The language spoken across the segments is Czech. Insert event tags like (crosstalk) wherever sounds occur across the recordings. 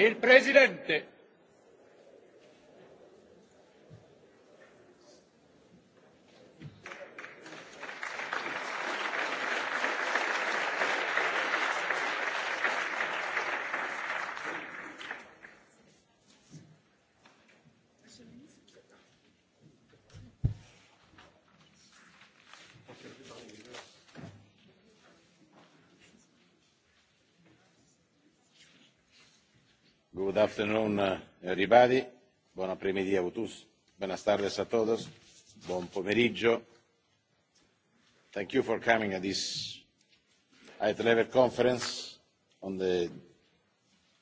Il presidente afternoon, uh, everybody. Buon pomeriggio a tutti. Buenas tardes a todos. Buon pomeriggio. Thank you for coming at this high-level conference on the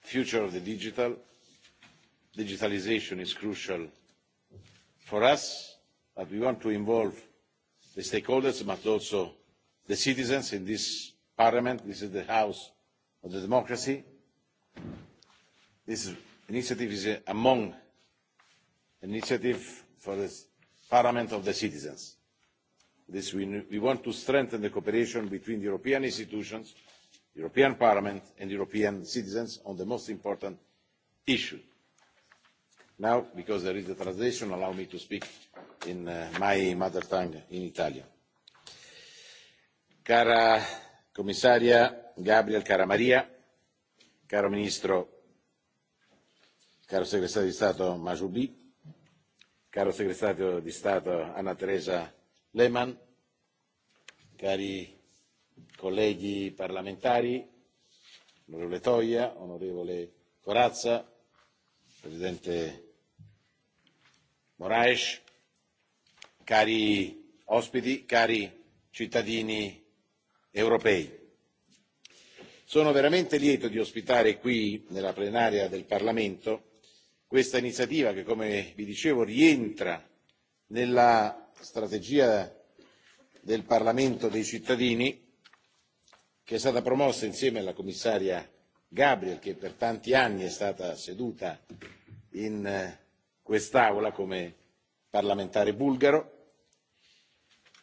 future of the digital. Digitalization is crucial for us, but we want to involve the stakeholders, but also the citizens in this parliament. This is the house of the democracy This initiative is uh, among initiative for the Parliament of the citizens. This we, we want to strengthen the cooperation between the European institutions, the European Parliament and European citizens on the most important issue. Now, because there is a translation, allow me to speak in uh, my mother tongue, in Italian. Cara commissaria Gabriel Cara Maria, caro ministro caro segretario di Stato Majoubi, caro segretario di Stato Anna Teresa Lehmann, cari colleghi parlamentari, onorevole Toia, onorevole Corazza, presidente Moraes, cari ospiti, cari cittadini europei. Sono veramente lieto di ospitare qui, nella plenaria del Parlamento, questa iniziativa che come vi dicevo rientra nella strategia del parlamento dei cittadini che è stata promossa insieme alla commissaria gabriel che per tanti anni è stata seduta in eh, quest'aula come parlamentare bulgaro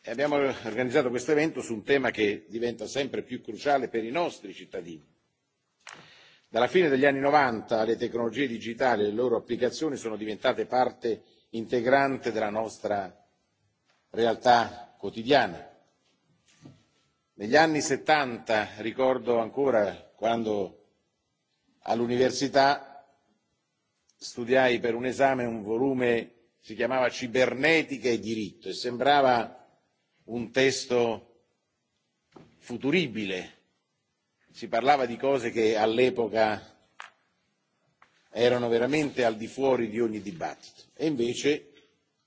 e abbiamo organizzato questo evento su un tema che diventa sempre più cruciale per i nostri cittadini dalla fine degli anni novanta le tecnologie digitali e le loro applicazioni sono diventate parte integrante della nostra realtà quotidiana. negli anni settanta ricordo ancora quando all'università studiai per un esame un volume si chiamava cibernetica e diritto e sembrava un testo futuribile si parlava di cose che all'epoca erano veramente al di fuori di ogni dibattito e invece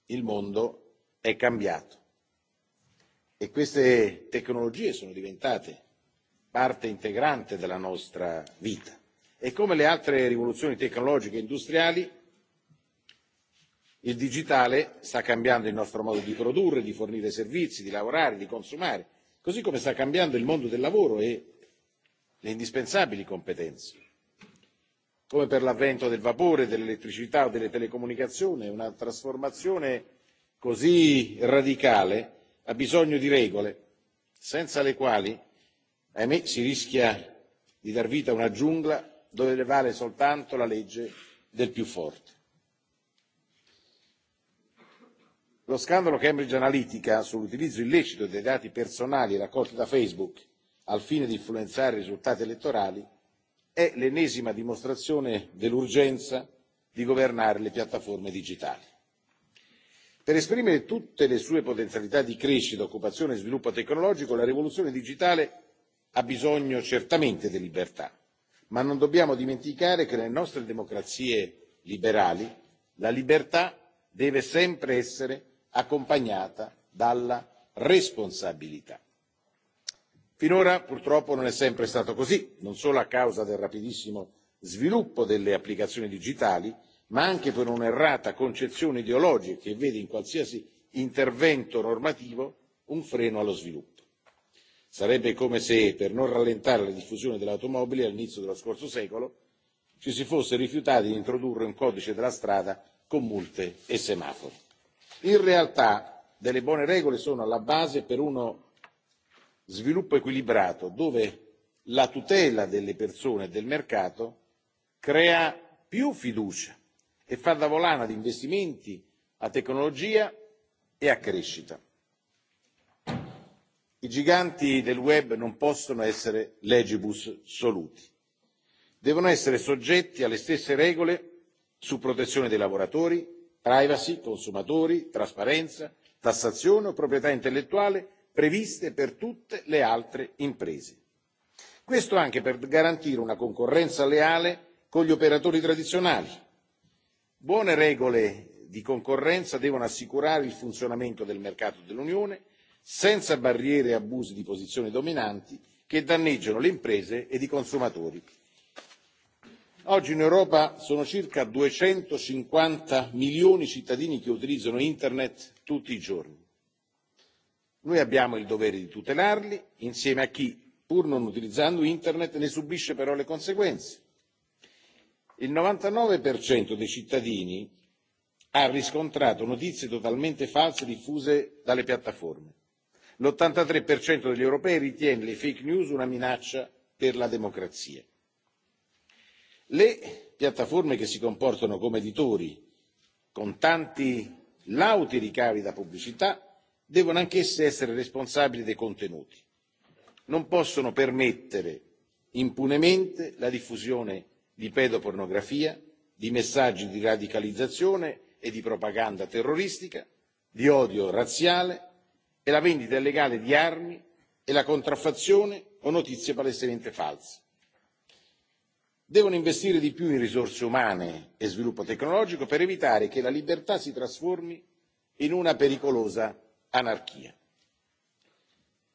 il mondo è cambiato e queste tecnologie sono diventate parte integrante della nostra vita e come le altre rivoluzioni tecnologiche e industriali il digitale sta cambiando il nostro modo di produrre di fornire servizi di lavorare di consumare così come sta cambiando il mondo del lavoro e le indispensabili competenze come per l'avvento del vapore dell'elettricità o delle telecomunicazioni una trasformazione così radicale ha bisogno di regole senza le quali ahimè si rischia di dar vita a una giungla dove vale soltanto la legge del più forte. lo scandalo cambridge analytica sull'utilizzo illecito dei dati personali raccolti da facebook al fine di influenzare i risultati elettorali è l'ennesima dimostrazione dell'urgenza di governare le piattaforme digitali. per esprimere tutte le sue potenzialità di crescita occupazione e sviluppo tecnologico la rivoluzione digitale ha bisogno certamente di libertà ma non dobbiamo dimenticare che nelle nostre democrazie liberali la libertà deve sempre essere accompagnata dalla responsabilità finora purtroppo non è sempre stato così non solo a causa del rapidissimo sviluppo delle applicazioni digitali ma anche per un'errata concezione ideologica che vede in qualsiasi intervento normativo un freno allo sviluppo. sarebbe come se per non rallentare la diffusione delle automobili all'inizio dello scorso secolo ci si fosse rifiutati di introdurre un codice della strada con multe e semafori. in realtà delle buone regole sono alla base per uno sviluppo equilibrato dove la tutela delle persone e del mercato crea più fiducia e fa da volana ad investimenti a tecnologia e a crescita. i giganti del web non possono essere legibus soluti devono essere soggetti alle stesse regole su protezione dei lavoratori privacy consumatori trasparenza tassazione o proprietà intellettuale previste per tutte le altre imprese. questo anche per garantire una concorrenza leale con gli operatori tradizionali. buone regole di concorrenza devono assicurare il funzionamento del mercato dell'unione senza barriere e abusi di posizioni dominanti che danneggiano le imprese ed i consumatori. oggi in europa sono circa 250 milioni di cittadini che utilizzano internet tutti i giorni noi abbiamo il dovere di tutelarli insieme a chi pur non utilizzando internet ne subisce però le conseguenze. il novantanove dei cittadini ha riscontrato notizie totalmente false diffuse dalle piattaforme l' ottantatré degli europei ritiene le fake news una minaccia per la democrazia. le piattaforme che si comportano come editori con tanti lauti ricavi da pubblicità devono anch'esse essere responsabili dei contenuti non possono permettere impunemente la diffusione di pedopornografia di messaggi di radicalizzazione e di propaganda terroristica di odio razziale e la vendita illegale di armi e la contraffazione o notizie palesemente false. devono investire di più in risorse umane e sviluppo tecnologico per evitare che la libertà si trasformi in una pericolosa anarchia.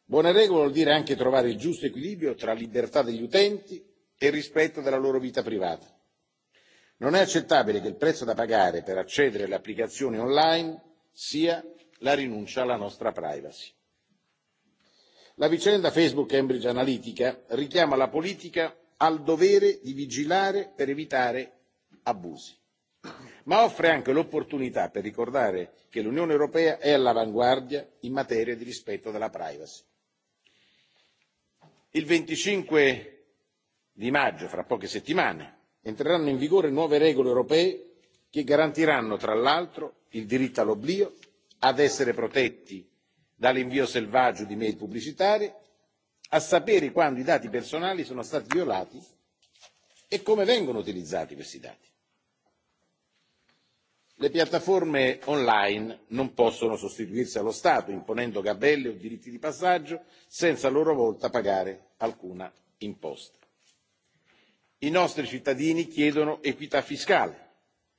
buone regole vuol dire anche trovare il giusto equilibrio tra libertà degli utenti e rispetto della loro vita privata. non è accettabile che il prezzo da pagare per accedere alle applicazioni online sia la rinuncia alla nostra privacy. la vicenda facebook cambridge analytica richiama la politica al dovere di vigilare per evitare abusi ma offre anche l'opportunità per ricordare che l'unione europea è all'avanguardia in materia di rispetto della privacy. il venticinque di maggio fra poche settimane entreranno in vigore nuove regole europee che garantiranno tra l'altro il diritto all'oblio ad essere protetti dall'invio selvaggio di mail pubblicitarie a sapere quando i dati personali sono stati violati e come vengono utilizzati questi dati le piattaforme online non possono sostituirsi allo stato imponendo gabelle o diritti di passaggio senza a loro volta pagare alcuna imposta. i nostri cittadini chiedono equità fiscale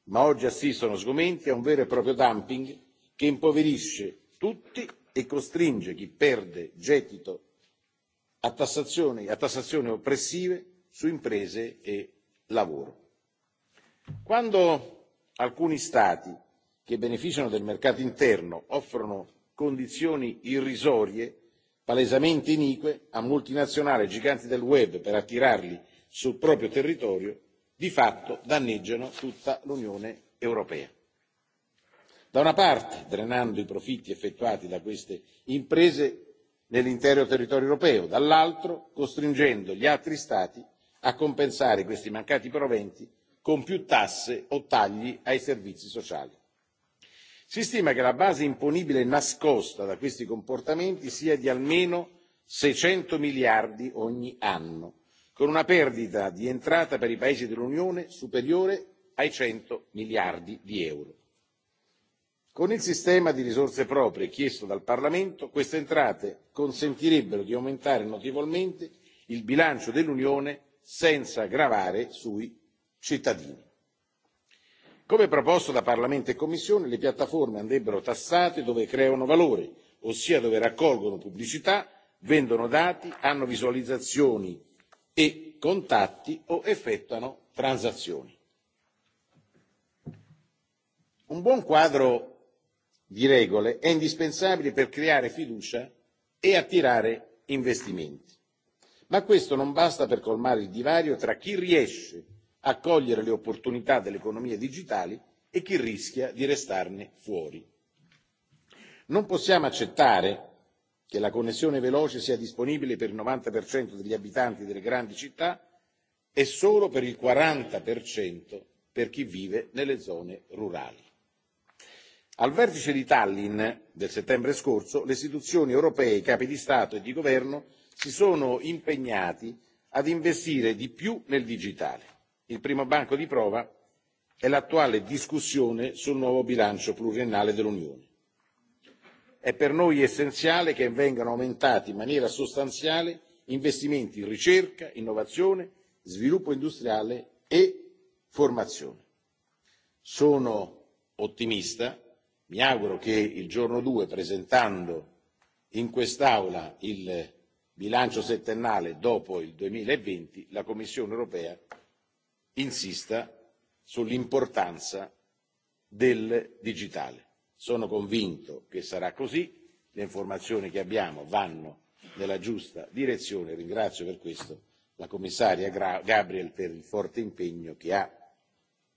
ma oggi assistono sgomenti a un vero e proprio dumping che impoverisce tutti e costringe chi perde gettito a tassazioni, a tassazioni oppressive su imprese e lavoro. quando alcuni stati che beneficiano del mercato interno offrono condizioni irrisorie palesemente inique a multinazionali e giganti del web per attirarli sul proprio territorio di fatto danneggiano tutta l'unione europea da una parte drenando i profitti effettuati da queste imprese nell'intero territorio europeo dall'altro costringendo gli altri stati a compensare questi mancati proventi con più tasse o tagli ai servizi sociali. Si stima che la base imponibile nascosta da questi comportamenti sia di almeno 600 miliardi ogni anno, con una perdita di entrata per i paesi dell'Unione superiore ai 100 miliardi di euro. Con il sistema di risorse proprie chiesto dal Parlamento, queste entrate consentirebbero di aumentare notevolmente il bilancio dell'Unione senza gravare sui cittadini. come proposto da parlamento e commissione le piattaforme andrebbero tassate dove creano valore ossia dove raccolgono pubblicità vendono dati hanno visualizzazioni e contatti o effettuano transazioni. un buon quadro di regole è indispensabile per creare fiducia e attirare investimenti ma questo non basta per colmare il divario tra chi riesce a cogliere le opportunità delle economie digitali e chi rischia di restarne fuori. non possiamo accettare che la connessione veloce sia disponibile per il novanta degli abitanti delle grandi città e solo per il quaranta per chi vive nelle zone rurali. al vertice di tallinn del settembre scorso le istituzioni europee i capi di stato e di governo si sono impegnati ad investire di più nel digitale il primo banco di prova è l'attuale discussione sul nuovo bilancio pluriennale dell'unione. è per noi essenziale che vengano aumentati in maniera sostanziale investimenti in ricerca innovazione sviluppo industriale e formazione. sono ottimista mi auguro che il giorno due presentando in quest'aula il bilancio settennale dopo il duemilaventi la commissione europea insista sull'importanza del digitale. Sono convinto che sarà così, le informazioni che abbiamo vanno nella giusta direzione e ringrazio per questo la commissaria Gabriel per il forte impegno che ha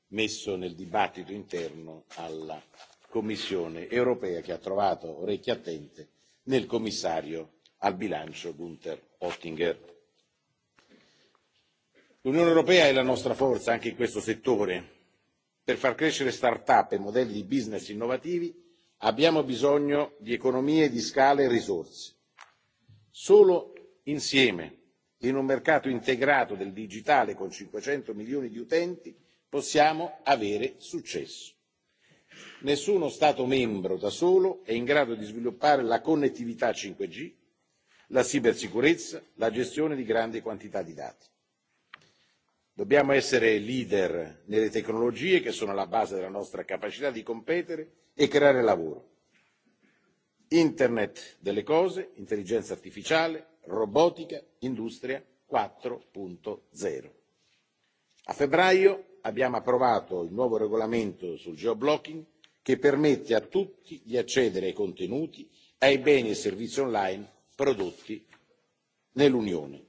messo nel dibattito interno alla Commissione europea che ha trovato orecchie attente nel commissario al bilancio Gunther Oettinger l'unione europea è la nostra forza anche in questo settore per far crescere start up e modelli di business innovativi abbiamo bisogno di economie di scala e risorse. solo insieme in un mercato integrato del digitale con cinquecento milioni di utenti possiamo avere successo. nessuno stato membro da solo è in grado di sviluppare la connettività cinque g la cibersicurezza la gestione di grandi quantità di dati. Dobbiamo essere leader nelle tecnologie che sono alla base della nostra capacità di competere e creare lavoro. Internet delle cose, intelligenza artificiale, robotica, industria 4.0. A febbraio abbiamo approvato il nuovo regolamento sul geoblocking che permette a tutti di accedere ai contenuti, ai beni e servizi online prodotti nell'Unione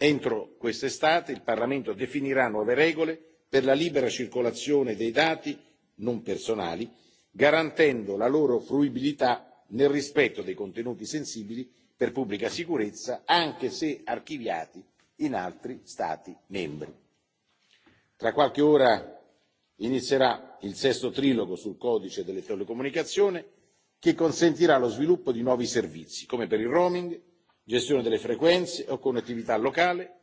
entro quest'estate il parlamento definirà nuove regole per la libera circolazione dei dati non personali garantendo la loro fruibilità nel rispetto dei contenuti sensibili per pubblica sicurezza anche se archiviati in altri stati membri. tra qualche ora inizierà il sesto trilogo sul codice delle telecomunicazioni che consentirà lo sviluppo di nuovi servizi come per il roaming gestione delle frequenze o connettività locale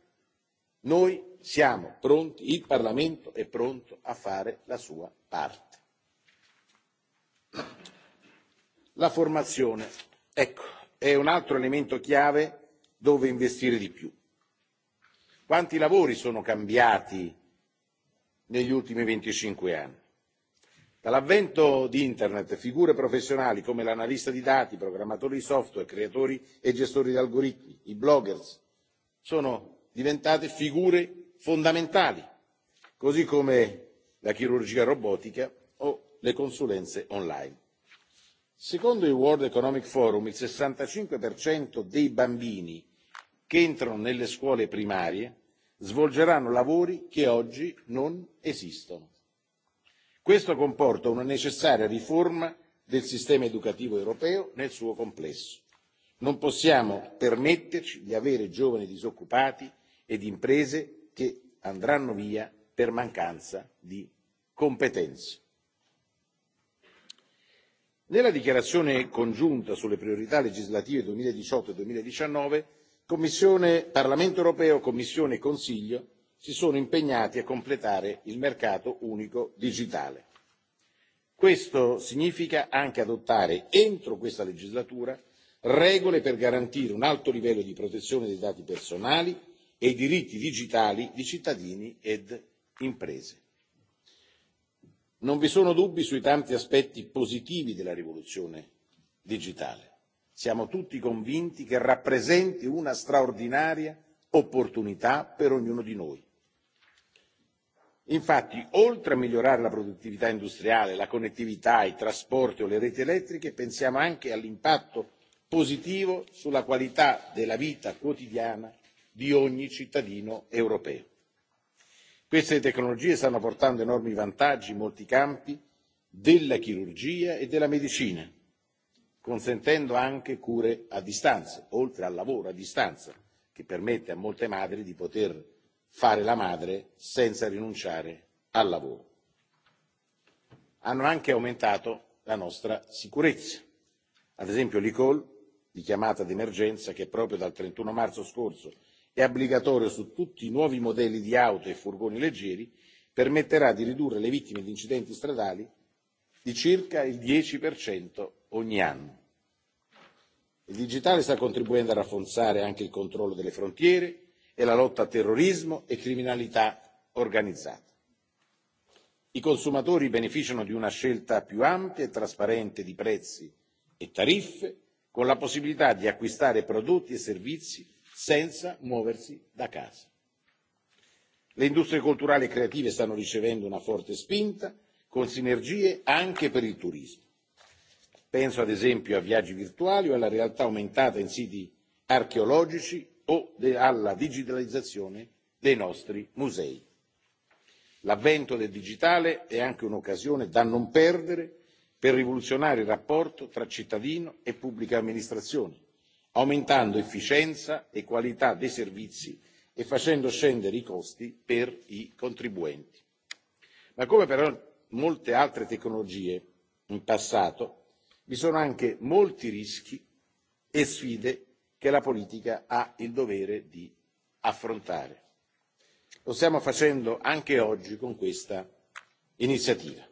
noi siamo pronti il parlamento è pronto a fare la sua parte. la formazione ecco è un altro elemento chiave dove investire di più. quanti lavori sono cambiati negli ultimi venticinque anni? dall'avvento di internet figure professionali come l'analista di dati programmatori di software creatori e gestori di algoritmi i bloggers sono diventate figure fondamentali così come la chirurgia robotica o le consulenze online. secondo il world economic forum il sessantacinque dei bambini che entrano nelle scuole primarie svolgeranno lavori che oggi non esistono questo comporta una necessaria riforma del sistema educativo europeo nel suo complesso. non possiamo permetterci di avere giovani disoccupati ed imprese che andranno via per mancanza di competenze. nella dichiarazione congiunta sulle priorità legislative duemiladiciotto e duemiladiciannove commissione parlamento europeo commissione e consiglio si sono impegnati a completare il mercato unico digitale. Questo significa anche adottare entro questa legislatura regole per garantire un alto livello di protezione dei dati personali e i diritti digitali di cittadini ed imprese. Non vi sono dubbi sui tanti aspetti positivi della rivoluzione digitale. Siamo tutti convinti che rappresenti una straordinaria opportunità per ognuno di noi Infatti, oltre a migliorare la produttività industriale, la connettività, i trasporti o le reti elettriche, pensiamo anche all'impatto positivo sulla qualità della vita quotidiana di ogni cittadino europeo. Queste tecnologie stanno portando enormi vantaggi in molti campi della chirurgia e della medicina, consentendo anche cure a distanza, oltre al lavoro a distanza, che permette a molte madri di poter fare la madre senza rinunciare al lavoro. Hanno anche aumentato la nostra sicurezza. Ad esempio l'e-call di chiamata d'emergenza che proprio dal 31 marzo scorso è obbligatorio su tutti i nuovi modelli di auto e furgoni leggeri permetterà di ridurre le vittime di incidenti stradali di circa il 10% ogni anno. Il digitale sta contribuendo a rafforzare anche il controllo delle frontiere e la lotta a terrorismo e criminalità organizzata. I consumatori beneficiano di una scelta più ampia e trasparente di prezzi e tariffe, con la possibilità di acquistare prodotti e servizi senza muoversi da casa. Le industrie culturali e creative stanno ricevendo una forte spinta, con sinergie anche per il turismo. Penso ad esempio a viaggi virtuali o alla realtà aumentata in siti archeologici o alla digitalizzazione dei nostri musei. l'avvento del digitale è anche un'occasione da non perdere per rivoluzionare il rapporto tra cittadino e pubblica amministrazione aumentando efficienza e qualità dei servizi e facendo scendere i costi per i contribuenti. ma come per molte altre tecnologie in passato vi sono anche molti rischi e sfide che la politica ha il dovere di affrontare. Lo stiamo facendo anche oggi con questa iniziativa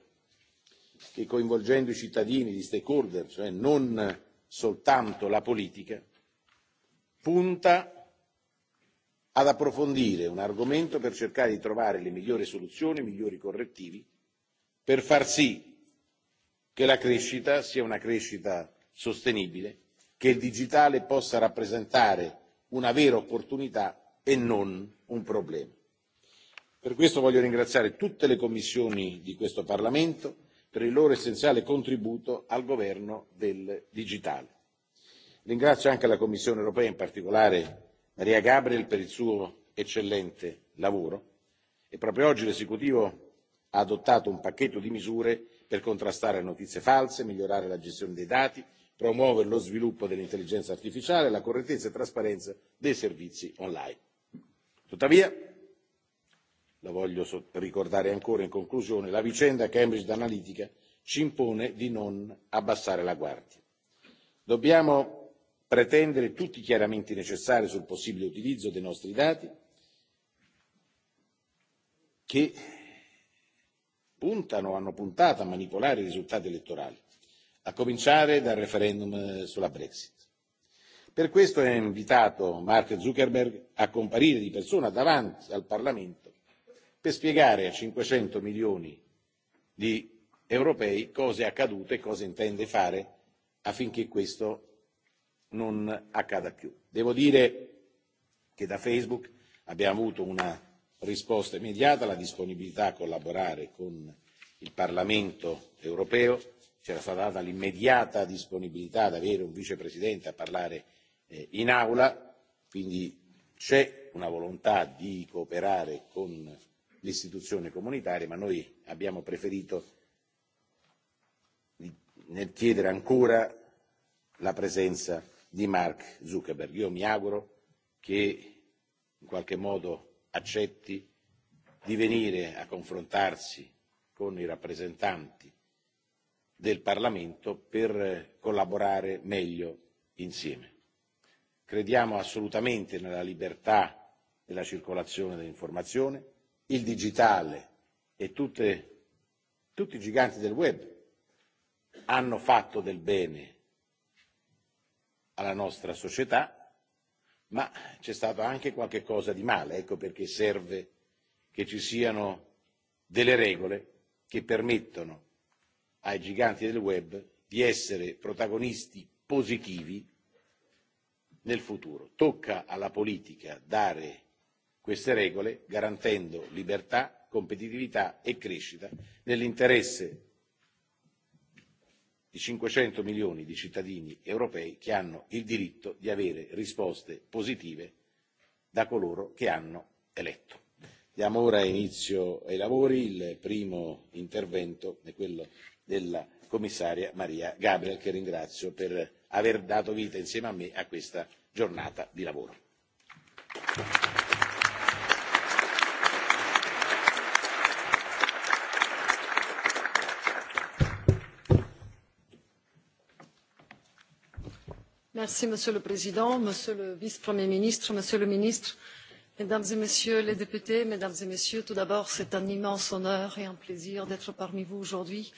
che coinvolgendo i cittadini, gli stakeholder, cioè non soltanto la politica, punta ad approfondire un argomento per cercare di trovare le migliori soluzioni, i migliori correttivi, per far sì che la crescita sia una crescita sostenibile che il digitale possa rappresentare una vera opportunità e non un problema. Per questo voglio ringraziare tutte le commissioni di questo Parlamento per il loro essenziale contributo al governo del digitale. Ringrazio anche la Commissione europea, in particolare Maria Gabriel, per il suo eccellente lavoro e proprio oggi l'esecutivo ha adottato un pacchetto di misure per contrastare le notizie false migliorare la gestione dei dati promuovere lo sviluppo dell'intelligenza artificiale e la correttezza e trasparenza dei servizi online. tuttavia la voglio ricordare ancora in conclusione la vicenda cambridge analytica ci impone di non abbassare la guardia. dobbiamo pretendere tutti i chiarimenti necessari sul possibile utilizzo dei nostri dati che puntano o hanno puntato a manipolare i risultati elettorali a cominciare dal referendum eh, sulla Brexit. Per questo ho invitato Mark Zuckerberg a comparire di persona davanti al Parlamento per spiegare a 500 milioni di europei cosa è accaduto e cosa intende fare affinché questo non accada più. Devo dire che da Facebook abbiamo avuto una risposta immediata, la disponibilità a collaborare con il Parlamento europeo c'era stata data l'immediata disponibilità ad avere un vicepresidente a parlare eh, in aula, quindi c'è una volontà di cooperare con l'istituzione comunitaria, ma noi abbiamo preferito nel chiedere ancora la presenza di Mark Zuckerberg. Io mi auguro che in qualche modo accetti di venire a confrontarsi con i rappresentanti del Parlamento per eh, collaborare meglio insieme. Crediamo assolutamente nella libertà della circolazione dell'informazione, il digitale e tutte, tutti i giganti del web hanno fatto del bene alla nostra società, ma c'è stato anche qualche cosa di male, ecco perché serve che ci siano delle regole che permettono ai giganti del web di essere protagonisti positivi nel futuro. Tocca alla politica dare queste regole garantendo libertà, competitività e crescita nell'interesse di 500 milioni di cittadini europei che hanno il diritto di avere risposte positive da coloro che hanno eletto. Diamo ora inizio ai lavori. Il primo intervento è quello della commissaria Maria Gabriel, che ringrazio per aver dato vita insieme a me a questa giornata di lavoro. Merci, monsieur le président monsieur le vice premier ministre monsieur le ministre mesdames et messieurs les députés mesdames et messieurs tout d'abord c'est un immense honneur et un plaisir d'être parmi vous aujourd'hui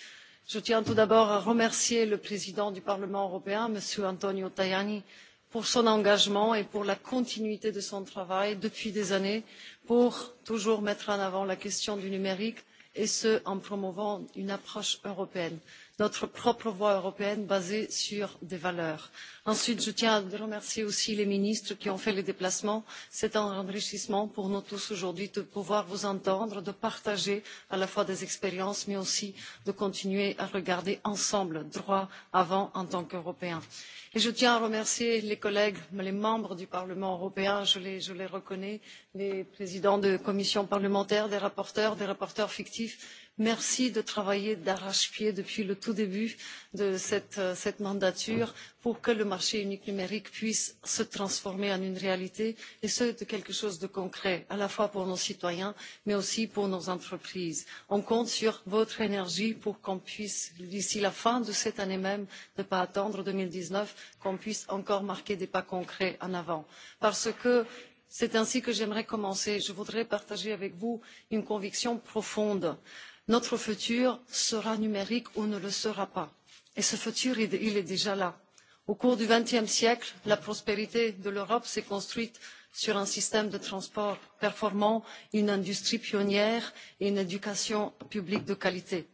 je tiens tout d'abord à remercier le président du parlement européen m. antonio tajani pour son engagement et pour la continuité de son travail depuis des années pour toujours mettre en avant la question du numérique et ce en promouvant une approche européenne notre propre voie européenne basée sur des valeurs. ensuite je tiens à remercier aussi les ministres qui ont fait le déplacement. c'est un enrichissement pour nous tous aujourd'hui de pouvoir vous entendre de partager à la fois des expériences mais aussi de continuer à regarder ensemble droit devant en tant qu'européens. Et je tiens à remercier les collègues les membres du parlement européen je les, reconnais les présidents de commissions parlementaires les rapporteurs les rapporteurs fictifs merci de travailler d'arrache pied depuis le tout début de euh, cette, mandature pour que le marché unique numérique puisse se transformer en une réalité et ce en quelque chose de concret à la fois pour nos citoyens mais aussi pour nos entreprises. on compte sur votre énergie pour qu'on puisse d'ici la fin de cette année même ne pas attendre deux mille dix neuf qu'on puisse encore marquer des pas concrets en avant parce que c'est ainsi que j'aimerais commencer je voudrais partager avec vous une conviction profonde notre futur sera numérique ou ne le sera pas et ce futur il est déjà là. au cours du vingtième siècle la prospérité de l'europe s'est construite sur un système de transport performant une industrie pionnière et une éducation publique de qualité.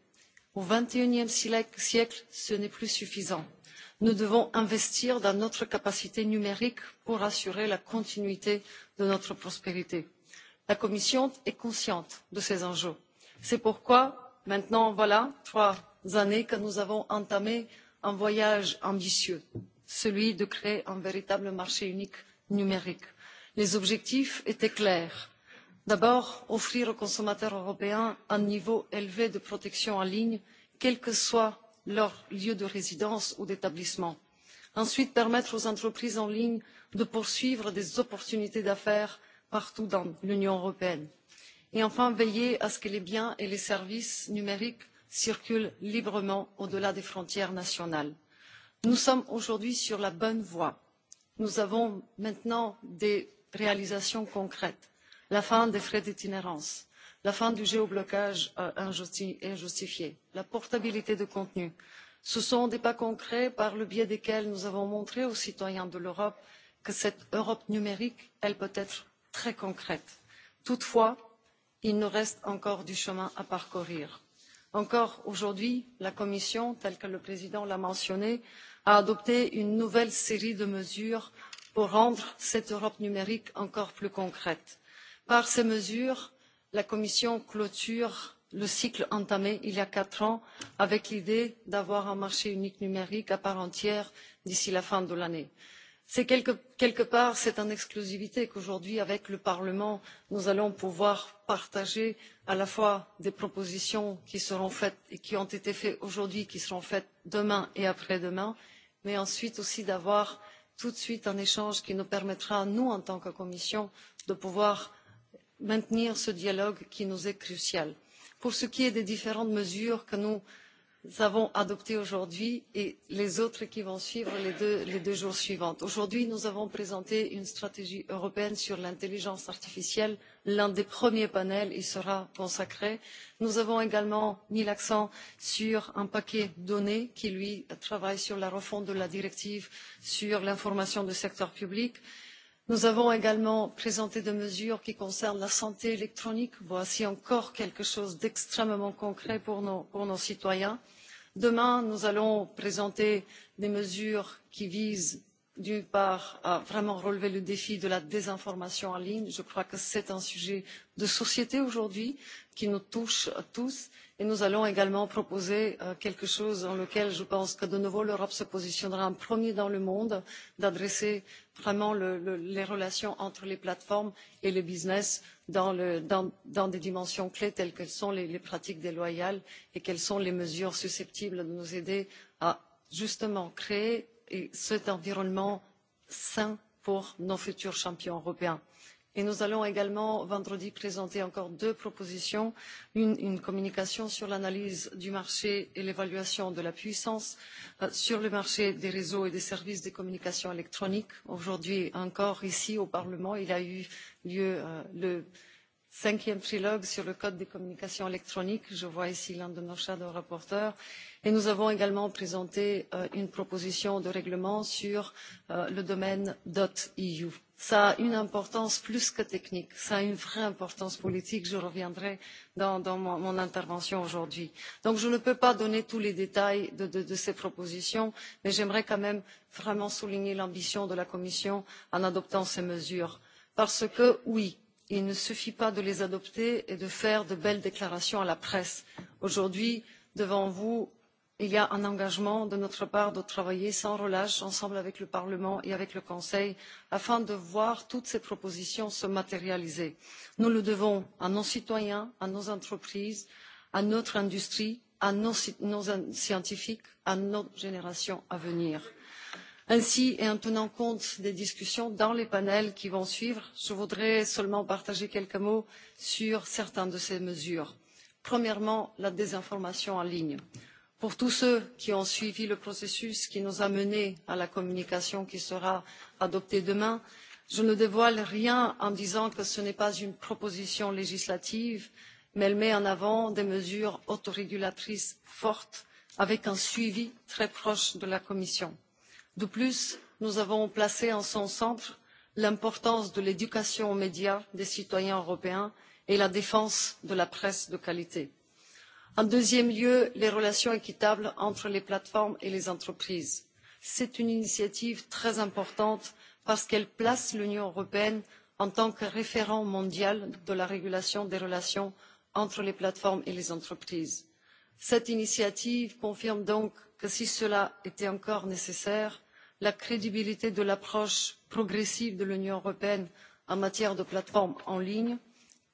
au xxie siècle ce n'est plus suffisant. nous devons investir dans notre capacité numérique pour assurer la continuité de notre prospérité. la commission est consciente de ces enjeux c'est pourquoi maintenant voilà trois années que nous avons entamé un voyage ambitieux celui de créer un véritable marché unique numérique. les objectifs étaient clairs d'abord offrir aux consommateurs européens un niveau élevé de protection en ligne quel que soit leur lieu de résidence ou d'établissement; ensuite permettre aux entreprises en ligne de poursuivre des opportunités d'affaires partout dans l'union européenne; et enfin veiller à ce que les biens et les services numériques circulent librement au delà des frontières nationales. nous sommes aujourd'hui sur la bonne voie. nous avons maintenant des réalisations concrètes la fin des frais d'itinérance la fin du géoblocage euh, injustifié la portabilité des contenus ce sont des pas concrets par le biais desquels nous avons montré aux citoyens de l'europe que cette europe numérique peut être très concrète. toutefois il nous reste encore du chemin à parcourir. encore aujourd'hui la commission telle que le président l'a mentionné a adopté une nouvelle série de mesures pour rendre cette europe numérique encore plus concrète. par ces mesures la commission clôture le cycle entamé il y a quatre ans avec l'idée d'avoir un marché unique numérique à part entière d'ici la fin de l'année c'est quelque, quelque part cette exclusivité qu'aujourd'hui avec le parlement nous allons pouvoir partager à la fois des propositions qui seront faites et qui ont été faites aujourd'hui qui seront faites demain et après demain mais ensuite aussi d'avoir tout de suite un échange qui nous permettra à nous en tant que commission de pouvoir maintenir ce dialogue qui nous est crucial. pour ce qui est des différentes mesures que nous nous avons adopté aujourd'hui et les autres qui vont suivre les deux, jours suivants. Aujourd'hui, nous avons présenté une stratégie européenne sur l'intelligence artificielle. L'un des premiers panels y sera consacré. Nous avons également mis l'accent sur un paquet données qui, lui, travaille sur la refonte de la directive sur l'information du secteur public nous avons également présenté des mesures qui concernent la santé électronique voici encore quelque chose d'extrêmement concret pour nos, pour nos citoyens. demain nous allons présenter des mesures qui visent d'une part à vraiment relever le défi de la désinformation en ligne je crois que c'est un sujet de société aujourd'hui qui nous touche tous et et nous allons également proposer euh, quelque chose dans lequel je pense que de nouveau l'europe se positionnera en premier dans le monde d'adresser vraiment les relations entre les plateformes et le business dans, des dimensions clés telles que sont les pratiques déloyales et quelles sont les mesures susceptibles de nous aider à justement créer cet environnement sain pour nos futurs champions européens et nous allons également vendredi présenter encore deux propositions une, une communication sur l'analyse du marché et l'évaluation de la puissance euh, sur le marché des réseaux et des services de communication électronique. aujourd'hui encore ici au parlement il a eu lieu euh, le cinquième trilogue sur le code des communications électroniques je vois ici l'un de nos shadow rapporteurs et nous avons également présenté euh, une proposition de règlement sur euh, le domaine eu cela a une importance plus que technique, cela a une vraie importance politique. Je reviendrai dans, mon, intervention aujourd'hui. Donc je ne peux pas donner tous les détails de ces propositions, mais j'aimerais quand même vraiment souligner l'ambition de la Commission en adoptant ces mesures. Parce que oui, il ne suffit pas de les adopter et de faire de belles déclarations à la presse. Aujourd'hui, devant vous, il y a un engagement de notre part de travailler sans relâche ensemble avec le parlement et avec le conseil afin de voir toutes ces propositions se matérialiser. nous le devons à nos citoyens à nos entreprises à notre industrie à nos, scientifiques à nos générations à venir. ainsi et en tenant compte des discussions dans les panels qui vont suivre je voudrais seulement partager quelques mots sur certaines de ces mesures. premièrement la désinformation en ligne pour tous ceux qui ont suivi le processus qui nous a menés à la communication qui sera adoptée demain je ne dévoile rien en disant que ce n'est pas une proposition législative mais elle met en avant des mesures autorégulatrices fortes avec un suivi très proche de la commission. de plus nous avons placé en son centre l'importance de l'éducation aux médias des citoyens européens et la défense de la presse de qualité en deuxième lieu les relations équitables entre les plateformes et les entreprises. c'est une initiative très importante parce qu'elle place l'union européenne en tant que référent mondial de la régulation des relations entre les plateformes et les entreprises. cette initiative confirme donc que si cela était encore nécessaire la crédibilité de l'approche progressive de l'union européenne en matière de plateformes en ligne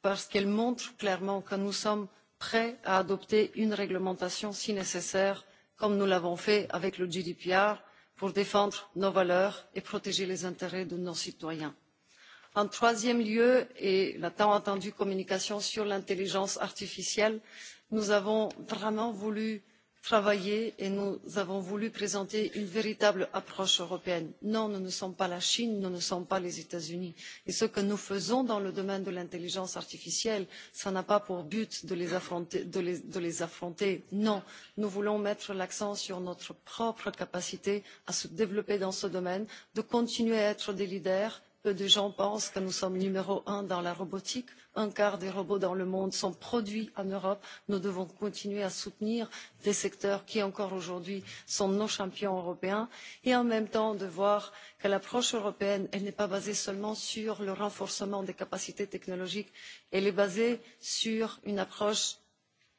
parce qu'elle montre clairement que nous sommes prêts à adopter une réglementation si nécessaire comme nous l'avons fait avec le gdpr pour défendre nos valeurs et protéger les intérêts de nos citoyens. en troisième lieu et la tant attendue communication sur l'intelligence artificielle nous avons vraiment voulu travaillé et nous avons voulu présenter une véritable approche européenne. non nous ne sommes pas la chine nous ne sommes pas les états unis et ce que nous faisons dans le domaine de l'intelligence artificielle n'a pas pour but de les, affronter, de les affronter non nous voulons mettre l'accent sur notre propre capacité à nous développer dans ce domaine de continuer à être des leaders peu de gens pensent que nous sommes numéro un dans la robotique un quart des robots dans le monde sont produits en europe nous devons continuer à soutenir des secteurs qui encore aujourd'hui sont nos champions européens et en même temps de voir que l'approche européenne n'est pas basée seulement sur le renforcement des capacités technologiques elle est basée sur une approche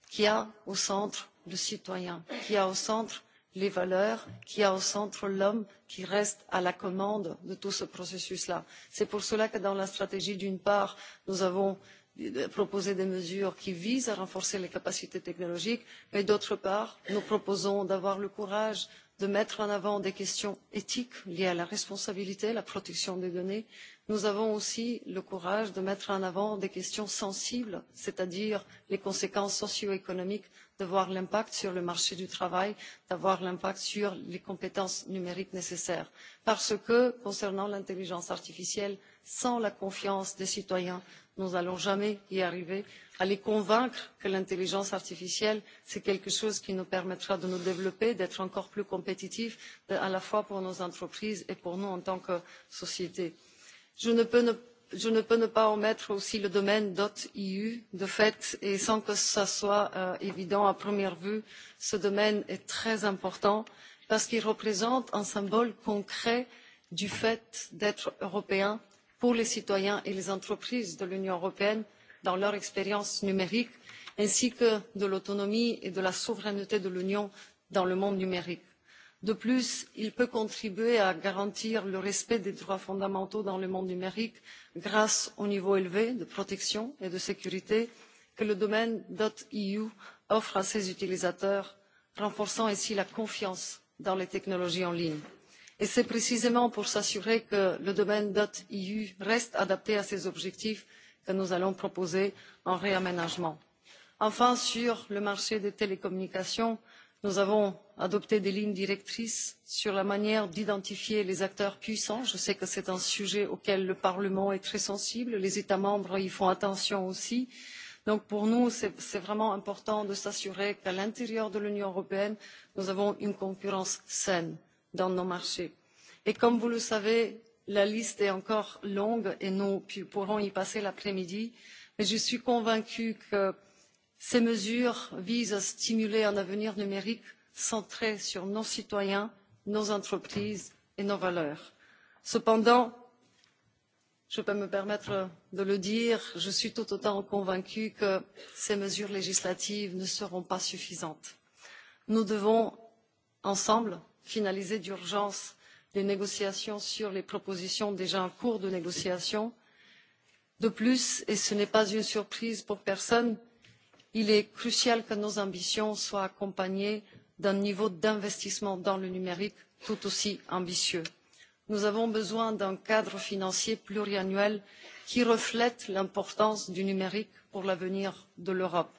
qui a au centre le citoyen qui a au centre les valeurs qui a au centre l'homme qui reste à la commande de tout ce processus là. c'est pour cela que dans la stratégie d'une part nous avons euh, proposé des mesures qui visent à renforcer les capacités technologiques mais d'autre part nous proposons d'avoir le courage de mettre en avant des questions éthiques liées à la responsabilité et à la protection des données. nous avons aussi le courage de mettre en avant des questions sensibles c'est à dire les conséquences socio économiques d'avoir un impact sur le marché du travail d'avoir un impact sur les compétences numériques nécessaires parce que concernant l'intelligence artificielle sans la confiance des citoyens nous n'allons jamais y arriver à les convaincre que l'intelligence artificielle c'est quelque chose qui nous permettra de nous développer d'être encore plus compétitifs à la fois pour nos entreprises et pour nous en tant que société. je ne peux je ne peux ne pas omettre aussi le domaine .eu de fait et sans que ce soit euh, évident à première vue ce domaine est très important parce qu'il représente un symbole concret du fait d'être européen pour les citoyens et les entreprises de l'union européenne dans leur expérience numérique ainsi que de l'autonomie et de la souveraineté de l'union dans le monde numérique de plus il peut contribuer à garantir le respect des droits fondamentaux dans le monde numérique grâce au niveau élevé de protection et de sécurité que le domaine eu offre à ses utilisateurs renforçant ainsi la confiance dans les technologies en ligne. et c'est précisément pour s'assurer que le domaine eu reste adapté à ces objectifs que nous allons proposer un réaménagement. enfin sur le marché des télécommunications nous avons adopté des lignes directrices sur la manière d'identifier les acteurs puissants je sais que c'est un sujet auquel le parlement est très sensible les états membres y font attention aussi donc pour nous c'est vraiment important de s'assurer qu'à l'intérieur de l'union européenne nous avons une concurrence saine dans nos marchés. et comme vous le savez la liste est encore longue et nous pourrons y passer l'après midi mais je suis convaincue que ces mesures visent à stimuler un avenir numérique centré sur nos citoyens nos entreprises et nos valeurs. cependant je peux me permettre de le dire je suis tout autant convaincue que ces mesures législatives ne seront pas suffisantes. nous devons ensemble finaliser d'urgence les négociations sur les propositions déjà en cours de négociation. de plus et ce n'est pas une surprise pour personne il est crucial que nos ambitions soient accompagnées d'un niveau d'investissement dans le numérique tout aussi ambitieux. nous avons besoin d'un cadre financier pluriannuel qui reflète l'importance du numérique pour l'avenir de l'europe.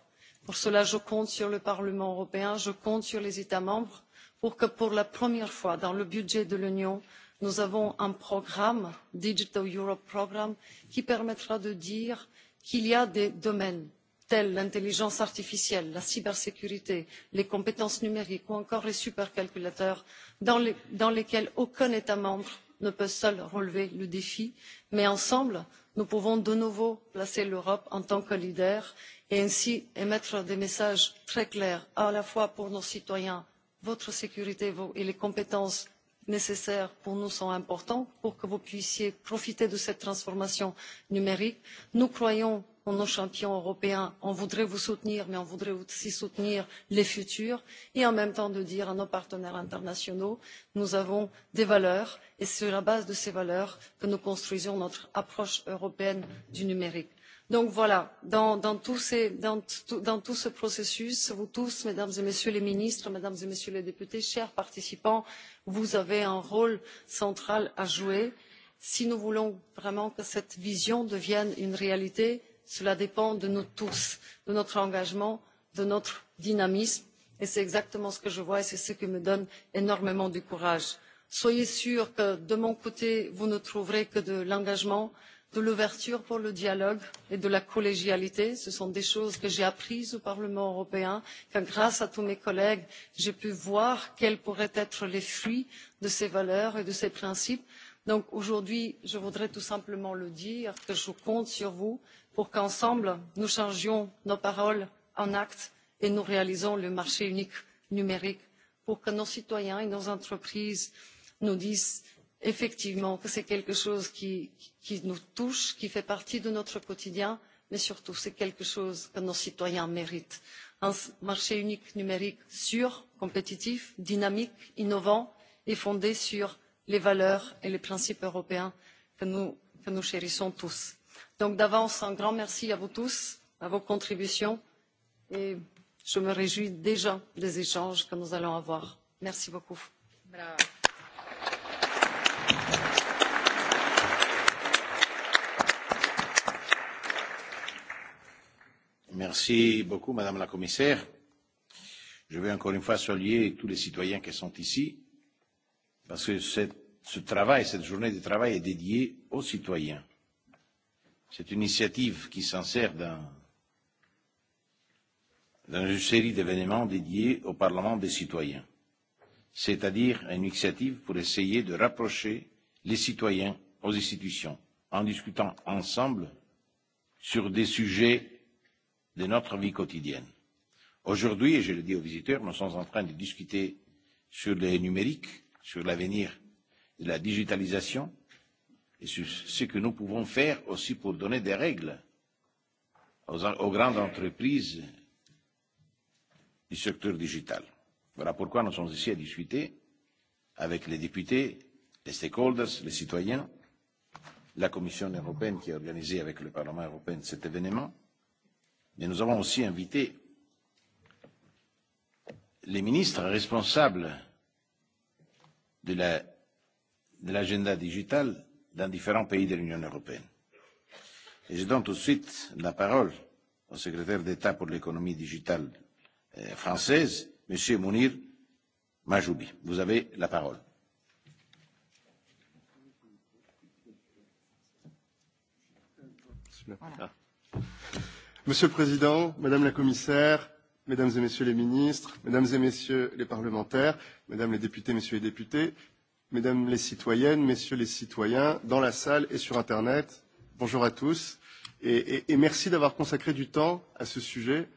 pour cela je compte sur le parlement européen je compte sur les états membres pour que pour la première fois dans le budget de l'union nous ayons un programme digital europe programme qui permettra de dire qu'il y a des domaines telles l'intelligence artificielle la cybersécurité les compétences numériques ou encore les supercalculateurs dans lesquels aucun état membre ne peut seul relever le défi mais ensemble nous pouvons de nouveau placer l'europe en tant que leader et ainsi émettre des messages très clairs à la fois pour nos citoyens votre sécurité et les compétences nécessaires pour nous sont importants pour que vous puissiez profiter de cette transformation numérique. nous croyons en nos champions européens on voudrait vous soutenir mais on voudrait aussi soutenir les futurs et en même temps dire à nos partenaires internationaux nous avons des valeurs et c'est sur la base de ces valeurs que nous construisons notre approche européenne du numérique donc voilà dans, dans, tout ces, dans, tout, dans tout ce processus vous tous mesdames et messieurs les ministres mesdames et messieurs les députés chers participants vous avez un rôle central à jouer. si nous voulons vraiment que cette vision devienne une réalité cela dépend de nous tous de notre engagement de notre dynamisme et c'est exactement ce que je vois et c'est ce qui me donne énormément de courage. soyez sûrs que de mon côté vous ne trouverez que de l'engagement de l'ouverture pour le dialogue et de la collégialité. ce sont des choses que j'ai apprises au parlement européen que grâce à tous mes collègues j'ai pu voir quels pourraient être les fruits de ces valeurs et de ces principes. donc aujourd'hui je voudrais tout simplement dire que je compte sur vous pour qu'ensemble nous changions nos paroles en actes et nous réalisions le marché unique numérique pour que nos citoyens et nos entreprises nous disent effectivement que c'est quelque chose qui, nous touche qui fait partie de notre quotidien mais surtout c'est quelque chose que nos citoyens méritent un marché unique numérique sûr compétitif dynamique innovant et fondé sur les valeurs et les principes européens que nous, chérissons tous. donc d'avance un grand merci à vous tous à vos contributions et je me réjouis déjà des échanges que nous allons avoir. merci beaucoup. Bravo. Merci beaucoup, Madame la Commissaire. Je veux encore une fois saluer tous les citoyens qui sont ici, parce que cette, ce travail, cette journée de travail est dédiée aux citoyens. C'est une initiative qui s'insère dans, dans une série d'événements dédiés au Parlement des citoyens, c'est-à-dire une initiative pour essayer de rapprocher les citoyens aux institutions en discutant ensemble sur des sujets de notre vie quotidienne. Aujourd'hui, et je le dis aux visiteurs, nous sommes en train de discuter sur le numérique, sur l'avenir de la digitalisation et sur ce que nous pouvons faire aussi pour donner des règles aux, aux grandes entreprises du secteur digital. Voilà pourquoi nous sommes ici à discuter avec les députés, les stakeholders, les citoyens, la Commission européenne qui a organisé avec le Parlement européen cet événement mais nous avons aussi invité les ministres responsables de l'agenda la, digital dans différents pays de l'Union européenne. Et je donne tout de suite la parole au secrétaire d'État pour l'économie digitale euh, française, M. Mounir Majoubi. Vous avez la parole. Voilà. Monsieur le Président, Madame la Commissaire, Mesdames et Messieurs les ministres, Mesdames et Messieurs les parlementaires, Mesdames les députés, Messieurs les députés, Mesdames les citoyennes, Messieurs les citoyens, dans la salle et sur Internet, bonjour à tous et, et, et merci d'avoir consacré du temps à ce sujet.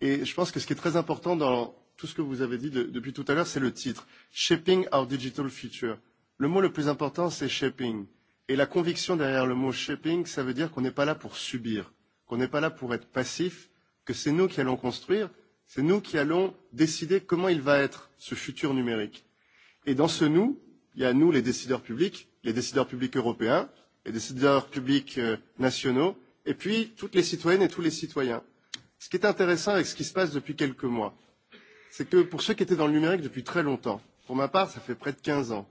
Et je pense que ce qui est très important dans tout ce que vous avez dit de, depuis tout à l'heure, c'est le titre Shaping our digital future. Le mot le plus important, c'est shaping. Et la conviction derrière le mot shaping, ça veut dire qu'on n'est pas là pour subir qu'on n'est pas là pour être passif, que c'est nous qui allons construire, c'est nous qui allons décider comment il va être, ce futur numérique. Et dans ce nous, il y a nous, les décideurs publics, les décideurs publics européens, les décideurs publics euh, nationaux, et puis toutes les citoyennes et tous les citoyens. Ce qui est intéressant avec ce qui se passe depuis quelques mois, c'est que pour ceux qui étaient dans le numérique depuis très longtemps, pour ma part, ça fait près de 15 ans,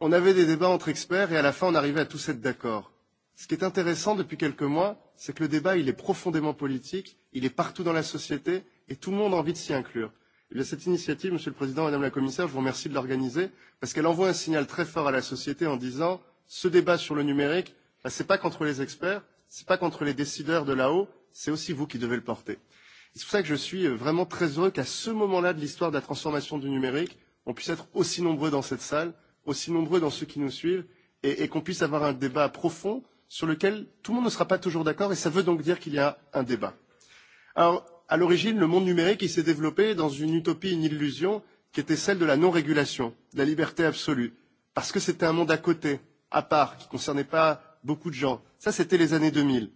on avait des débats entre experts et à la fin, on arrivait à tous être d'accord. Ce qui est intéressant depuis quelques mois, c'est que le débat, il est profondément politique, il est partout dans la société et tout le monde a envie de s'y inclure. Et eh bien, cette initiative, Monsieur le Président, Madame la Commissaire, je vous remercie de l'organiser parce qu'elle envoie un signal très fort à la société en disant ce débat sur le numérique, ben, ce n'est pas contre les experts, ce n'est pas contre les décideurs de là-haut, c'est aussi vous qui devez le porter. C'est pour ça que je suis euh, vraiment très heureux qu'à ce moment-là de l'histoire de la transformation du numérique, on puisse être aussi nombreux dans cette salle, aussi nombreux dans ceux qui nous suivent, et, et qu'on puisse avoir un débat profond sur lequel tout le monde ne sera pas toujours d'accord et ça veut donc dire qu'il y a un débat. Alors, à l'origine, le monde numérique s'est développé dans une utopie, une illusion qui était celle de la non-régulation, de la liberté absolue, parce que c'était un monde à côté, à part, qui ne concernait pas beaucoup de gens. Ça, c'était les années 2000.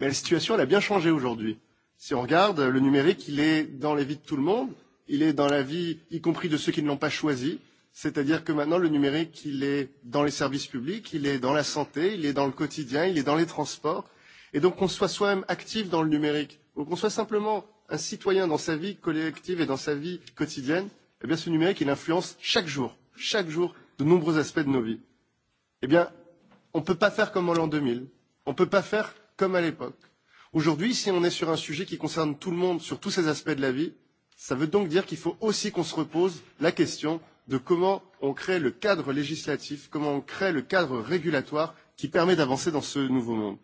Mais la situation, elle a bien changé aujourd'hui. Si on regarde, le numérique, il est dans la vie de tout le monde, il est dans la vie, y compris de ceux qui ne l'ont pas choisi, C'est-à-dire que maintenant, le numérique, il est dans les services publics, il est dans la santé, il est dans le quotidien, il est dans les transports. Et donc, qu'on soit soi-même actif dans le numérique, ou qu'on soit simplement un citoyen dans sa vie collective et dans sa vie quotidienne, eh bien, ce numérique, il influence chaque jour, chaque jour, de nombreux aspects de nos vies. Eh bien, on ne peut pas faire comme en l'an 2000. On ne peut pas faire comme à l'époque. Aujourd'hui, si on est sur un sujet qui concerne tout le monde, sur tous ces aspects de la vie, ça veut donc dire qu'il faut aussi qu'on se repose la question de comment on crée le cadre législatif, comment on crée le cadre régulatoire qui permet d'avancer dans ce nouveau monde.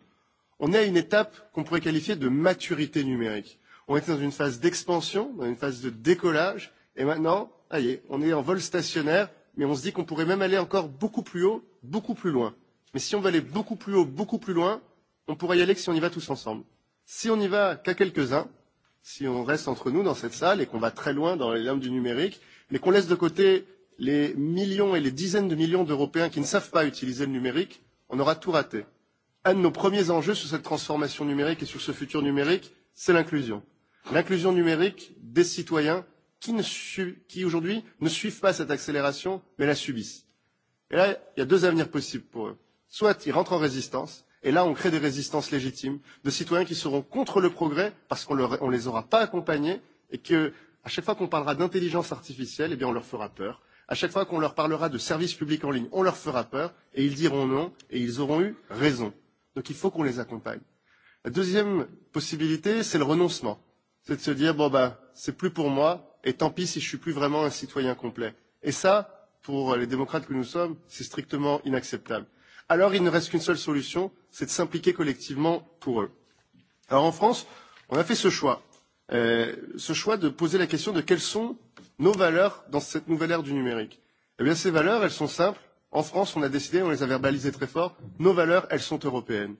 On est à une étape qu'on pourrait qualifier de maturité numérique. On était dans une phase d'expansion, dans une phase de décollage, et maintenant, allez, on est en vol stationnaire, mais on se dit qu'on pourrait même aller encore beaucoup plus haut, beaucoup plus loin. Mais si on veut aller beaucoup plus haut, beaucoup plus loin, on pourrait y aller que si on y va tous ensemble. Si on n'y va qu'à quelques-uns, si on reste entre nous dans cette salle et qu'on va très loin dans les limbes du numérique, mais qu'on laisse de côté les millions et les dizaines de millions d'Européens qui ne savent pas utiliser le numérique, on aura tout raté. Un de nos premiers enjeux sur cette transformation numérique et sur ce futur numérique, c'est l'inclusion. L'inclusion numérique des citoyens qui, qui aujourd'hui ne suivent pas cette accélération, mais la subissent. Et là, il y a deux avenirs possibles pour eux. Soit ils rentrent en résistance, et là on crée des résistances légitimes, de citoyens qui seront contre le progrès parce qu'on ne les aura pas accompagnés et que À chaque fois qu'on parlera d'intelligence artificielle, eh bien on leur fera peur. À chaque fois qu'on leur parlera de services publics en ligne, on leur fera peur et ils diront non et ils auront eu raison. Donc il faut qu'on les accompagne. La deuxième possibilité, c'est le renoncement. C'est de se dire bon ben, c'est plus pour moi et tant pis si je suis plus vraiment un citoyen complet. Et ça, pour les démocrates que nous sommes, c'est strictement inacceptable. Alors il ne reste qu'une seule solution, c'est de s'impliquer collectivement pour eux. Alors en France, on a fait ce choix. Euh, ce choix de poser la question de quelles sont nos valeurs dans cette nouvelle ère du numérique. Eh bien, ces valeurs, elles sont simples. En France, on a décidé, on les a verbalisées très fort, nos valeurs, elles sont européennes.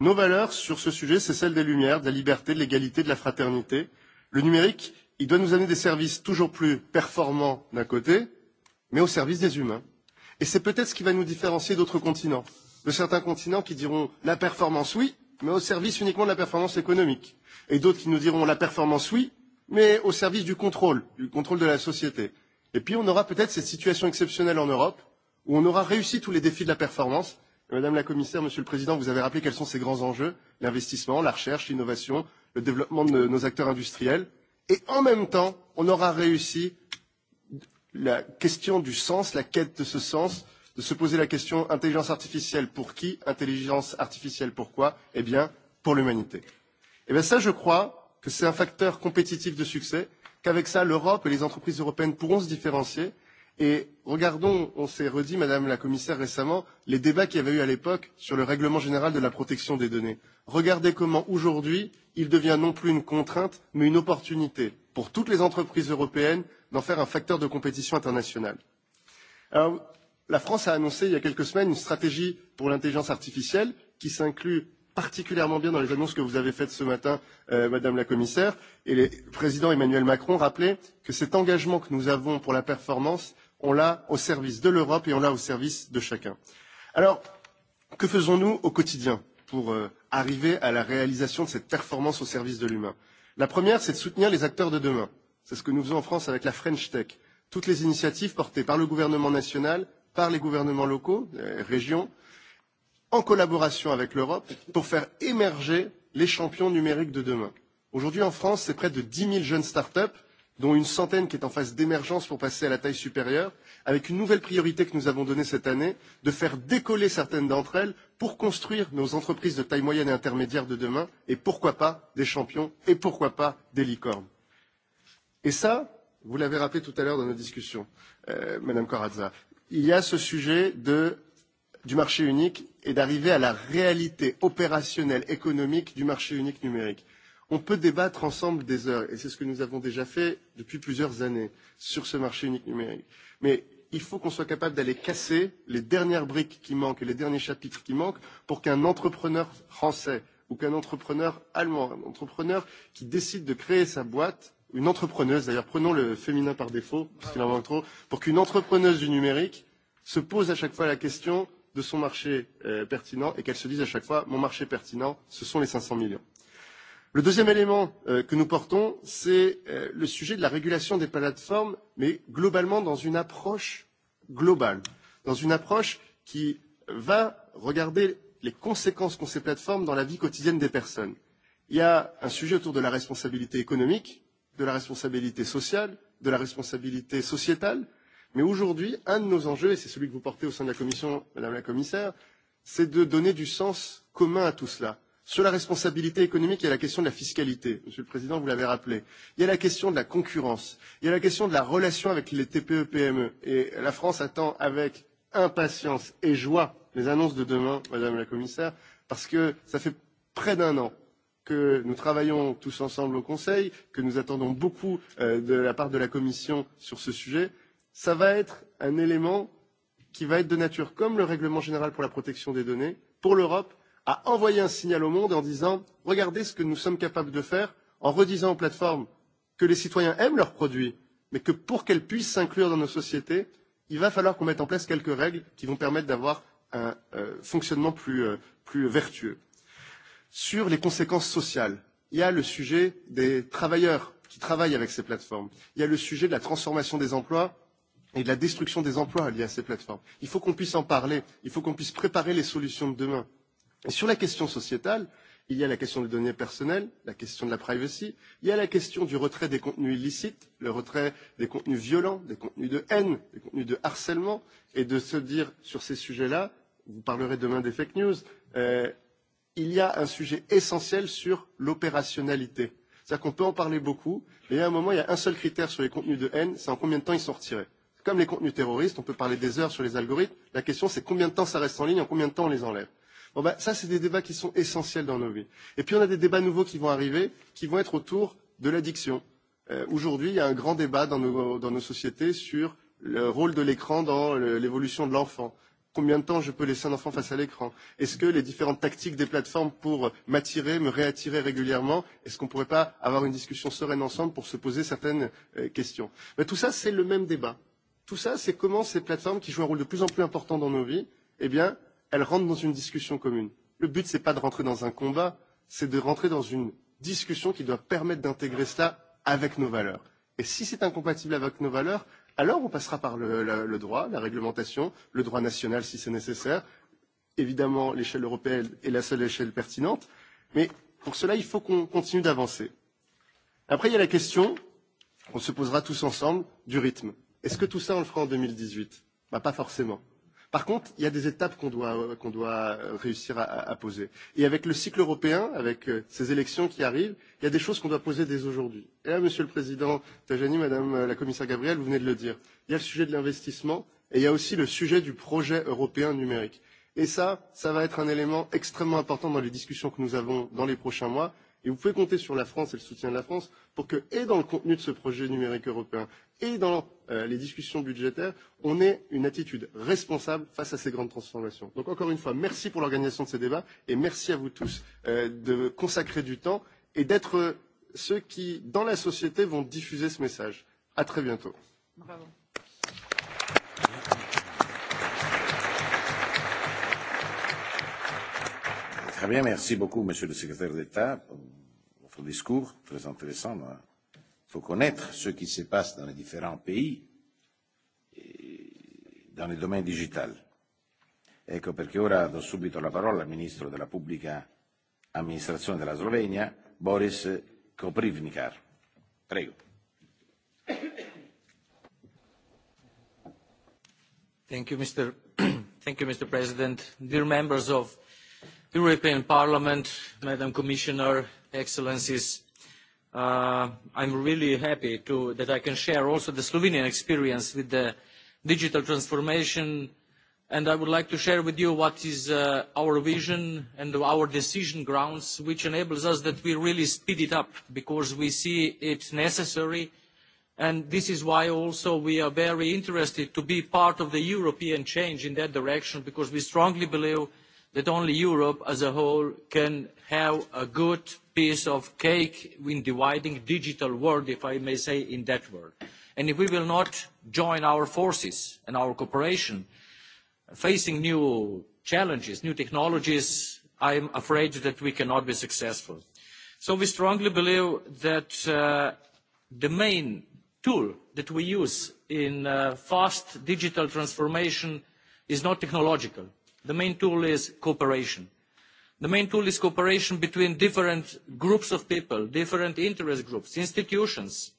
Nos valeurs sur ce sujet, c'est celle des lumières, de la liberté, de l'égalité, de la fraternité. Le numérique, il doit nous amener des services toujours plus performants d'un côté, mais au service des humains. Et c'est peut-être ce qui va nous différencier d'autres continents, de certains continents qui diront la performance oui, mais au service uniquement de la performance économique. Et d'autres qui nous diront la performance, oui, mais au service du contrôle, du contrôle de la société. Et puis on aura peut-être cette situation exceptionnelle en Europe où on aura réussi tous les défis de la performance. Et Madame la Commissaire, Monsieur le Président, vous avez rappelé quels sont ces grands enjeux l'investissement, la recherche, l'innovation, le développement de nos acteurs industriels. Et en même temps, on aura réussi la question du sens, la quête de ce sens, euh, de se poser la question intelligence artificielle pour qui, intelligence artificielle pourquoi Eh bien, pour l'humanité. Et eh bien ça, je crois que c'est un facteur compétitif de succès, qu'avec ça, l'Europe et les entreprises européennes pourront se différencier. Et regardons, on s'est redit, Madame la Commissaire, récemment, les débats qu'il y avait eu à l'époque sur le règlement général de la protection des données. Regardez comment aujourd'hui, il devient non plus une contrainte, mais une opportunité pour toutes les entreprises européennes d'en faire un facteur de compétition internationale. Alors, la France a annoncé il y a quelques semaines une stratégie pour l'intelligence artificielle qui s'inclut particulièrement bien dans les annonces que vous avez faites ce matin, euh, Madame la Commissaire, et le président Emmanuel Macron rappelait que cet engagement que nous avons pour la performance, on l'a au service de l'Europe et on l'a au service de chacun. Alors, que faisons-nous au quotidien pour euh, arriver à la réalisation de cette performance au service de l'humain La première, c'est de soutenir les acteurs de demain. C'est ce que nous faisons en France avec la French Tech. Toutes les initiatives portées par le gouvernement national, par les gouvernements locaux, les euh, régions, en collaboration avec l'Europe, pour faire émerger les champions numériques de demain. Aujourd'hui, en France, c'est près de 10 000 jeunes start-up, dont une centaine qui est en phase d'émergence pour passer à la taille supérieure, avec une nouvelle priorité que nous avons donnée cette année, de faire décoller certaines d'entre elles pour construire nos entreprises de taille moyenne et intermédiaire de demain, et pourquoi pas des champions, et pourquoi pas des licornes. Et ça, vous l'avez rappelé tout à l'heure dans nos discussions, euh, Madame Corazza, il y a ce sujet de, du marché unique et d'arriver à la réalité opérationnelle économique du marché unique numérique. On peut débattre ensemble des heures, et c'est ce que nous avons déjà fait depuis plusieurs années sur ce marché unique numérique. Mais il faut qu'on soit capable d'aller casser les dernières briques qui manquent et les derniers chapitres qui manquent pour qu'un entrepreneur français ou qu'un entrepreneur allemand, un entrepreneur qui décide de créer sa boîte, une entrepreneuse, d'ailleurs prenons le féminin par défaut, parce qu'il en manque trop, pour qu'une entrepreneuse du numérique se pose à chaque fois la question de son marché euh, pertinent et qu'elle se dise à chaque fois mon marché pertinent, ce sont les 500 millions. Le deuxième élément euh, que nous portons, c'est euh, le sujet de la régulation des plateformes, mais globalement dans une approche globale, dans une approche qui va regarder les conséquences qu'ont ces plateformes dans la vie quotidienne des personnes. Il y a un sujet autour de la responsabilité économique de la responsabilité sociale, de la responsabilité sociétale. Mais aujourd'hui, un de nos enjeux, et c'est celui que vous portez au sein de la Commission, Madame la Commissaire, c'est de donner du sens commun à tout cela. Sur la responsabilité économique, il y a la question de la fiscalité. Monsieur le Président, vous l'avez rappelé. Il y a la question de la concurrence. Il y a la question de la relation avec les TPE-PME. Et la France attend avec impatience et joie les annonces de demain, Madame la Commissaire, parce que ça fait près d'un an que nous travaillons tous ensemble au Conseil, que nous attendons beaucoup euh, de la part de la Commission sur ce sujet, ça va être un élément qui va être de nature, comme le règlement général pour la protection des données, pour l'Europe, à envoyer un signal au monde en disant regardez ce que nous sommes capables de faire, en redisant aux plateformes que les citoyens aiment leurs produits, mais que pour qu'elles puissent s'inclure dans nos sociétés, il va falloir qu'on mette en place quelques règles qui vont permettre d'avoir un euh, fonctionnement plus, euh, plus vertueux sur les conséquences sociales. Il y a le sujet des travailleurs qui travaillent avec ces plateformes. Il y a le sujet de la transformation des emplois et de la destruction des emplois liés à ces plateformes. Il faut qu'on puisse en parler, il faut qu'on puisse préparer les solutions de demain. Et sur la question sociétale, il y a la question des données personnelles, la question de la privacy, il y a la question du retrait des contenus illicites, le retrait des contenus violents, des contenus de haine, des contenus de harcèlement, et de se dire sur ces sujets-là, vous parlerez demain des fake news, euh, il y a un sujet essentiel sur l'opérationnalité. C'est-à-dire qu'on peut en parler beaucoup, mais il y a un moment, il y a un seul critère sur les contenus de haine, c'est en combien de temps ils sont retirés. Comme les contenus terroristes, on peut parler des heures sur les algorithmes, la question c'est combien de temps ça reste en ligne, en combien de temps on les enlève. Bon ben, ça, c'est des débats qui sont essentiels dans nos vies. Et puis, on a des débats nouveaux qui vont arriver, qui vont être autour de l'addiction. Euh, Aujourd'hui, il y a un grand débat dans nos, dans nos sociétés sur le rôle de l'écran dans l'évolution de l'enfant combien de temps je peux laisser un enfant face à l'écran Est-ce que les différentes tactiques des plateformes pour m'attirer, me réattirer régulièrement, est-ce qu'on ne pourrait pas avoir une discussion sereine ensemble pour se poser certaines euh, questions Mais Tout ça, c'est le même débat. Tout ça, c'est comment ces plateformes qui jouent un rôle de plus en plus important dans nos vies, eh bien, elles rentrent dans une discussion commune. Le but, ce n'est pas de rentrer dans un combat, c'est de rentrer dans une discussion qui doit permettre d'intégrer cela avec nos valeurs. Et si c'est incompatible avec nos valeurs, alors on passera par le, le, le droit, la réglementation, le droit national si c'est nécessaire. Évidemment, l'échelle européenne est la seule échelle pertinente, mais pour cela, il faut qu'on continue d'avancer. Après, il y a la question qu'on se posera tous ensemble du rythme. Est-ce que tout ça, on le fera en 2018 bah, Pas forcément. Par contre, il y a des étapes qu'on doit, euh, qu doit euh, réussir à, à poser. Et avec le cycle européen, avec euh, ces élections qui arrivent, il y a des choses qu'on doit poser dès aujourd'hui. Et là, Monsieur le Président Tajani, Madame la Commissaire Gabrielle, vous venez de le dire, il y a le sujet de l'investissement et il y a aussi le sujet du projet européen numérique. Et ça, ça va être un élément extrêmement important dans les discussions que nous avons dans les prochains mois. Et vous pouvez compter sur la France et le soutien de la France pour que, et dans le contenu de ce projet numérique européen, et dans euh, les discussions budgétaires, on ait une attitude responsable face à ces grandes transformations. Donc encore une fois, merci pour l'organisation de ces débats et merci à vous tous euh, de consacrer du temps et d'être euh, ceux qui, dans la société, vont diffuser ce message. À très bientôt. Bravo. Très bien, merci beaucoup, Monsieur le Secrétaire d'État, pour votre discours très intéressant. Hein Il faut connaître ce qui se passe dans les différents pays dans le domaine digital. Ecco perché ora do subito la parola al ministro della pubblica amministrazione della Slovenia, Boris Koprivnikar. Prego. Thank you, Mr. (clears throat) Thank you, Mr. President. Dear members of the European Parliament, Madam Commissioner, Excellencies, uh, I'm really happy to, that I can share also the Slovenian experience with the digital transformation. And I would like to share with you what is uh, our vision and our decision grounds, which enables us that we really speed it up because we see it necessary. And this is why also we are very interested to be part of the European change in that direction because we strongly believe that only Europe as a whole can have a good piece of cake in dividing digital world, if I may say, in that world. And if we will not join our forces and our cooperation, facing new challenges, new technologies, I am afraid that we cannot be successful. So we strongly believe that uh, the main tool that we use in uh, fast digital transformation is not technological The main tool is cooperation. The main tool is cooperation between different groups of people, different interest groups, institutions,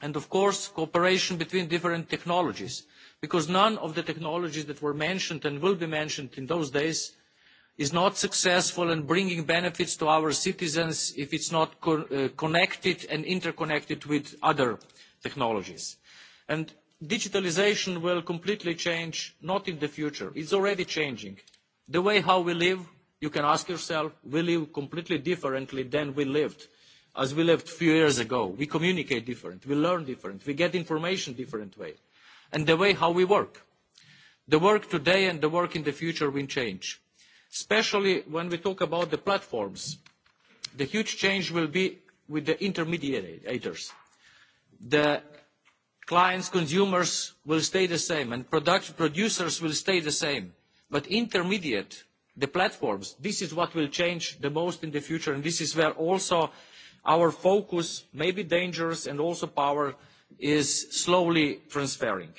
and of course cooperation between different technologies, because none of the technologies that were mentioned and will be mentioned in those days is not successful in bringing benefits to our citizens if it's not co uh, connected and interconnected with other technologies. And digitalization will completely change, not in the future, it's already changing. The way how we live, you can ask yourself, we live completely differently than we lived, as we lived a few years ago. We communicate different, we learn different, we get information different way. And the way how we work. The work today and the work in the future will change. Especially when we talk about the platforms, the huge change will be with the intermediators. The clients, consumers will stay the same, and product, producers will stay the same. But intermediate, the platforms, this is what will change the most in the future, and this is where also our focus, maybe dangerous and also power, is slowly transferring.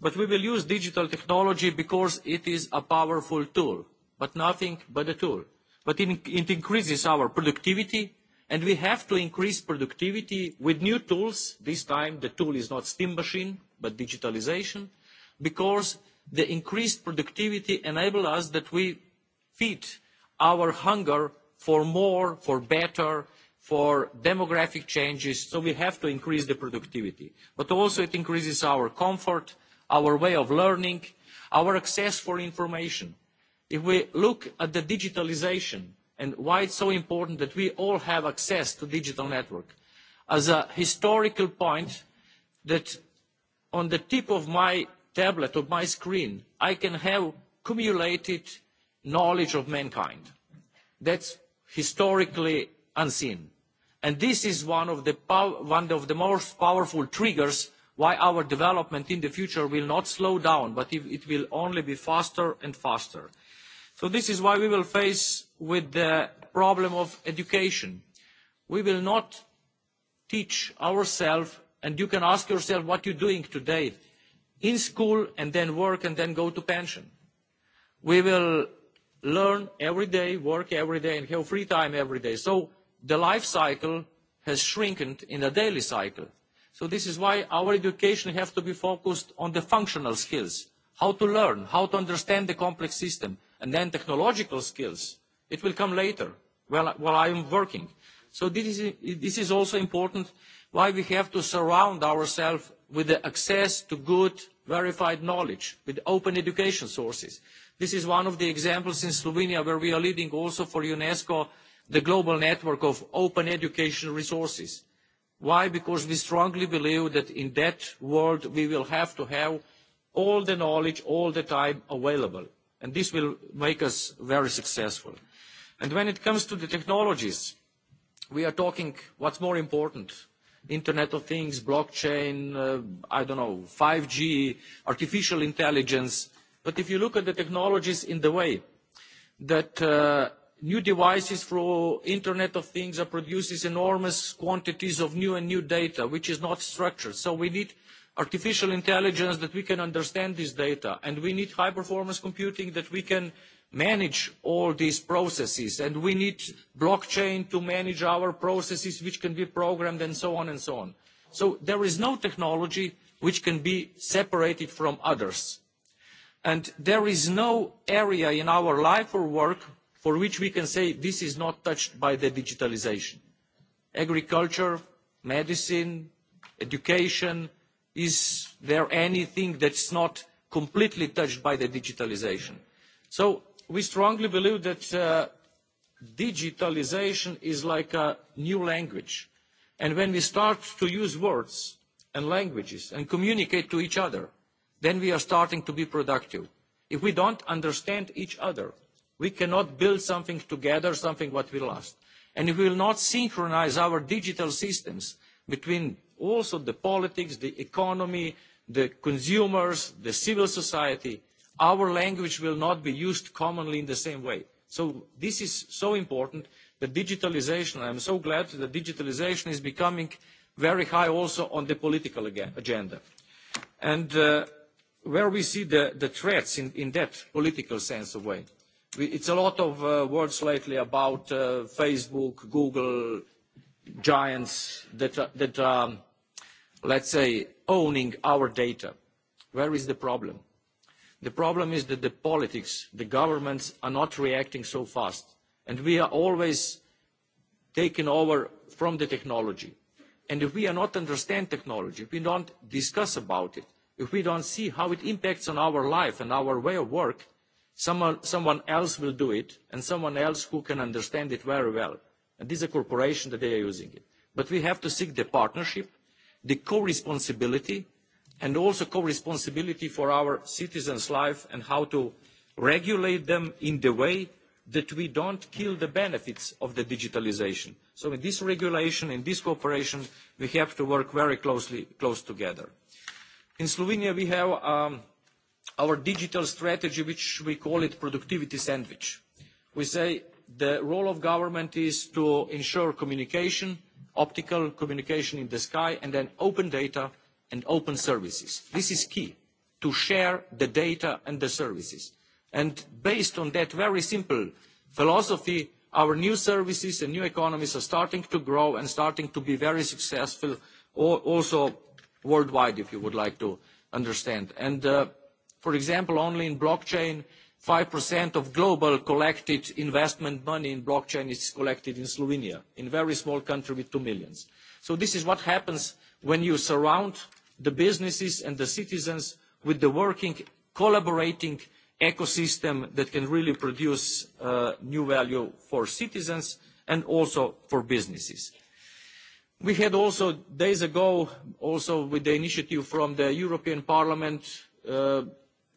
But we will use digital technology because it is a powerful tool, but nothing but a tool. But it increases our productivity, and we have to increase productivity with new tools. This time the tool is not steam machine, but digitalisation because the increased productivity enables us that we feed our hunger for more, for better, for demographic changes, so we have to increase the productivity. But also it increases our comfort, our way of learning, our access for information. If we look at the digitalization, and why it's so important that we all have access to digital network. As a historical point, that on the tip of my tablet, of my screen, I can have accumulated knowledge of mankind. That's historically unseen. And this is one of the, pow one of the most powerful triggers why our development in the future will not slow down, but it will only be faster and faster. So this is why we will face with the problem of education. We will not teach ourselves, and you can ask yourself what you're doing today, in school and then work and then go to pension. We will learn every day, work every day, and have free time every day. So the life cycle has shrunken in a daily cycle. So this is why our education has to be focused on the functional skills, how to learn, how to understand the complex system, And then technological skills, it will come later while, while I am working. So this is, this is also important why we have to surround ourselves with the access to good verified knowledge, with open education sources. This is one of the examples in Slovenia where we are leading also for UNESCO the global network of open education resources. Why? Because we strongly believe that in that world we will have to have all the knowledge all the time available and this will make us very successful. And when it comes to the technologies, we are talking what's more important, Internet of Things, blockchain, uh, I don't know, 5G, artificial intelligence. But if you look at the technologies in the way that uh, new devices through Internet of Things are produces enormous quantities of new and new data, which is not structured. So we need artificial intelligence that we can understand this data and we need high performance computing that we can manage all these processes and we need blockchain to manage our processes which can be programmed and so on and so on. So there is no technology which can be separated from others. And there is no area in our life or work for which we can say this is not touched by the digitalization. Agriculture, medicine, education, Is there anything that is not completely touched by the digitalisation? So we strongly believe that uh, digitalisation is like a new language. And when we start to use words and languages and communicate to each other, then we are starting to be productive. If we don't understand each other, we cannot build something together, something what will last, And if we will not synchronise our digital systems between also the politics, the economy, the consumers, the civil society. Our language will not be used commonly in the same way. So this is so important. The digitalisation. I am so glad that digitalisation is becoming very high also on the political agenda. And uh, where we see the, the threats in, in that political sense of way. it's a lot of uh, words lately about uh, Facebook, Google, giants that, that let's say, owning our data. Where is the problem? The problem is that the politics, the governments are not reacting so fast. And we are always taken over from the technology. And if we are not understand technology, if we don't discuss about it, if we don't see how it impacts on our life and our way of work, someone, someone else will do it and someone else who can understand it very well. And is a corporation that they are using it. But we have to seek the partnership the co-responsibility and also co-responsibility for our citizens' life and how to regulate them in the way that we don't kill the benefits of the digitalisation. So in this regulation, in this cooperation, we have to work very closely close together. In Slovenia, we have um, our digital strategy, which we call it productivity sandwich. We say the role of government is to ensure communication, optical communication in the sky, and then open data and open services. This is key, to share the data and the services. And based on that very simple philosophy, our new services and new economies are starting to grow and starting to be very successful also worldwide, if you would like to understand. And, uh, for example, only in blockchain, 5% of global collected investment money in blockchain is collected in Slovenia, in a very small country with 2 millions. So this is what happens when you surround the businesses and the citizens with the working, collaborating ecosystem that can really produce uh, new value for citizens and also for businesses. We had also days ago, also with the initiative from the European Parliament, uh,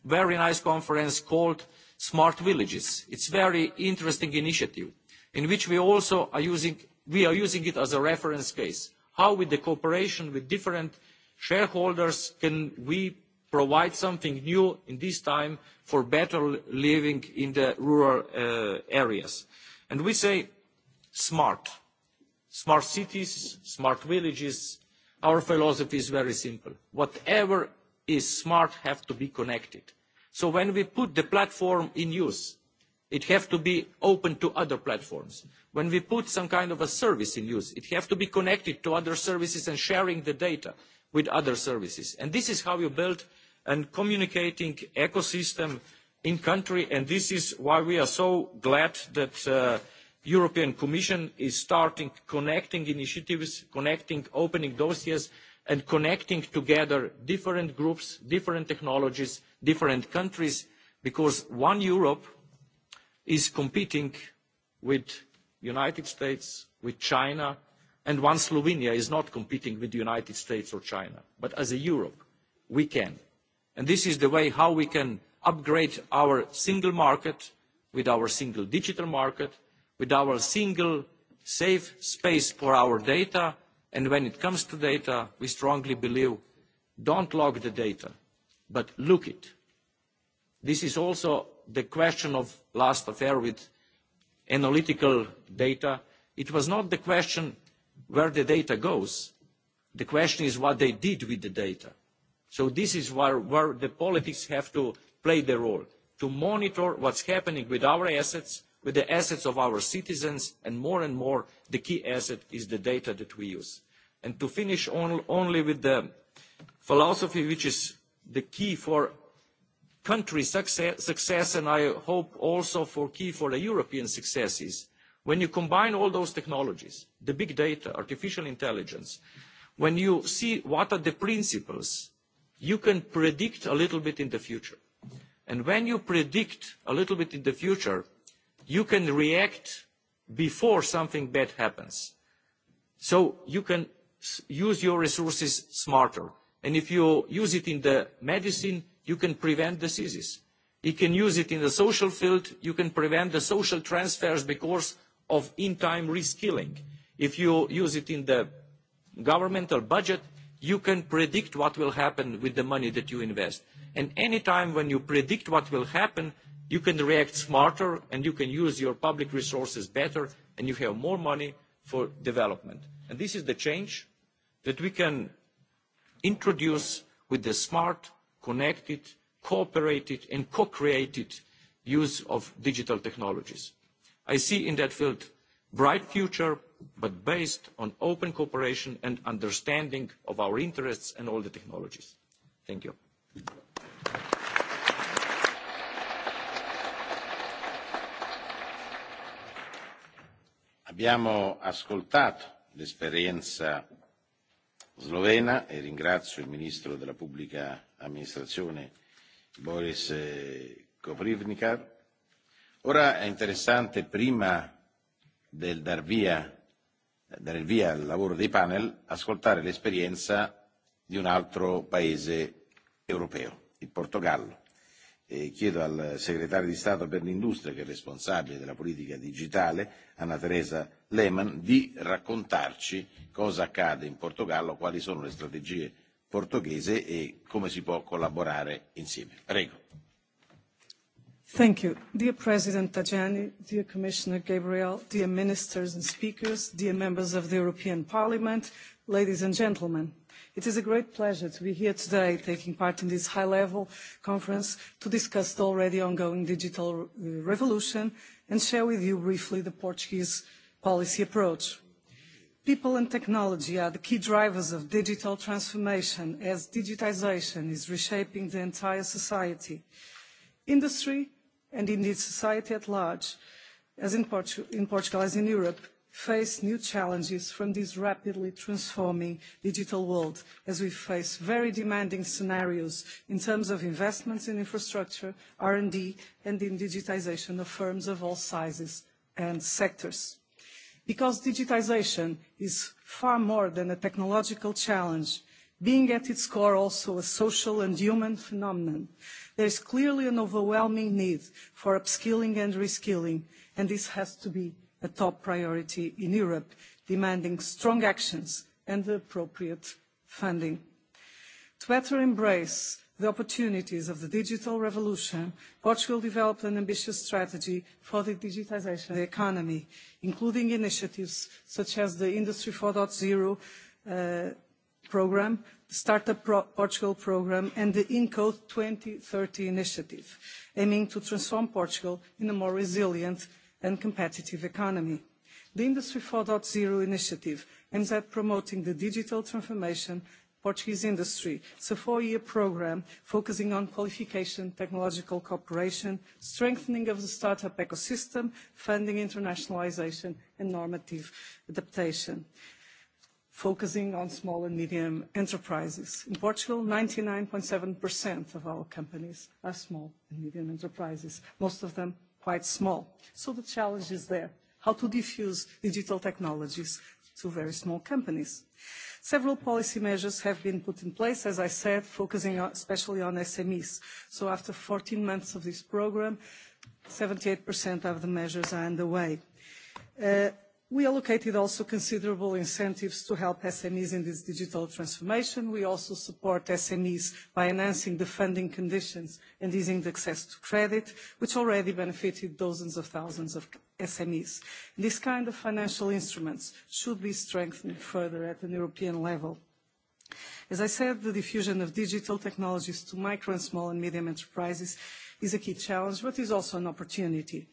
very nice conference called Smart Villages. It's very interesting initiative in which we also are using, we are using it as a reference case. How with the cooperation with different shareholders can we provide something new in this time for better living in the rural uh, areas. And we say smart. Smart cities, smart villages. Our philosophy is very simple. Whatever is smart have to be connected. So when we put the platform in use, it has to be open to other platforms. When we put some kind of a service in use, it has to be connected to other services and sharing the data with other services. And this is how you build a communicating ecosystem in country, and this is why we are so glad that uh, European Commission is starting connecting initiatives, connecting, opening dossiers, and connecting together different groups, different technologies, different countries, because one Europe is competing with the United States, with China, and one Slovenia is not competing with the United States or China. But as a Europe, we can. And this is the way how we can upgrade our single market with our single digital market, with our single safe space for our data, And when it comes to data, we strongly believe don't log the data, but look it. This is also the question of last affair with analytical data. It was not the question where the data goes. The question is what they did with the data. So this is where, where the politics have to play the role, to monitor what's happening with our assets with the assets of our citizens, and more and more the key asset is the data that we use. And to finish on, only with the philosophy which is the key for country success, success and I hope also for key for the European success is when you combine all those technologies, the big data, artificial intelligence, when you see what are the principles, you can predict a little bit in the future. And when you predict a little bit in the future, you can react before something bad happens. So you can use your resources smarter. And if you use it in the medicine, you can prevent diseases. You can use it in the social field, you can prevent the social transfers because of in-time reskilling. If you use it in the governmental budget, you can predict what will happen with the money that you invest. And any time when you predict what will happen, you can react smarter and you can use your public resources better and you have more money for development. And this is the change that we can introduce with the smart, connected, cooperated and co-created use of digital technologies. I see in that field bright future, but based on open cooperation and understanding of our interests and all the technologies. Thank you. Abbiamo ascoltato l'esperienza slovena e ringrazio il ministro della pubblica amministrazione Boris eh, Koprivnikar. Ora è interessante, prima del dar via, dare il via al lavoro dei panel, ascoltare l'esperienza di un altro paese europeo, il Portogallo e chiedo al segretario di Stato per l'industria, che è responsabile della politica digitale, Anna Teresa Lehmann, di raccontarci cosa accade in Portogallo, quali sono le strategie portoghese e come si può collaborare insieme. Prego. Thank you. Dear President Tajani, dear Commissioner Gabriel, dear ministers and speakers, dear members of the European Parliament, ladies and gentlemen. It is a great pleasure to be here today taking part in this high-level conference to discuss the already ongoing digital uh, revolution and share with you briefly the Portuguese policy approach. People and technology are the key drivers of digital transformation as digitization is reshaping the entire society, industry, and indeed society at large, as in, Portugal as in Europe face new challenges from this rapidly transforming digital world as we face very demanding scenarios in terms of investments in infrastructure, R&D, and in digitization of firms of all sizes and sectors. Because digitization is far more than a technological challenge, being at its core also a social and human phenomenon, there is clearly an overwhelming need for upskilling and reskilling, and this has to be a top priority in Europe, demanding strong actions and appropriate funding. To better embrace the opportunities of the digital revolution, Portugal developed an ambitious strategy for the digitisation of the economy, including initiatives such as the Industry 4.0 uh, programme, the Startup Pro Portugal programme and the Encode 2030 initiative, aiming to transform Portugal in a more resilient and competitive economy. The Industry 4.0 initiative aims at promoting the digital transformation of Portuguese industry. It's a four-year program focusing on qualification, technological cooperation, strengthening of the startup ecosystem, funding internationalization and normative adaptation, focusing on small and medium enterprises. In Portugal, 99.7% of our companies are small and medium enterprises, most of them quite small. So the challenge is there, how to diffuse digital technologies to very small companies. Several policy measures have been put in place, as I said, focusing on, especially on SMEs. So after 14 months of this program, 78% of the measures are underway. Uh, We allocated also considerable incentives to help SMEs in this digital transformation. We also support SMEs by enhancing the funding conditions and easing the access to credit, which already benefited dozens of thousands of SMEs. This kind of financial instruments should be strengthened further at an European level. As I said, the diffusion of digital technologies to micro and small and medium enterprises is a key challenge, but is also an opportunity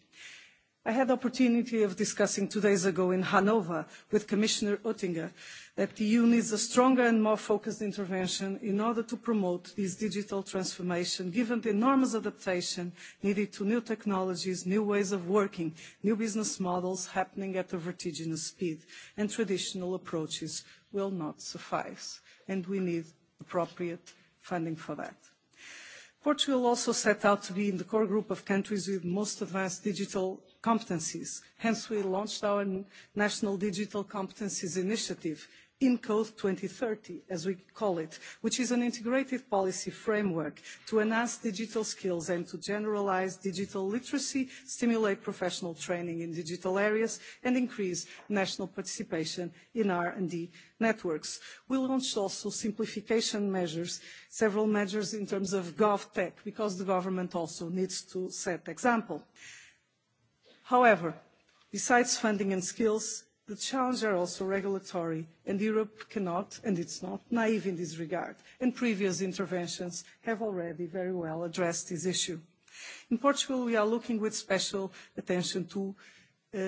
i had the opportunity of discussing two days ago in Hanover with Commissioner Oettinger that the EU needs a stronger and more focused intervention in order to promote this digital transformation, given the enormous adaptation needed to new technologies, new ways of working, new business models happening at a vertiginous speed, and traditional approaches will not suffice, and we need appropriate funding for that. Portugal also set out to be in the core group of countries with most advanced digital competencies. Hence, we launched our National Digital Competencies Initiative, InCode 2030, as we call it, which is an integrated policy framework to enhance digital skills and to generalize digital literacy, stimulate professional training in digital areas, and increase national participation in R&D networks. We launched also simplification measures, several measures in terms of GovTech, because the government also needs to set example. However, besides funding and skills, the challenges are also regulatory, and Europe cannot, and is not, naive in this regard, and previous interventions have already very well addressed this issue. In Portugal, we are looking with special attention to uh,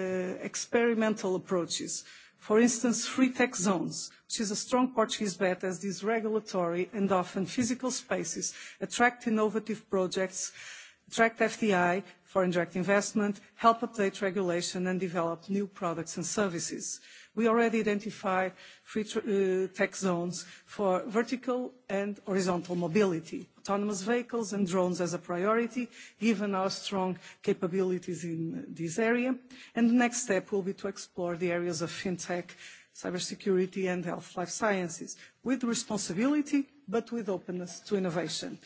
experimental approaches. For instance, free tax zones, which is a strong Portuguese bet as these regulatory and often physical spaces attract innovative projects, attract FDI, foreign direct investment, help update regulation and develop new products and services. We already identify free uh, tech zones for vertical and horizontal mobility, autonomous vehicles and drones as a priority, given our strong capabilities in this area. And the next step will be to explore the areas of fintech, cybersecurity and health life sciences, with responsibility but with openness to innovation.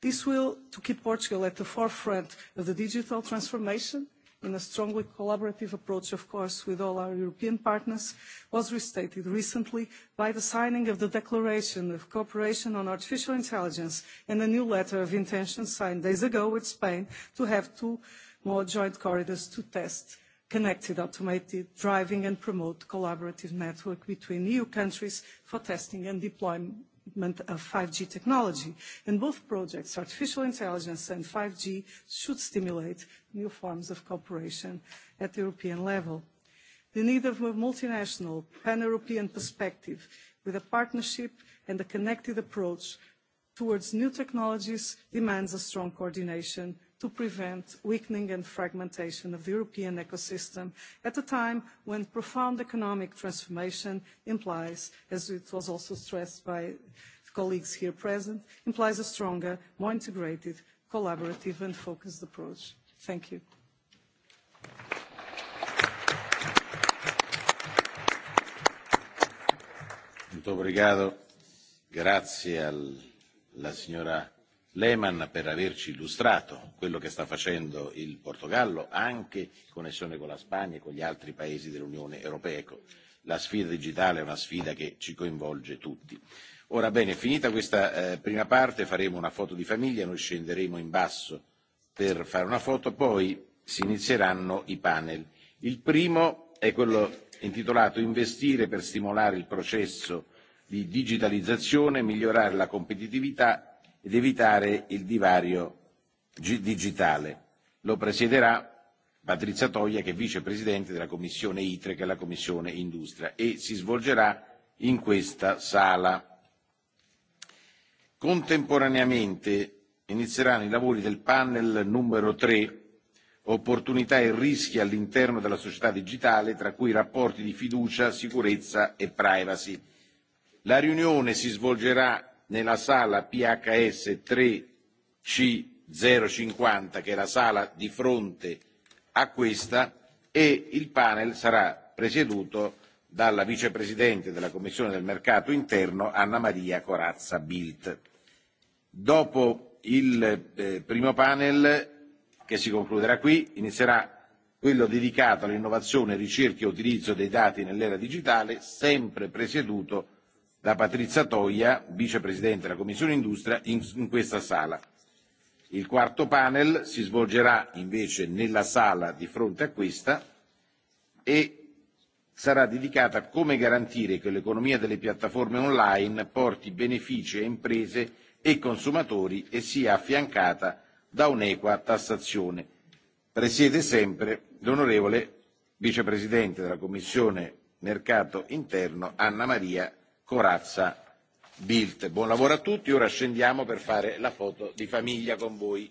This will to keep Portugal at the forefront of the digital transformation in a strongly collaborative approach, of course, with all our European partners, was restated recently by the signing of the Declaration of Cooperation on Artificial Intelligence and a new letter of intention signed days ago with Spain to have two more joint corridors to test connected automated driving and promote collaborative network between EU countries for testing and deployment development of 5G technology. In both projects, artificial intelligence and 5G, should stimulate new forms of cooperation at the European level. The need of a multinational, pan-European perspective with a partnership and a connected approach towards new technologies demands a strong coordination to prevent weakening and fragmentation of the European ecosystem at a time when profound economic transformation implies, as it was also stressed by colleagues here present, implies a stronger, more integrated, collaborative and focused approach. Thank you. Muito obrigado. Grazie alla signora Lehman per averci illustrato quello che sta facendo il Portogallo, anche in connessione con la Spagna e con gli altri paesi dell'Unione Europea. Ecco, la sfida digitale è una sfida che ci coinvolge tutti. Ora bene, finita questa eh, prima parte faremo una foto di famiglia, noi scenderemo in basso per fare una foto, poi si inizieranno i panel. Il primo è quello intitolato Investire per stimolare il processo di digitalizzazione, migliorare la competitività ed evitare il divario digitale. Lo presiederà Patrizia Toia, che è vicepresidente della Commissione ITRE, che è la Commissione Industria, e si svolgerà in questa sala. Contemporaneamente inizieranno i lavori del panel numero 3, opportunità e rischi all'interno della società digitale, tra cui rapporti di fiducia, sicurezza e privacy. La riunione si svolgerà nella sala PHS 3C050, che è la sala di fronte a questa, e il panel sarà presieduto dalla vicepresidente della Commissione del Mercato Interno Anna Maria Corazza Bildt. Dopo il eh, primo panel, che si concluderà qui, inizierà quello dedicato all'innovazione, ricerca e utilizzo dei dati nell'era digitale, sempre presieduto da Patrizia Toia, vicepresidente della Commissione Industria, in, in questa sala. Il quarto panel si svolgerà invece nella sala di fronte a questa e sarà dedicata a come garantire che l'economia delle piattaforme online porti benefici a imprese e consumatori e sia affiancata da un'equa tassazione. Presiede sempre l'onorevole vicepresidente della Commissione Mercato Interno Anna Maria corazza bildt. buon lavoro a tutti ora scendiamo per fare la foto di famiglia con voi.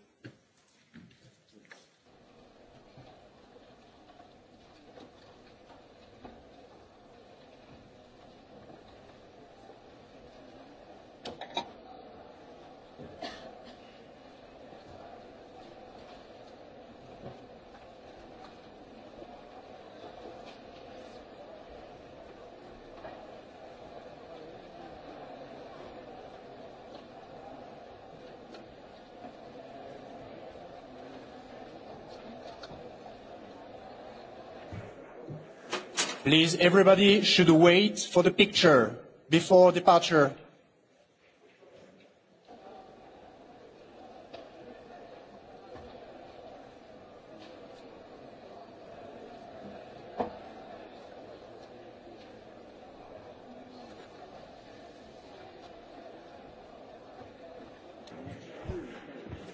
Please, everybody should wait for the picture before departure.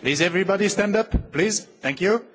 Please, everybody stand up, please. Thank you.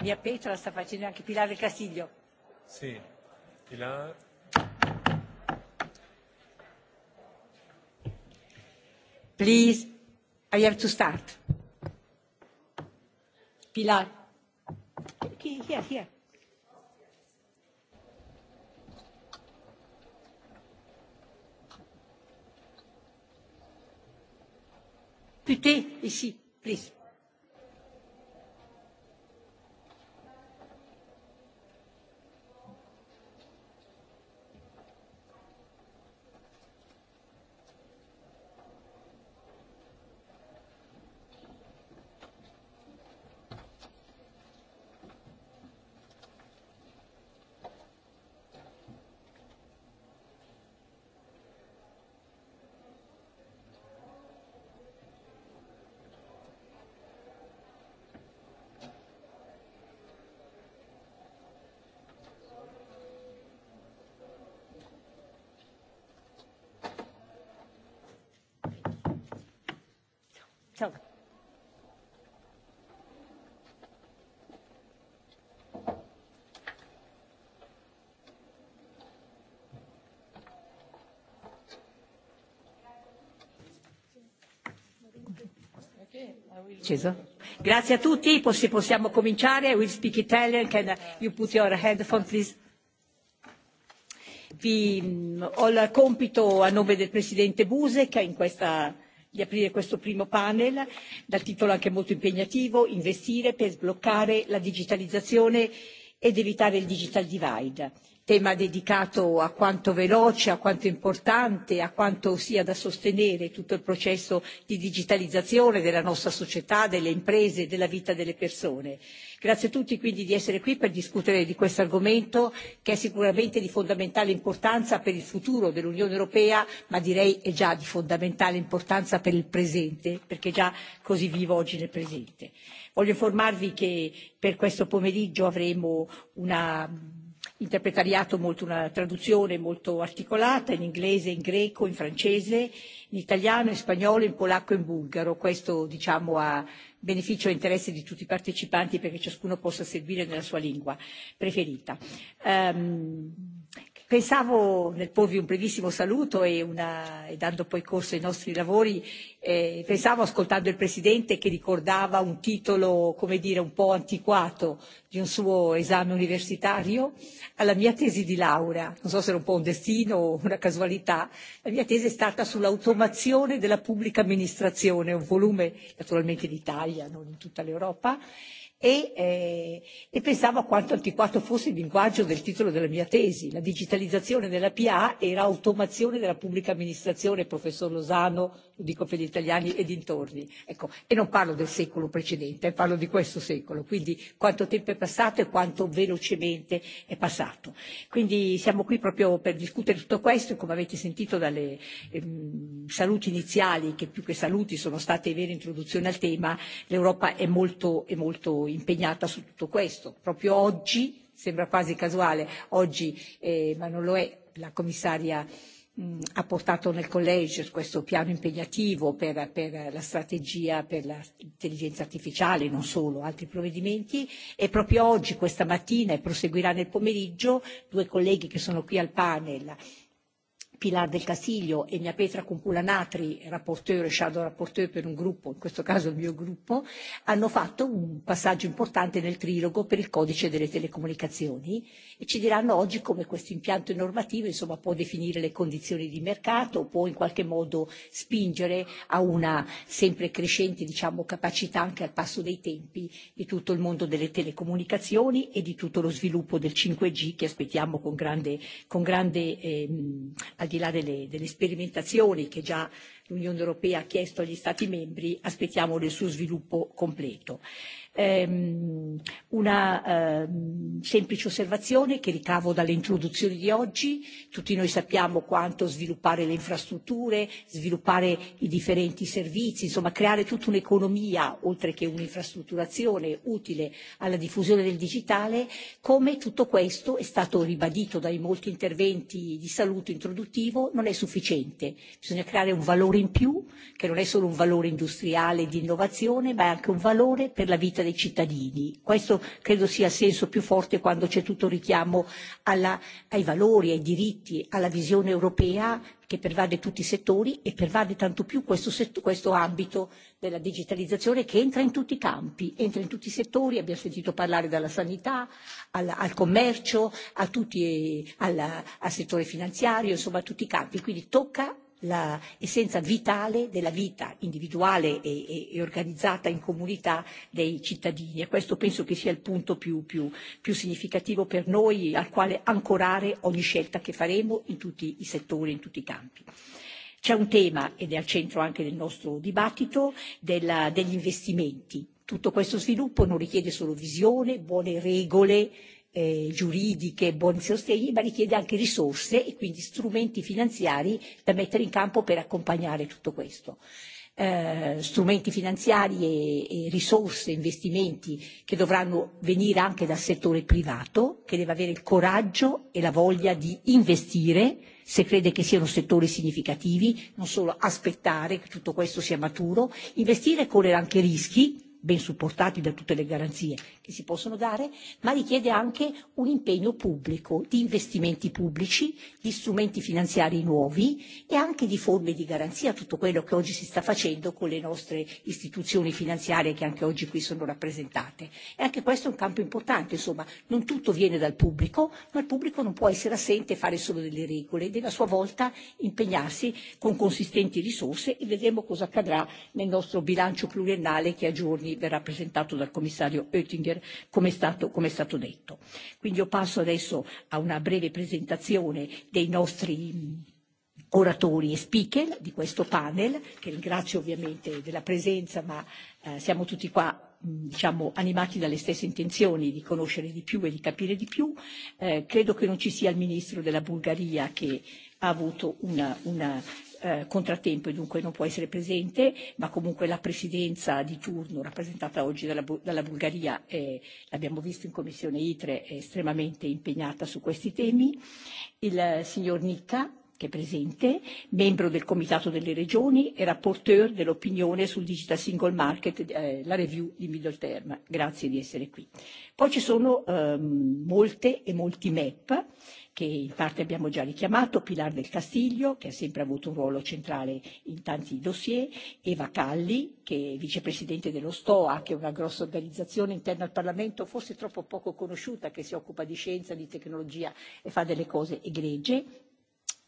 mia Petra sta facendo anche Pilar del Castiglio. Sì, Pilar. Please, I have to start. Pilar. Here, here. Putain, ici, eh please. Grazie a tutti, se possiamo cominciare. I will speak Italian. Can you put your headphone, please? Vi, ho il compito a nome del Presidente Busek in questa di aprire questo primo panel dal titolo anche molto impegnativo investire per sbloccare la digitalizzazione ed evitare il digital divide tema dedicato a quanto veloce, a quanto importante, a quanto sia da sostenere tutto il processo di digitalizzazione della nostra società, delle imprese, della vita delle persone. Grazie a tutti quindi di essere qui per discutere di questo argomento che è sicuramente di fondamentale importanza per il futuro dell'Unione Europea, ma direi è già di fondamentale importanza per il presente, perché è già così vivo oggi nel presente. Voglio informarvi che per questo pomeriggio avremo una interpretariato molto una traduzione molto articolata in inglese, in greco, in francese, in italiano, in spagnolo, in polacco e in bulgaro. Questo diciamo a beneficio e interesse di tutti i partecipanti perché ciascuno possa seguire nella sua lingua preferita. Um, Pensavo nel porvi un brevissimo saluto e, una, e dando poi corso ai nostri lavori, eh, pensavo ascoltando il Presidente che ricordava un titolo, come dire, un po' antiquato di un suo esame universitario, alla mia tesi di laurea, non so se era un po' un destino o una casualità, la mia tesi è stata sull'automazione della pubblica amministrazione, un volume naturalmente in Italia, non in tutta l'Europa, e, eh, e pensavo a quanto antiquato fosse il linguaggio del titolo della mia tesi. La digitalizzazione della PA era automazione della pubblica amministrazione, professor Losano, dico per gli italiani e dintorni. Ecco, e non parlo del secolo precedente, eh, parlo di questo secolo, quindi quanto tempo è passato e quanto velocemente è passato. Quindi siamo qui proprio per discutere tutto questo e come avete sentito dalle ehm, saluti iniziali, che più che saluti sono state vere introduzioni al tema, l'Europa è molto, è molto impegnata su tutto questo. Proprio oggi, sembra quasi casuale, oggi, eh, ma non lo è, la commissaria mh, ha portato nel collegio questo piano impegnativo per, per la strategia per l'intelligenza artificiale, non solo, altri provvedimenti e proprio oggi, questa mattina e proseguirà nel pomeriggio, due colleghi che sono qui al panel Pilar del Castiglio e mia Petra Cumpulanatri, rapporteur e shadow rapporteur per un gruppo, in questo caso il mio gruppo, hanno fatto un passaggio importante nel trilogo per il codice delle telecomunicazioni e ci diranno oggi come questo impianto normativo insomma, può definire le condizioni di mercato, può in qualche modo spingere a una sempre crescente diciamo, capacità anche al passo dei tempi di tutto il mondo delle telecomunicazioni e di tutto lo sviluppo del 5G che aspettiamo con grande, con grande ehm, di là delle, delle sperimentazioni che già l'Unione Europea ha chiesto agli Stati membri, aspettiamo il suo sviluppo completo. Ehm, una ehm, semplice osservazione che ricavo dalle introduzioni di oggi. Tutti noi sappiamo quanto sviluppare le infrastrutture, sviluppare i differenti servizi, insomma creare tutta un'economia, oltre che un'infrastrutturazione utile alla diffusione del digitale, come tutto questo è stato ribadito dai molti interventi di saluto introduttivo, non è sufficiente. Bisogna creare un valore in più, che non è solo un valore industriale di innovazione, ma è anche un valore per la vita sicurezza dei cittadini. Questo credo sia il senso più forte quando c'è tutto il richiamo alla, ai valori, ai diritti, alla visione europea che pervade tutti i settori e pervade tanto più questo, questo ambito della digitalizzazione che entra in tutti i campi, entra in tutti i settori, abbiamo sentito parlare dalla sanità al, al commercio, a tutti, eh, al, al settore finanziario, insomma a tutti i campi, quindi tocca l'essenza vitale della vita individuale e, e, e organizzata in comunità dei cittadini e questo penso che sia il punto più, più, più significativo per noi al quale ancorare ogni scelta che faremo in tutti i settori, in tutti i campi. C'è un tema, ed è al centro anche del nostro dibattito, della, degli investimenti. Tutto questo sviluppo non richiede solo visione, buone regole, eh, giuridiche e buoni sostegni, ma richiede anche risorse e quindi strumenti finanziari da mettere in campo per accompagnare tutto questo. Eh, strumenti finanziari e, e risorse, investimenti che dovranno venire anche dal settore privato, che deve avere il coraggio e la voglia di investire se crede che siano settori significativi, non solo aspettare che tutto questo sia maturo. Investire e correre anche rischi, ben supportati da tutte le garanzie che si possono dare, ma richiede anche un impegno pubblico di investimenti pubblici, di strumenti finanziari nuovi e anche di forme di garanzia, tutto quello che oggi si sta facendo con le nostre istituzioni finanziarie che anche oggi qui sono rappresentate. E anche questo è un campo importante, insomma, non tutto viene dal pubblico, ma il pubblico non può essere assente e fare solo delle regole, deve a sua volta impegnarsi con consistenti risorse e vedremo cosa accadrà nel nostro bilancio pluriennale che a giorni quindi verrà presentato dal commissario Oettinger come è stato, come è stato detto. Quindi io passo adesso a una breve presentazione dei nostri mm, oratori e speaker di questo panel, che ringrazio ovviamente della presenza, ma eh, siamo tutti qua mm, diciamo, animati dalle stesse intenzioni di conoscere di più e di capire di più. Eh, credo che non ci sia il ministro della Bulgaria che ha avuto una, una eh, contrattempo e dunque non può essere presente, ma comunque la presidenza di turno rappresentata oggi dalla, dalla Bulgaria, eh, l'abbiamo visto in commissione ITRE, è estremamente impegnata su questi temi. Il eh, signor Nicca che è presente, membro del Comitato delle Regioni e rapporteur dell'opinione sul Digital Single Market, eh, la review di Middle Term. Grazie di essere qui. Poi ci sono ehm, molte e molti MEP che in parte abbiamo già richiamato, Pilar del Castiglio, che ha sempre avuto un ruolo centrale in tanti dossier, Eva Calli, che è vicepresidente dello STOA, che è una grossa organizzazione interna al Parlamento, forse troppo poco conosciuta, che si occupa di scienza, di tecnologia e fa delle cose egregie,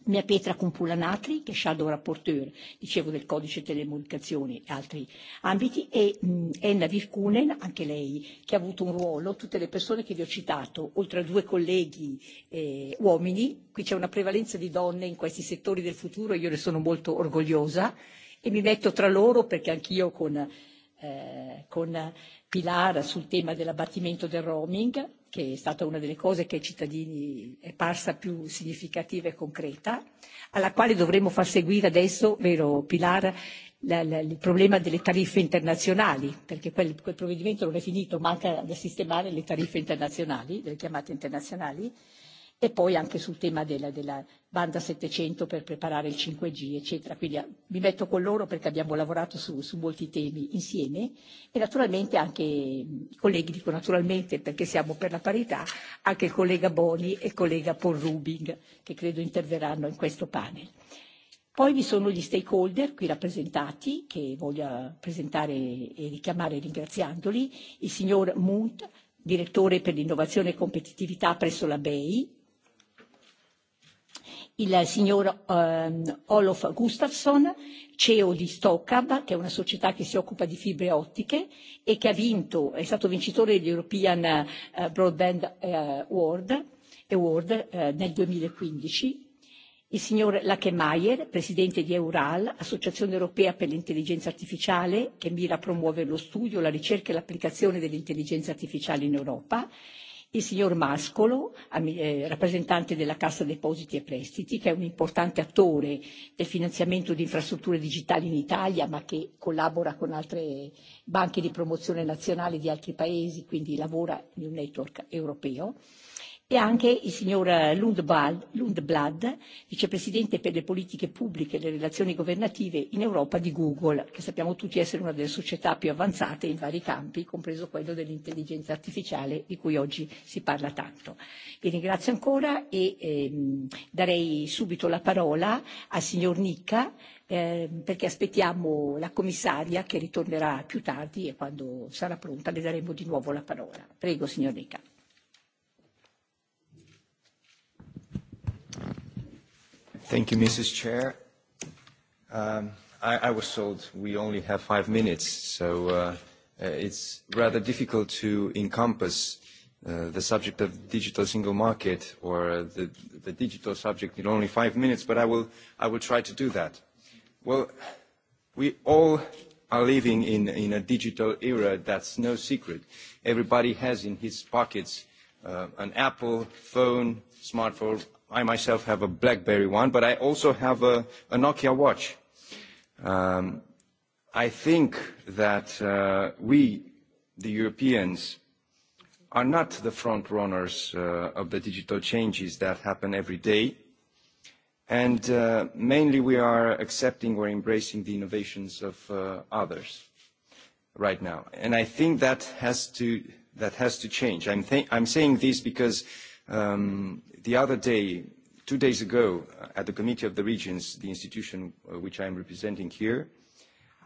Mia Pietra Compulanatri, che è Shadow Rapporteur, dicevo, del codice delle comunicazioni e altri ambiti, e mh, Enna Virkunen, anche lei, che ha avuto un ruolo, tutte le persone che vi ho citato, oltre a due colleghi eh, uomini, qui c'è una prevalenza di donne in questi settori del futuro, io ne sono molto orgogliosa e mi metto tra loro perché anch'io con, eh, con Pilar sul tema dell'abbattimento del roaming, che è stata una delle cose che ai cittadini è parsa più significativa e concreta, alla quale dovremo far seguire adesso, vero Pilar, la, la, il problema delle tariffe internazionali, perché quel, quel provvedimento non è finito, manca da sistemare le tariffe internazionali, le chiamate internazionali e poi anche sul tema della, della banda 700 per preparare il 5G, eccetera. Quindi ah, mi metto con loro perché abbiamo lavorato su, su molti temi insieme e naturalmente anche i colleghi, dico naturalmente perché siamo per la parità, anche il collega Boni e il collega Paul Rubing che credo interverranno in questo panel. Poi vi sono gli stakeholder qui rappresentati che voglio presentare e richiamare ringraziandoli, il signor Munt, direttore per l'innovazione e competitività presso la BEI, il signor ehm, Olof Gustafsson, CEO di Stockab, che è una società che si occupa di fibre ottiche e che ha vinto, è stato vincitore dell'European eh, Broadband eh, Award, Award eh, nel 2015, e il signor Lachemeyer, presidente di Eural, Associazione Europea per l'Intelligenza Artificiale, che mira a promuovere lo studio, la ricerca e l'applicazione dell'intelligenza artificiale in Europa, il signor Mascolo, eh, rappresentante della Cassa Depositi e Prestiti, che è un importante attore del finanziamento di infrastrutture digitali in Italia, ma che collabora con altre banche di promozione nazionale di altri paesi, quindi lavora in un network europeo e anche il signor Lundblad, vicepresidente per le politiche pubbliche e le relazioni governative in Europa di Google, che sappiamo tutti essere una delle società più avanzate in vari campi, compreso quello dell'intelligenza artificiale di cui oggi si parla tanto. Vi ringrazio ancora e ehm, darei subito la parola al signor Nicca eh, perché aspettiamo la commissaria che ritornerà più tardi e quando sarà pronta le daremo di nuovo la parola. Prego, signor Nicca. Thank you, Mrs. Chair. Um, I, I was told we only have five minutes, so uh, uh, it's rather difficult to encompass uh, the subject of digital single market or uh, the, the digital subject in only five minutes, but I will, I will try to do that. Well, we all are living in, in a digital era that's no secret. Everybody has in his pockets uh, an Apple phone, smartphone, i myself have a BlackBerry one, but I also have a, a Nokia watch. Um, I think that uh, we, the Europeans, are not the front runners uh, of the digital changes that happen every day. And uh, mainly we are accepting or embracing the innovations of uh, others right now. And I think that has to, that has to change. I'm, th I'm saying this because um, the other day, two days ago, uh, at the Committee of the Regions, the institution uh, which I am representing here,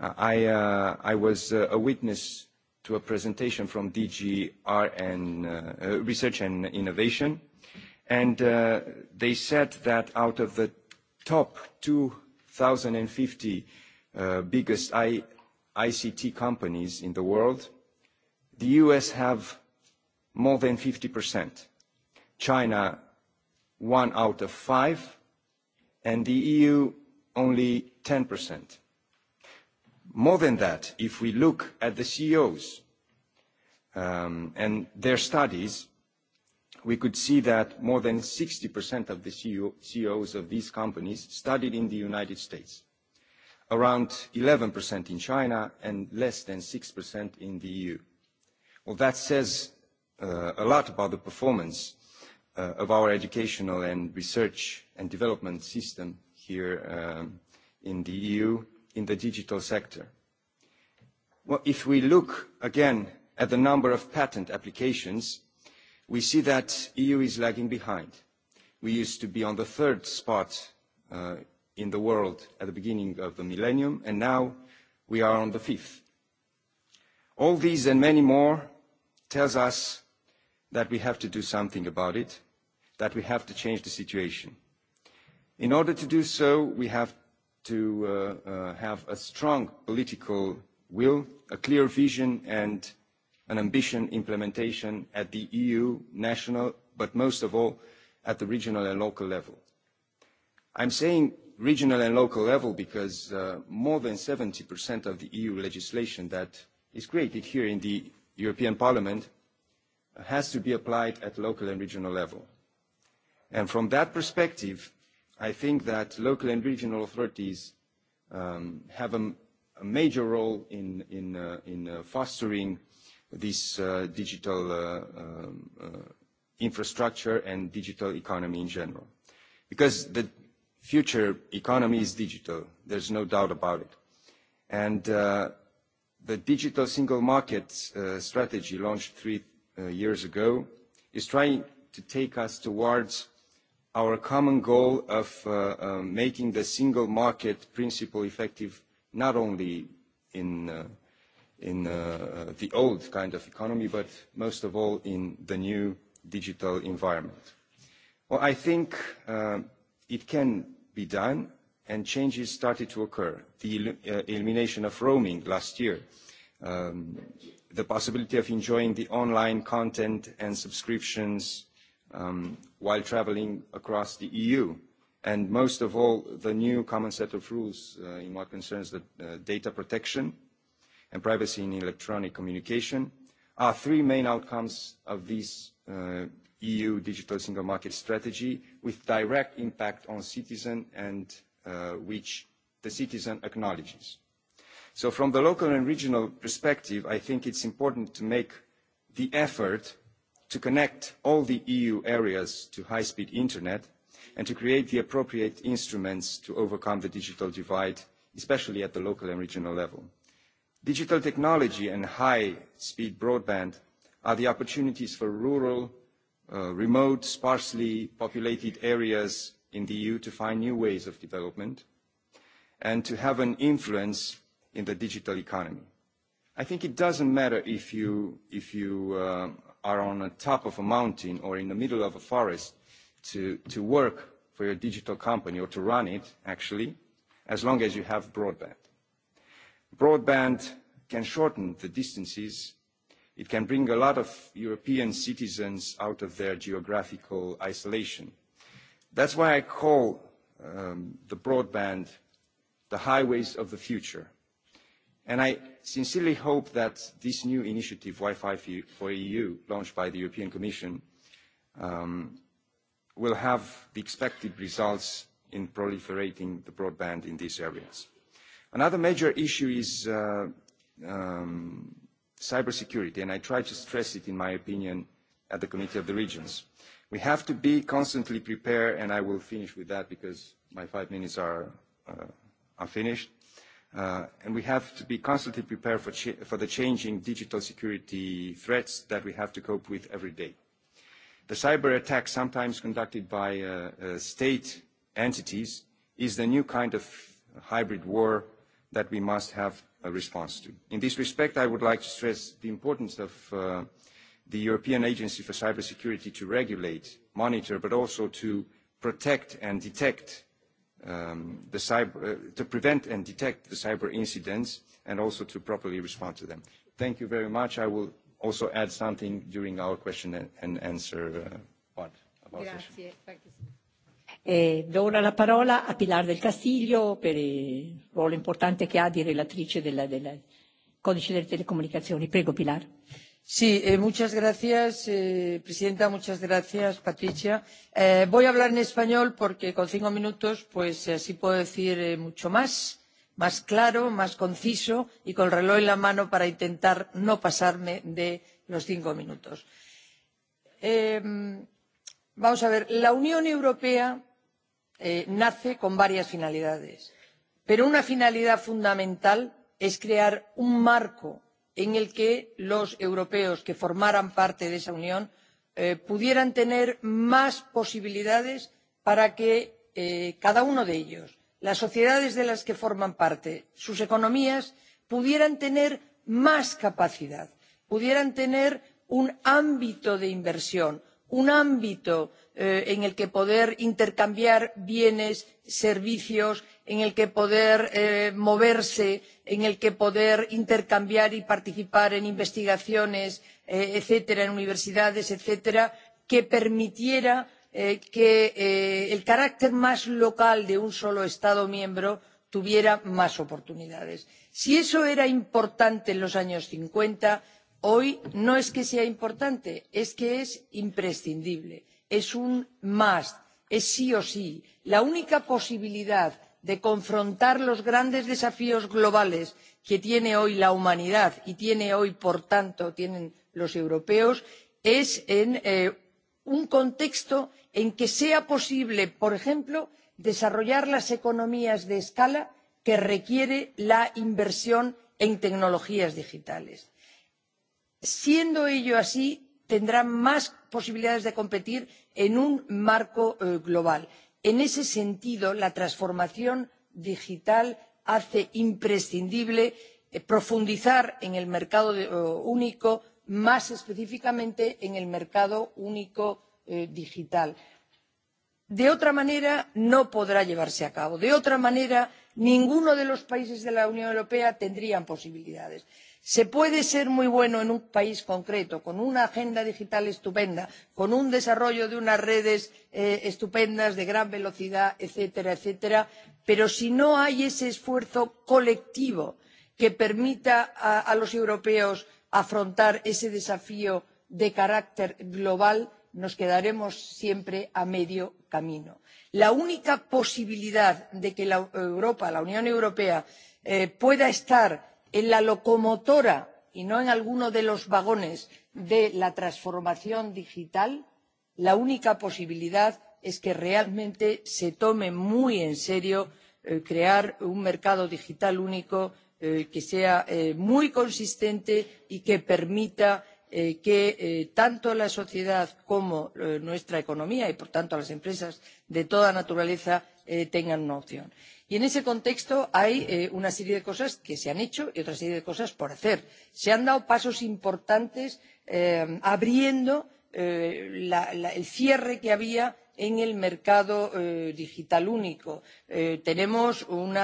uh, I, uh, I was uh, a witness to a presentation from DG and, uh, Research and Innovation, and uh, they said that out of the top 2,050 uh, biggest I ICT companies in the world, the US have more than 50%. China one out of five, and the EU only 10%. More than that, if we look at the CEOs um, and their studies, we could see that more than 60% of the CEO, CEOs of these companies studied in the United States, around 11% in China, and less than 6% in the EU. Well, that says uh, a lot about the performance Uh, of our educational and research and development system here um, in the EU in the digital sector. Well, if we look again at the number of patent applications, we see that EU is lagging behind. We used to be on the third spot uh, in the world at the beginning of the millennium, and now we are on the fifth. All these and many more tells us that we have to do something about it, that we have to change the situation. In order to do so, we have to uh, uh, have a strong political will, a clear vision and an ambition implementation at the EU, national, but most of all at the regional and local level. I'm saying regional and local level because uh, more than 70% of the EU legislation that is created here in the European Parliament has to be applied at local and regional level. And from that perspective, I think that local and regional authorities um, have a, a major role in, in, uh, in uh, fostering this uh, digital uh, um, uh, infrastructure and digital economy in general. Because the future economy is digital, there's no doubt about it. And uh, the digital single market uh, strategy launched three uh, years ago is trying to take us towards our common goal of uh, uh, making the single market principle effective not only in, uh, the old kind of economy, but most of all in the new digital environment. Well, I think uh, it can be done, and changes started to occur. The uh, elimination of roaming last year, um, the possibility of enjoying the online content and subscriptions Um, while traveling across the EU. And most of all, the new common set of rules uh, in what concerns the uh, data protection and privacy in electronic communication are three main outcomes of this uh, EU digital single market strategy with direct impact on citizen and uh, which the citizen acknowledges. So from the local and regional perspective, I think it's important to make the effort to connect all the EU areas to high-speed internet and to create the appropriate instruments to overcome the digital divide, especially at the local and regional level. Digital technology and high-speed broadband are the opportunities for rural, uh, remote, sparsely populated areas in the EU to find new ways of development and to have an influence in the digital economy. I think it doesn't matter if you, if you uh, are on the top of a mountain or in the middle of a forest to, to work for your digital company or to run it, actually, as long as you have broadband. Broadband can shorten the distances. It can bring a lot of European citizens out of their geographical isolation. That's why I call um, the broadband the highways of the future And I sincerely hope that this new initiative, Wi-Fi for EU, e launched by the European Commission, um, will have the expected results in proliferating the broadband in these areas. Another major issue is uh, um, cybersecurity, and I try to stress it in my opinion at the Committee of the Regions. We have to be constantly prepared, and I will finish with that because my five minutes are, uh, are finished. Uh, and we have to be constantly prepared for, for the changing digital security threats that we have to cope with every day. The cyber attack, sometimes conducted by uh, uh, state entities, is the new kind of hybrid war that we must have a response to. In this respect, I would like to stress the importance of uh, the European Agency for Cybersecurity to regulate, monitor, but also to protect and detect uh, Um, uh, to prevent and detect the cyber incidents and also to properly respond to them. Thank you very much. I will also add something during our question and, answer uh, part of our Grazie. Thank you. Eh, do ora la parola a Pilar del Castillo per il ruolo importante che ha di relatrice del codice delle telecomunicazioni. Prego Pilar. Sí, eh, eh, presidenta. Muchas gracias, Patricia. Eh, voy a hablar en español porque con cinco minutos, pues eh, así puedo decir mucho más, más claro, más conciso y con el reloj en la mano para intentar no pasarme de los cinco minutos. vamos a ver, la Unión Europea nace con varias finalidades, pero una finalidad fundamental es crear un marco en el que los europeos que formaran parte de esa unión eh, pudieran tener más posibilidades para que eh, cada uno de ellos las sociedades de las que forman parte sus economías pudieran tener más capacidad pudieran tener un ámbito de inversión un ámbito Eh, en el que poder intercambiar bienes servicios en el que poder eh, moverse en el que poder intercambiar y participar en investigaciones eh, etcétera en universidades etcétera que permitiera que el carácter más local de un solo estado miembro tuviera más oportunidades. si eso era importante en los años cincuenta hoy no es que sea importante es que es imprescindible es un must, es sí o sí. La única posibilidad de confrontar los grandes desafíos globales que tiene hoy la humanidad y tiene hoy, por tanto, tienen los europeos, es en eh, un contexto en que sea posible, por ejemplo, desarrollar las economías de escala que requiere la inversión en tecnologías digitales. Siendo ello así, tendrán más posibilidades de competir en un marco eh, global. en ese sentido la transformación digital hace imprescindible eh, profundizar en el mercado eh, único más específicamente en el mercado único digital. de otra manera no podrá llevarse a cabo. de otra manera ninguno de los países de la unión europea tendría posibilidades se puede ser muy bueno en un país concreto con una agenda digital estupenda con un desarrollo de unas redes eh, estupendas de gran velocidad etcétera etcétera pero si no hay ese esfuerzo colectivo que permita a, los europeos afrontar ese desafío de carácter global nos quedaremos siempre a medio camino. la única posibilidad de que europa la unión europea eh, pueda estar en la locomotora y no en alguno de los vagones de la transformación digital la única posibilidad es que realmente se tome muy en serio eh, crear un mercado digital único eh, que sea eh, muy consistente y que permita que tanto la sociedad como nuestra economía y por tanto las empresas de toda naturaleza tengan una opción y en ese contexto hay eh, una serie de cosas que se han hecho y otra serie de cosas por hacer. se han dado pasos importantes eh, abriendo eh, el cierre que había en el mercado digital único. tenemos un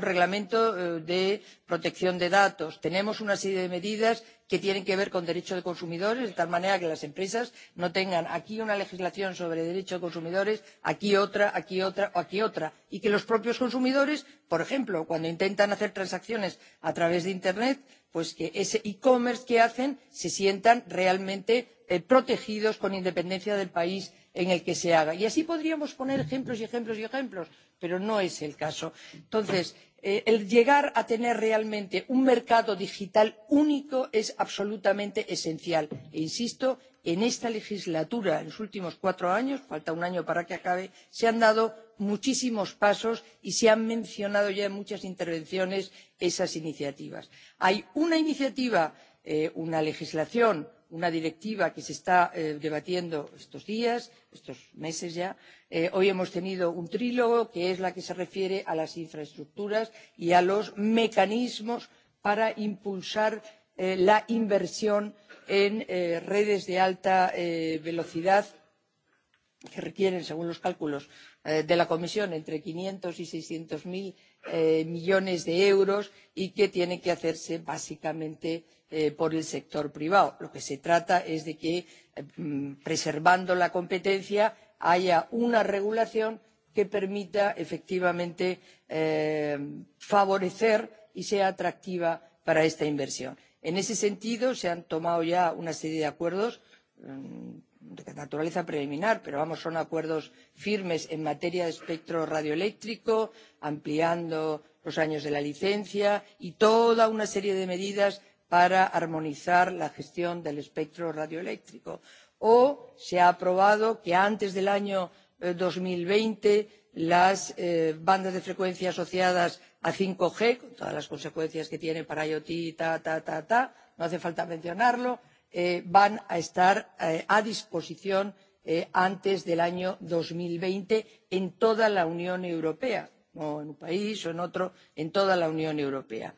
reglamento de protección de datos tenemos una serie de medidas que tienen que ver con derecho de consumidores de tal manera que las empresas no tengan aquí una legislación sobre derecho de consumidores aquí otra aquí otra o aquí otra y que los propios consumidores por ejemplo cuando intentan hacer transacciones a través de internet pues que ese e commerce que hacen se sientan realmente eh, protegidos con independencia del país en el que se haga. y así podríamos poner ejemplos y ejemplos y ejemplos pero no es el caso. entonces Eh, el llegar a tener realmente un mercado digital único es absolutamente esencial e insisto en esta legislatura en los últimos cuatro años falta un año para que acabe se han dado muchísimos pasos y se han mencionado ya en muchas intervenciones esas iniciativas. hay una iniciativa eh, una legislación una directiva que se está eh, debatiendo estos días, estos meses ya. Eh, hoy hemos tenido un trílogo que es la que se refiere a las infraestructuras y a los mecanismos para impulsar eh, la inversión en redes de alta velocidad que requieren, según los cálculos de la Comisión, entre quinientos y seiscientos mil Eh, millones de euros y que tiene que hacerse básicamente eh, por el sector privado. Lo que se trata es de que, eh, mm, preservando la competencia, haya una regulación que permita efectivamente favorecer y sea atractiva para esta inversión. En ese sentido, se han tomado ya una serie de acuerdos mm, de naturaleza preliminar, pero vamos, son acuerdos firmes en materia de espectro radioeléctrico, ampliando los años de la licencia y toda una serie de medidas para armonizar la gestión del espectro radioeléctrico. O se ha aprobado que antes del año 2020 eh, las eh, bandas de frecuencia asociadas a 5G, con todas las consecuencias que tiene para IoT, ta, ta, ta, ta, no hace falta mencionarlo, Eh, van a estar eh, a disposición eh, antes del año dos mil veinte en toda la unión europea no en un país o en otro en toda la unión europea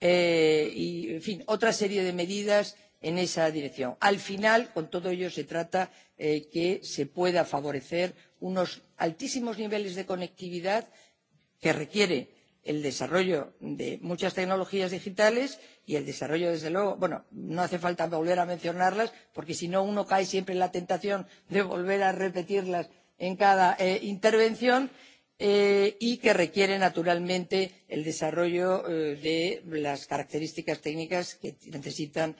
y en fin otra serie de medidas en esa dirección. al final con todo ello se trata de que se puedan favorecer unos altísimos niveles de conectividad que requiere el desarrollo de muchas tecnologías digitales y el desarrollo, desde luego, bueno, no hace falta volver a mencionarlas porque si no uno cae siempre en la tentación de volver a repetirlas en cada eh, intervención eh, y que requiere naturalmente el desarrollo eh, de las características técnicas que necesitan,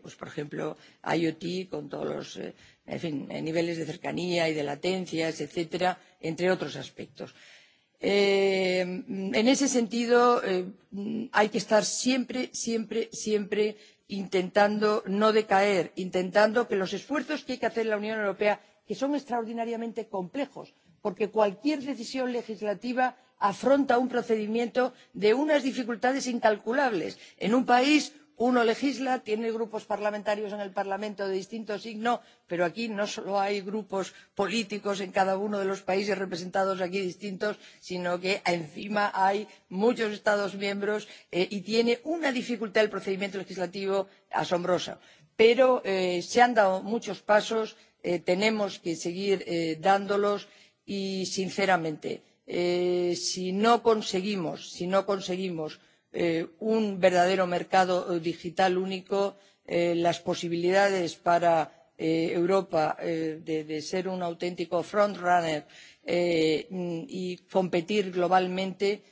pues, por ejemplo, IoT con todos los en fin, niveles de cercanía y de latencias, etcétera, entre otros aspectos. Eh, en ese sentido, eh, hay que estar siempre, siempre, siempre intentando no decaer, intentando que los esfuerzos que hay que hacer en la Unión Europea, que son extraordinariamente complejos, porque cualquier decisión legislativa afronta un procedimiento de unas dificultades incalculables. En un país uno legisla tiene grupos parlamentarios en el parlamento de distinto signo pero aquí no solo hay grupos políticos en cada uno de los países representados aquí distintos sino que encima hay muchos estados miembros eh, y tiene una dificultad el procedimiento legislativo asombrosa. pero eh, se han dado muchos pasos eh, tenemos que seguir dándolos y sinceramente si no conseguimos si no conseguimos Eh, un verdadero mercado eh, digital único, eh, las posibilidades para Europa de, ser un auténtico frontrunner y competir globalmente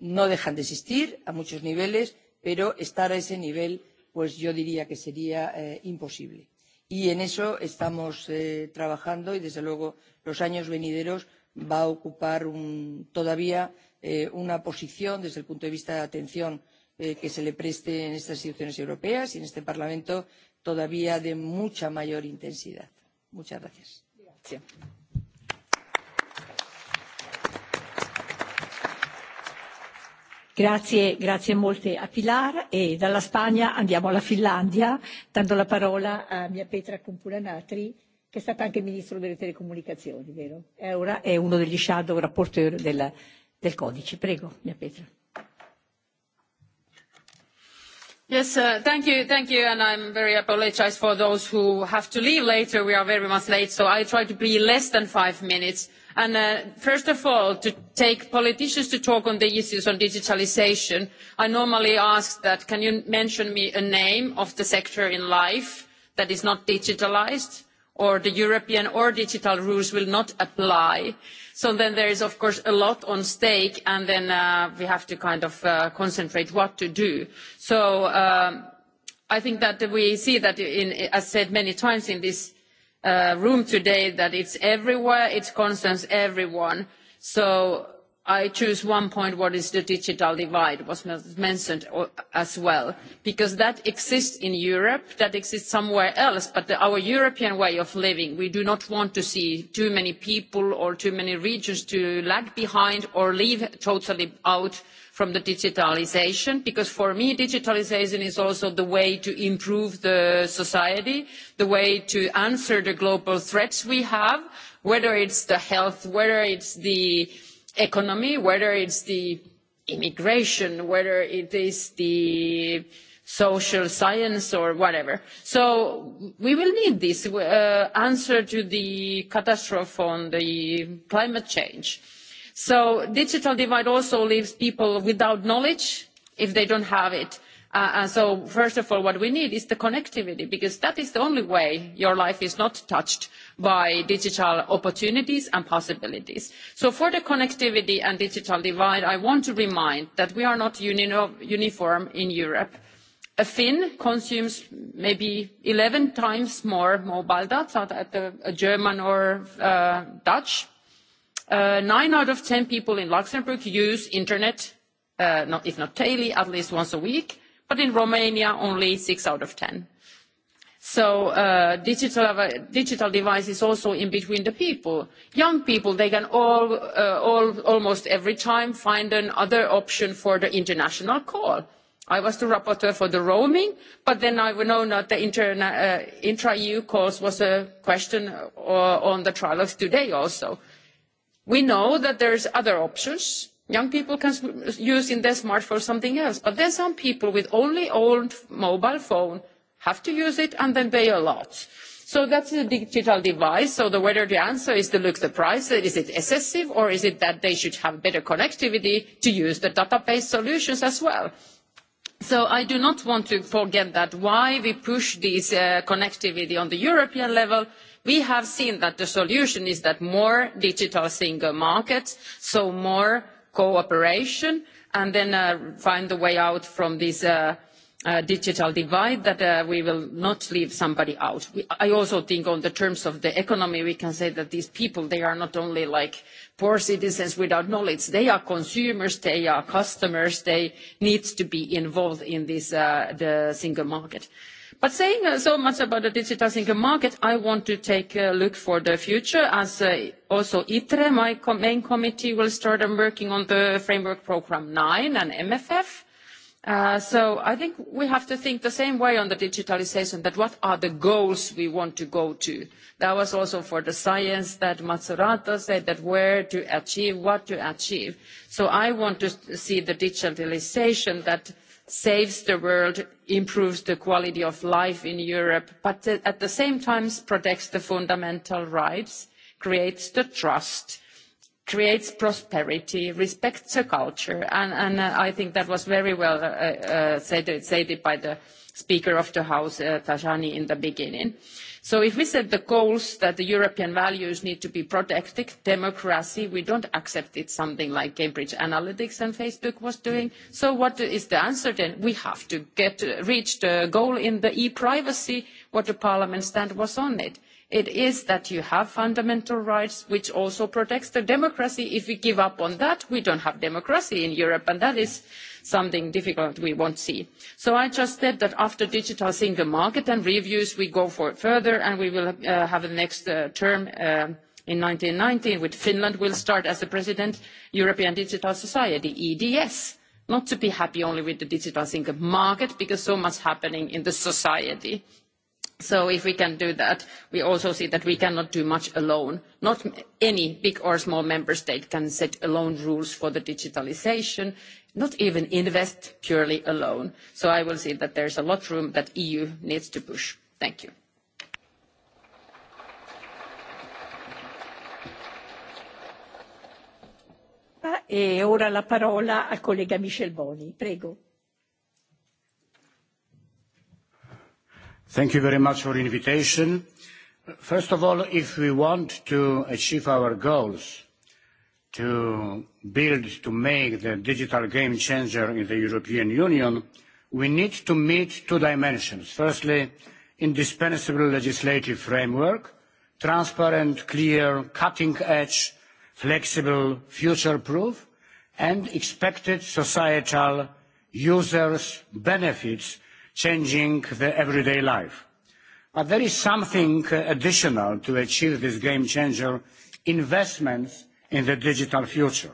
no dejan de existir a muchos niveles, pero estar a ese nivel, pues yo diría que sería imposible. Y en eso estamos trabajando y, desde luego, los años venideros van a ocupar un, todavía Eh, una posición desde el punto de vista de atención eh, que se le preste en estas instituciones europeas y en este Parlamento todavía de mucha mayor intensidad. Muchas gracias. gracias. Grazie, grazie molte a Pilar e dalla Spagna andiamo alla Finlandia, dando la parola a mia Petra Compulanatri, che è stata anche Ministro delle Telecomunicazioni, vero? ora, è uno degli shadow rapporteur della del codice. Prego, Pietro. Yes, uh, thank you, thank you, and I'm very apologize for those who have to leave later. We are very much late, so I try to be less than five minutes. And uh, first of all, to take politicians to talk on the issues on digitalization, I normally ask that, can you mention me a name of the sector in life that is not digitalized? or the European or digital rules will not apply. So then there is, of course, a lot on stake, and then uh, we have to kind of concentrate uh, concentrate what to do. So um, I think that we see that, as said many times in this uh, room today, that it's everywhere, it concerns everyone. So i choose one point, what is the digital divide, was mentioned uh, as well, because that exists in Europe, that exists somewhere else, but the, our European way of living, we do not want to see too many people or too many regions to lag behind or leave totally out from the digitalization, because for me digitalization is also the way to improve the society the way to answer the global threats we have whether it's the health whether it's the uh, economy, whether it's the immigration, whether it is the social science or whatever. So we will need this uh, answer to the catastrophe on the climate change. So digital divide also leaves people without knowledge if they don't have it Uh, uh, so first of all what we need is the connectivity because that is the only way your life is not touched by digital opportunities and possibilities. so for the connectivity and digital divide i want to remind that we are not uniform in europe. a finn consumes maybe eleven times more mobile data than a german or a uh, dutch. nine out of ten people in luxembourg use internet if not daily at least once a week but in Romania only six out of ten. So uh, digital, devices device also in between the people. Young people, they can uh, all, almost every time find another option for the international call. I was the rapporteur for the roaming, but then I know that the uh, intra-EU calls was a question on the trilogues today also. We know that there are other options Young people can use in their smartphone something else. But then some people with only old mobile phone have to use it and then pay a lot. So that's a digital device. So the, whether the answer is to look the price, uh, is it excessive or is it that they should have better connectivity to use the database solutions as well? So I do not want to forget that why we push this uh, connectivity on the European level. We have seen that the solution is that more digital single market, so more cooperation and then uh, find a way out from this uh, uh, digital divide that we will not leave somebody out. I also think in terms of the economy, we can say that these people, they are not only like poor citizens without knowledge, they are consumers, they are customers, they need to be involved in this, single market. But saying so much about the digital single market, I want to take a look for the future as uh, also ITRE, my main committee, will start on um, working on the framework program 9 and MFF. Uh, so I think we have to think the same way on the digitalization, that what are the goals we want to go to? That was also for the science that Mazzurato said, that where to achieve, what to achieve. So I want to see the digitalization that saves the world, improves the quality of life in Europe, but at the same time protects the fundamental rights, creates the trust, creates prosperity, respects the culture, and, uh, I think that was very well uh, uh, said, by the Speaker of the House, Tajani, in the beginning. So if we set the goals that the European values need to be protected, democracy, we don't accept it something like Cambridge Analytics and Facebook was doing. So what is the answer then? We have to get, uh, reach the goal in the e-privacy, what the Parliament stand was on it it is that you have fundamental rights which also protects the democracy. If we give up on that, we don't have democracy in Europe, and that is something difficult we won't see. So I just said that after the digital single market and reviews, we go for it further, and we will uh, have the next uh, term uh, in one thousand nine hundred and nineteen with Finland will start as the president, European Digital Society, EDS not to be happy only with the digital single market because so much is happening in society So If we can do that, we also see that we cannot do much alone. Not any big or small member state can set alone rules for the digitalization, not even invest purely alone. So I will see that there is a lot of room that the EU needs to push. Thank you. E Thank you very much for invitation. First of all, if we want to achieve our goals, to build, to make the digital game changer in the European Union, we need to meet two dimensions. Firstly, indispensable legislative framework, transparent, clear, cutting-edge, flexible, future-proof, and expected societal users' benefits changing the everyday life. But there is something uh, additional to achieve this game changer, investments in the digital future.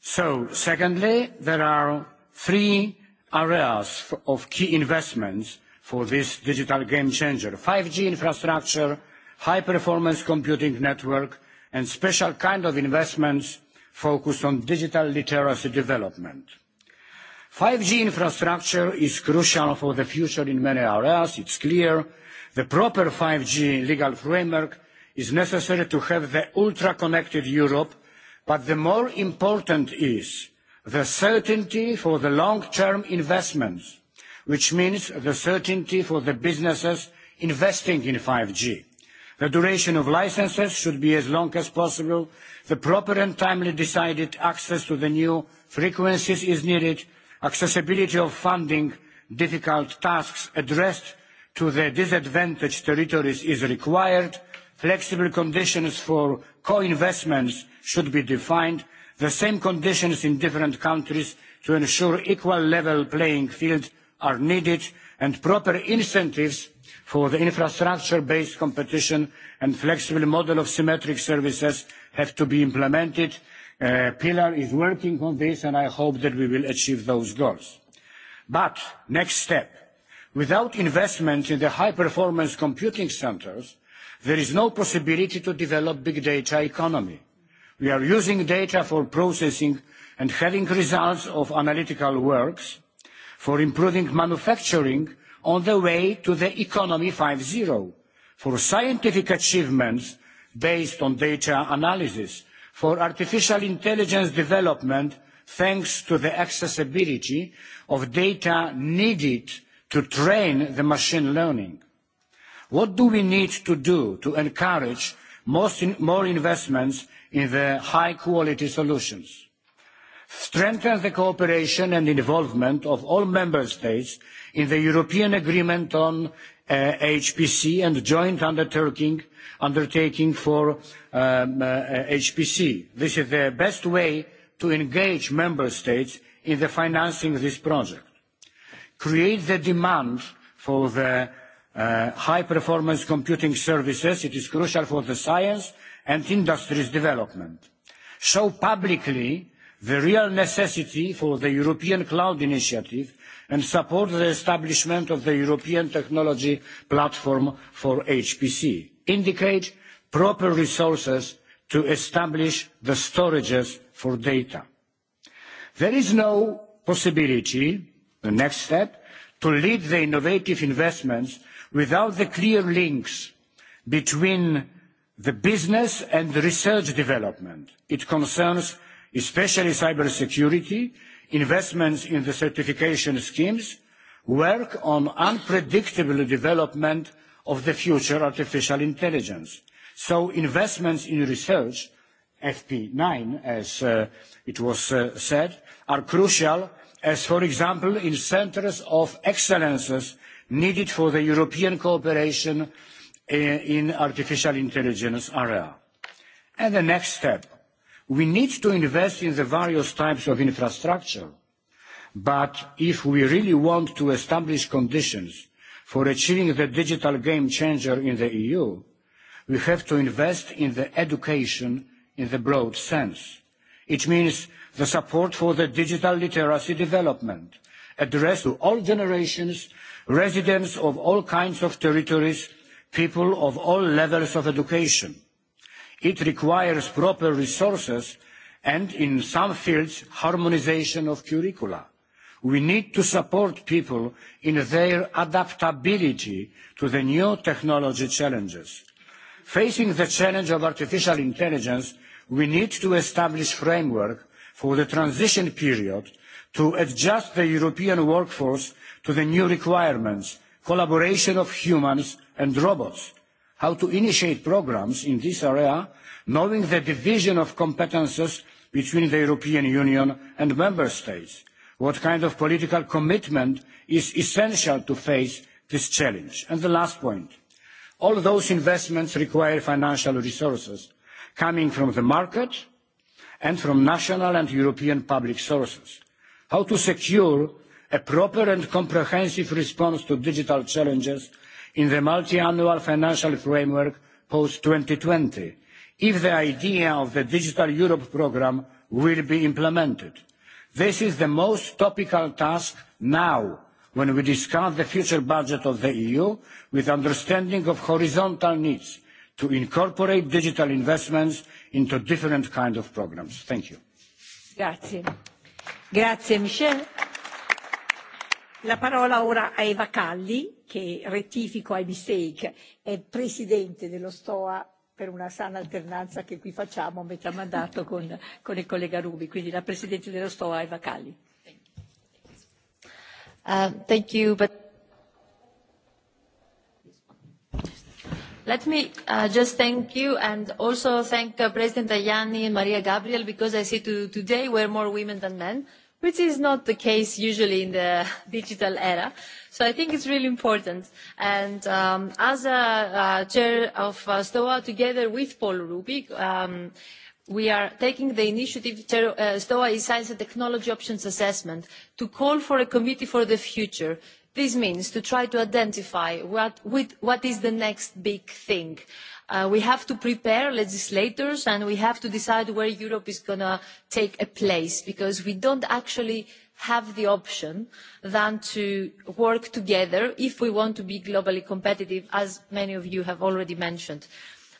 So secondly, there are three areas of key investments for this digital game changer. 5G infrastructure, high-performance computing network, and special kind of investments focused on digital literacy development. 5G infrastructure is crucial for the future in many areas. It's clear the proper 5G legal framework is necessary to have the ultra-connected Europe, but the more important is the certainty for the long-term investments, which means the certainty for the businesses investing in 5G. The duration of licenses should be as long as possible. The proper and timely decided access to the new frequencies is needed, accessibility of funding, difficult tasks addressed to the disadvantaged territories is required, flexible conditions for co-investments should be defined, the same conditions in different countries to ensure equal level playing field are needed, and proper incentives for the infrastructure-based competition and flexible model of symmetric services have to be implemented Uh, pillar is working on this, and I hope that we will achieve those goals. But next step, without investment in the high-performance computing centers, there is no possibility to develop big data economy. We are using data for processing and having results of analytical works for improving manufacturing on the way to the economy 5.0, for scientific achievements based on data analysis, for artificial intelligence development thanks to the accessibility of data needed to train the machine learning. What do we need to do to encourage most in, more investments in the high quality solutions? Strengthen the cooperation and involvement of all member states in the European Agreement on uh, HPC and joint undertaking, undertaking for um, uh, HPC. This is the best way to engage member states in the financing of this project. Create the demand for the uh, high performance computing services. It is crucial for the science and industry's development. Show publicly the real necessity for the European Cloud Initiative and support the establishment of the European Technology Platform for HPC. Indicate proper resources to establish the storages for data. There is no possibility, the next step, to lead the innovative investments without the clear links between the business and the research development. It concerns especially cybersecurity, investments in the certification schemes, work on unpredictable development of the future artificial intelligence. So investments in research, FP9 as uh, it was uh, said, are crucial as, for example, in centres of excellences needed for the European cooperation in, uh, in artificial intelligence area. And the next step, we need to invest in the various types of infrastructure. But if we really want to establish conditions for achieving the digital game changer in the EU, We have to invest in the education in the broad sense. It means the support for the digital literacy development addressed to all generations, residents of all kinds of territories, people of all levels of education. It requires proper resources and in some fields harmonisation of curricula. We need to support people in their adaptability to the new technology challenges Facing the challenge of artificial intelligence, we need to establish framework for the transition period to adjust the European workforce to the new requirements, collaboration of humans and robots, how to initiate programs in this area, knowing the division of competences between the European Union and Member States, what kind of political commitment is essential to face this challenge. And the last point, All those investments require financial resources coming from the market and from national and European public sources. How to secure a proper and comprehensive response to digital challenges in the multiannual financial framework post 2020 if the idea of the Digital Europe programme will be implemented. This is the most topical task now when we discuss the future budget of the EU with understanding of horizontal needs to incorporate digital investments into different kinds of programmes. Thank you. Grazie. Grazie Michel. La parola ora a Eva Calli, che rettifico ai mistake, è presidente dello STOA per una sana alternanza che qui facciamo a metà mandato con, con il collega Rubi, quindi la presidente dello STOA Eva Calli. Um, thank you, but Let me uh, just thank you and also thank uh, President Tajani and Maria Gabriel because I see to, today we're more women than men, which is not the case usually in the (laughs) digital era. So I think it's really important. And um, as a, uh, chair of STOA, together with Paul Rubig, um, we are taking the initiative uh, stoa is science and technology options assessment to call for a committee for the future this means to try to identify what, with, what is the next big thing uh, we have to prepare legislators and we have to decide where europe is going to take a place because we don't actually have the option than to work together if we want to be globally competitive as many of you have already mentioned.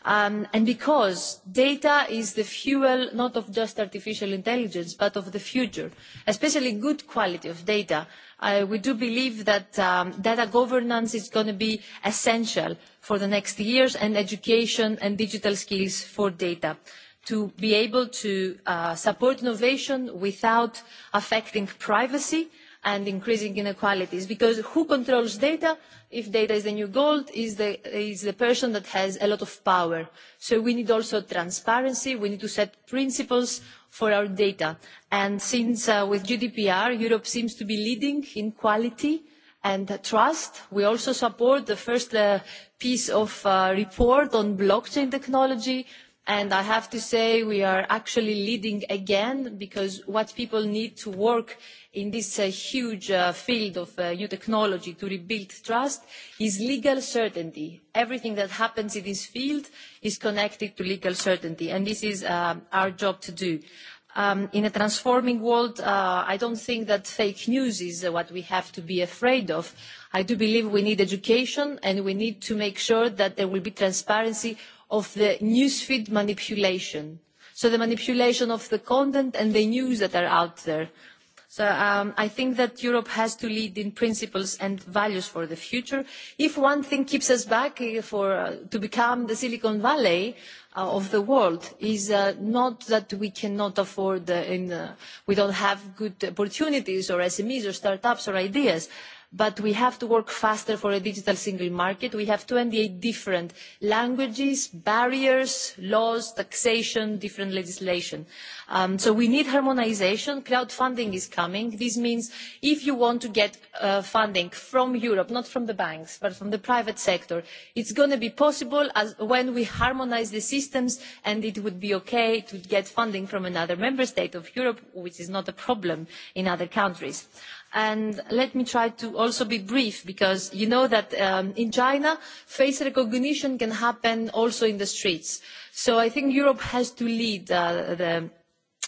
Um, and because data is the fuel not of just artificial intelligence but of the future especially good quality of data uh, we do believe that um, data governance is going to be essential for the next years and education and digital skills for data to be able to uh, support innovation without affecting privacy and increasing inequalities because who controls data if data is the new gold is the, is the person that has a lot of power. So we need also transparency, we need to set principles for our data. And since uh, with GDPR, Europe seems to be leading in quality and trust, we also support the first uh, piece of uh, report on blockchain technology, And I have to say we are actually leading again because what people need to work in this uh, huge uh, field of uh, new technology to rebuild trust is legal certainty. Everything that happens in this field is connected to legal certainty, and this is um, our job to do. Um, in a transforming world, uh, I don't think that fake news is uh, what we have to be afraid of. I do believe we need education, and we need to make sure that there will be transparency of the newsfeed manipulation. So the manipulation of the content and the news that are out there. So um, I think that Europe has to lead in principles and values for the future. If one thing keeps us back eh, for, uh, to become the Silicon Valley uh, of the world is uh, not that we cannot afford, uh, in, uh, we don't have good opportunities or SMEs or startups or ideas but we have to work faster for a digital single market. We have 28 different languages, barriers, laws, taxation, different legislation. Um, so we need harmonisation. Crowdfunding is coming. This means if you want to get uh, funding from Europe, not from the banks, but from the private sector, it's going to be possible when we harmonise the systems and it would be okay to get funding from another member state of Europe, which is not a problem in other countries. And let me try to also be brief because you know that um, in China, face recognition can happen also in the streets. So I think Europe has to lead uh, the,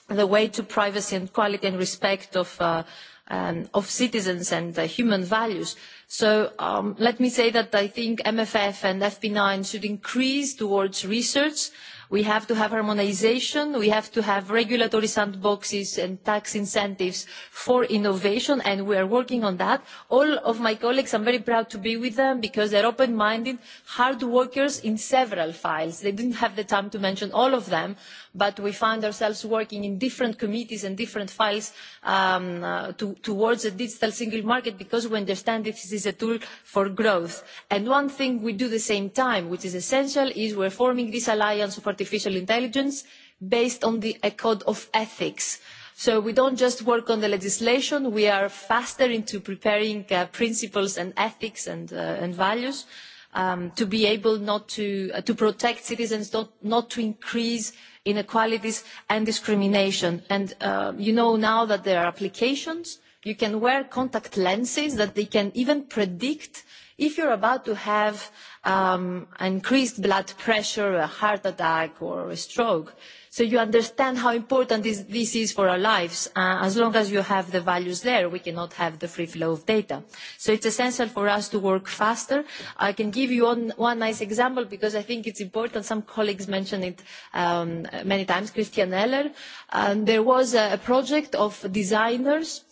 the way to privacy and quality and respect of, uh, um, of citizens and uh, human values. So um, let me say that I think MFF and FP9 should increase towards research We have to have harmonisation We have to have regulatory sandboxes and tax incentives for innovation, and we are working on that. All of my colleagues, i am very proud to be with them because they are open-minded, hard workers in several files. They did not have the time to mention all of them, but we found ourselves working in different committees and different files um, uh, to, towards a digital single market because we understand this is a tool for growth. And one thing we do at the same time, which is essential, is we are forming this alliance artificial intelligence based on the, a code of ethics. So we don't just work on the legislation, we are faster into preparing uh, principles and ethics and, uh, and values um, to be able not to, uh, to protect citizens, not, not to increase inequalities and discrimination. And uh, you know now that there are applications, you can wear contact lenses that they can even predict if you're about to have um, increased blood pressure, a heart attack or a stroke. So you understand how important this, this is for our lives. Uh, as long as you have the values there, we cannot have the free flow of data. So it's essential for us to work faster. I can give you one, one nice example because I think it's important. Some colleagues mentioned it um, many times, Christian Eller. Um, there was a, a project of designers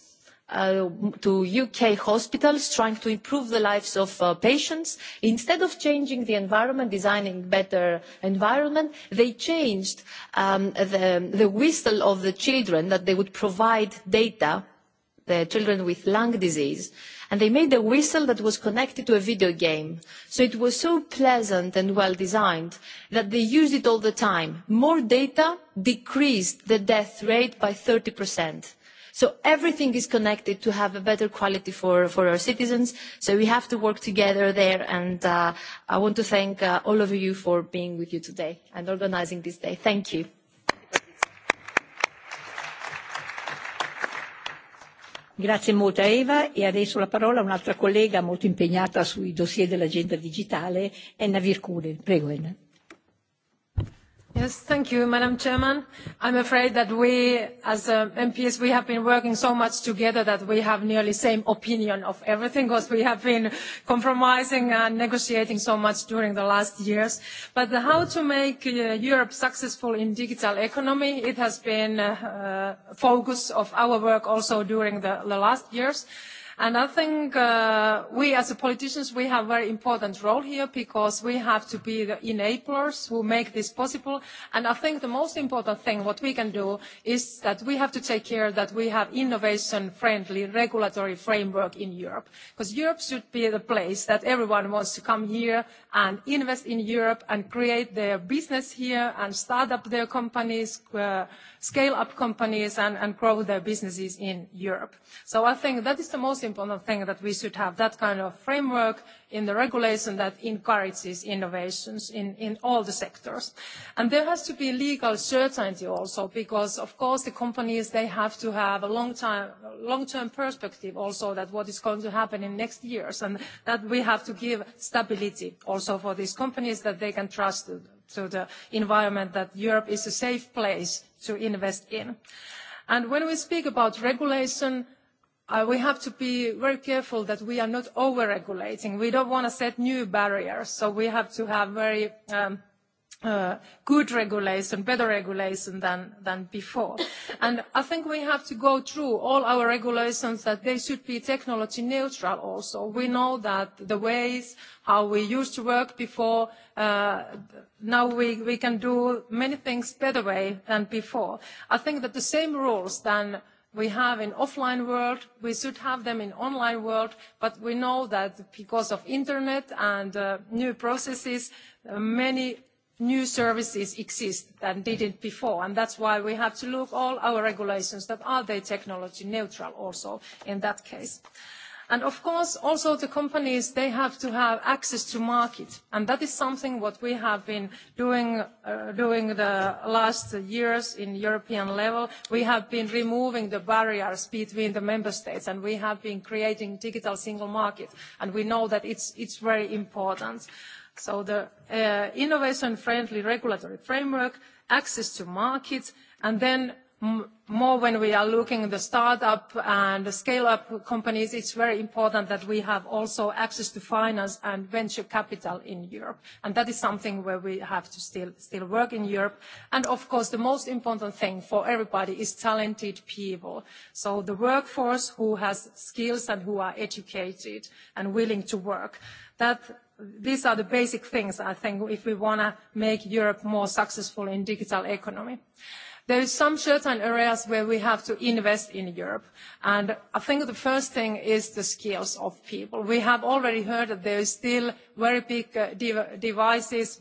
Uh, to UK hospitals trying to improve the lives of uh, patients. Instead of changing the environment, designing better environment, they changed um, the, the whistle of the children that they would provide data, the children with lung disease, and they made a whistle that was connected to a video game. So it was so pleasant and well designed that they used it all the time. More data decreased the death rate by 30 percent So everything is connected to have a better quality for, for our citizens. So we have to work together there. And uh, I want to thank uh, all of you for being with you today and organizing this day. Thank you. Grazie molto a Eva e adesso la parola a un'altra collega molto impegnata sui dossier dell'agenda digitale, Enna Virkunen. Prego Enna. Yes, thank you, Madam Chairman. I'm afraid that we, as uh, MPs, we have been working so much together that we have nearly same opinion of everything because we have been compromising and negotiating so much during the last years. But the, how to make uh, Europe successful in digital economy, it has been a uh, focus of our work also during the, the last years. Uh, And I think uh, we as politicians, we have a very important role here because we have to be the enablers who make this possible. And I think the most important thing what we can do is that we have to take care that we have innovation-friendly regulatory framework in Europe. Because Europe should be the place that everyone wants to come here and invest in Europe and create their business here and start up their companies, uh, scale up companies and, and grow their businesses in Europe. So I think that is the most important thing that we should have that kind of framework in the regulation that encourages innovations in, in all the sectors. And there has to be legal certainty also because of course the companies they have to have a long time long term perspective also that what is going to happen in next years and that we have to give stability also for these companies that they can trust to the environment that Europe is a safe place to invest in. And when we speak about regulation, Uh, we have to be very careful that we are not over-regulating. We don't want to set new barriers, so we have to have very um, Uh, good regulation, better regulation than, than before. And I think we have to go through all our regulations that they should be technology neutral also. We know that the ways how we used to work before, uh, now we, we can do many things better way than before. I think that the same rules than we have in offline world, we should have them in online world, but we know that because of internet and uh, new processes, many new services exist that didn't before. And that's why we have to look all our regulations that are they technology neutral also in that case. And of course, also the companies, they have to have access to market. And that is something what we have been doing uh, during the last years in European level. We have been removing the barriers between the member states and we have been creating digital single market. And we know that it's, it's very important the uh, innovation-friendly regulatory framework, access to markets, and then more when we are looking at the startup and the scale-up companies, it's very important that we have also access to finance and venture capital in Europe. that is something where we have to still, work in Europe. of course, the most important thing for everybody is talented people. the workforce who has skills and who are educated and willing to work. That these are the basic things, I think, if we want to make Europe more successful in digital economy. There are some certain areas where we have to invest in Europe. And I think the first thing is the skills of people. We have already heard that there are still very big uh, div devices,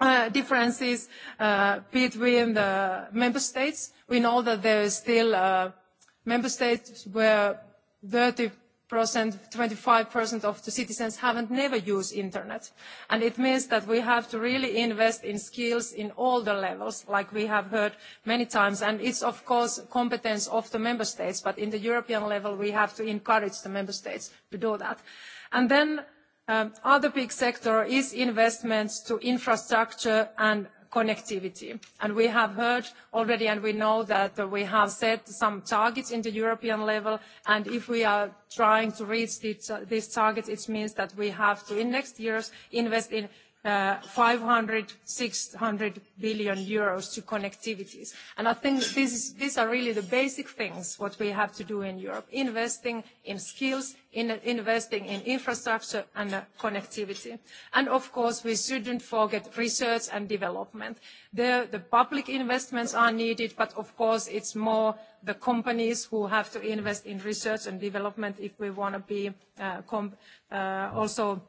uh, differences uh, between the member states. We know that there are still uh, member states where 30 percent, 25 of the citizens haven't never used internet. And it means that we have to really invest in skills in all the levels, like we have heard many times. And it's of course competence of the member states, but in the European level we have to encourage the member states to do that. And then um, other big sector is investments to infrastructure and connectivity. And we have heard already, and we know that we have set some targets in the European level, and if we are trying to reach uh, these targets, it means that we have to, in next years, invest in Uh, 500 billion-600 billion euros to connectivities. And I think these are really the basic things what we have to do in Europe, investing in skills, investing in infrastructure and uh, connectivity. And Of course, we shouldn't forget research and development. There, the public investments are needed, but of course, it's more the companies who have to invest in research and development if we wanna be uh, uh, also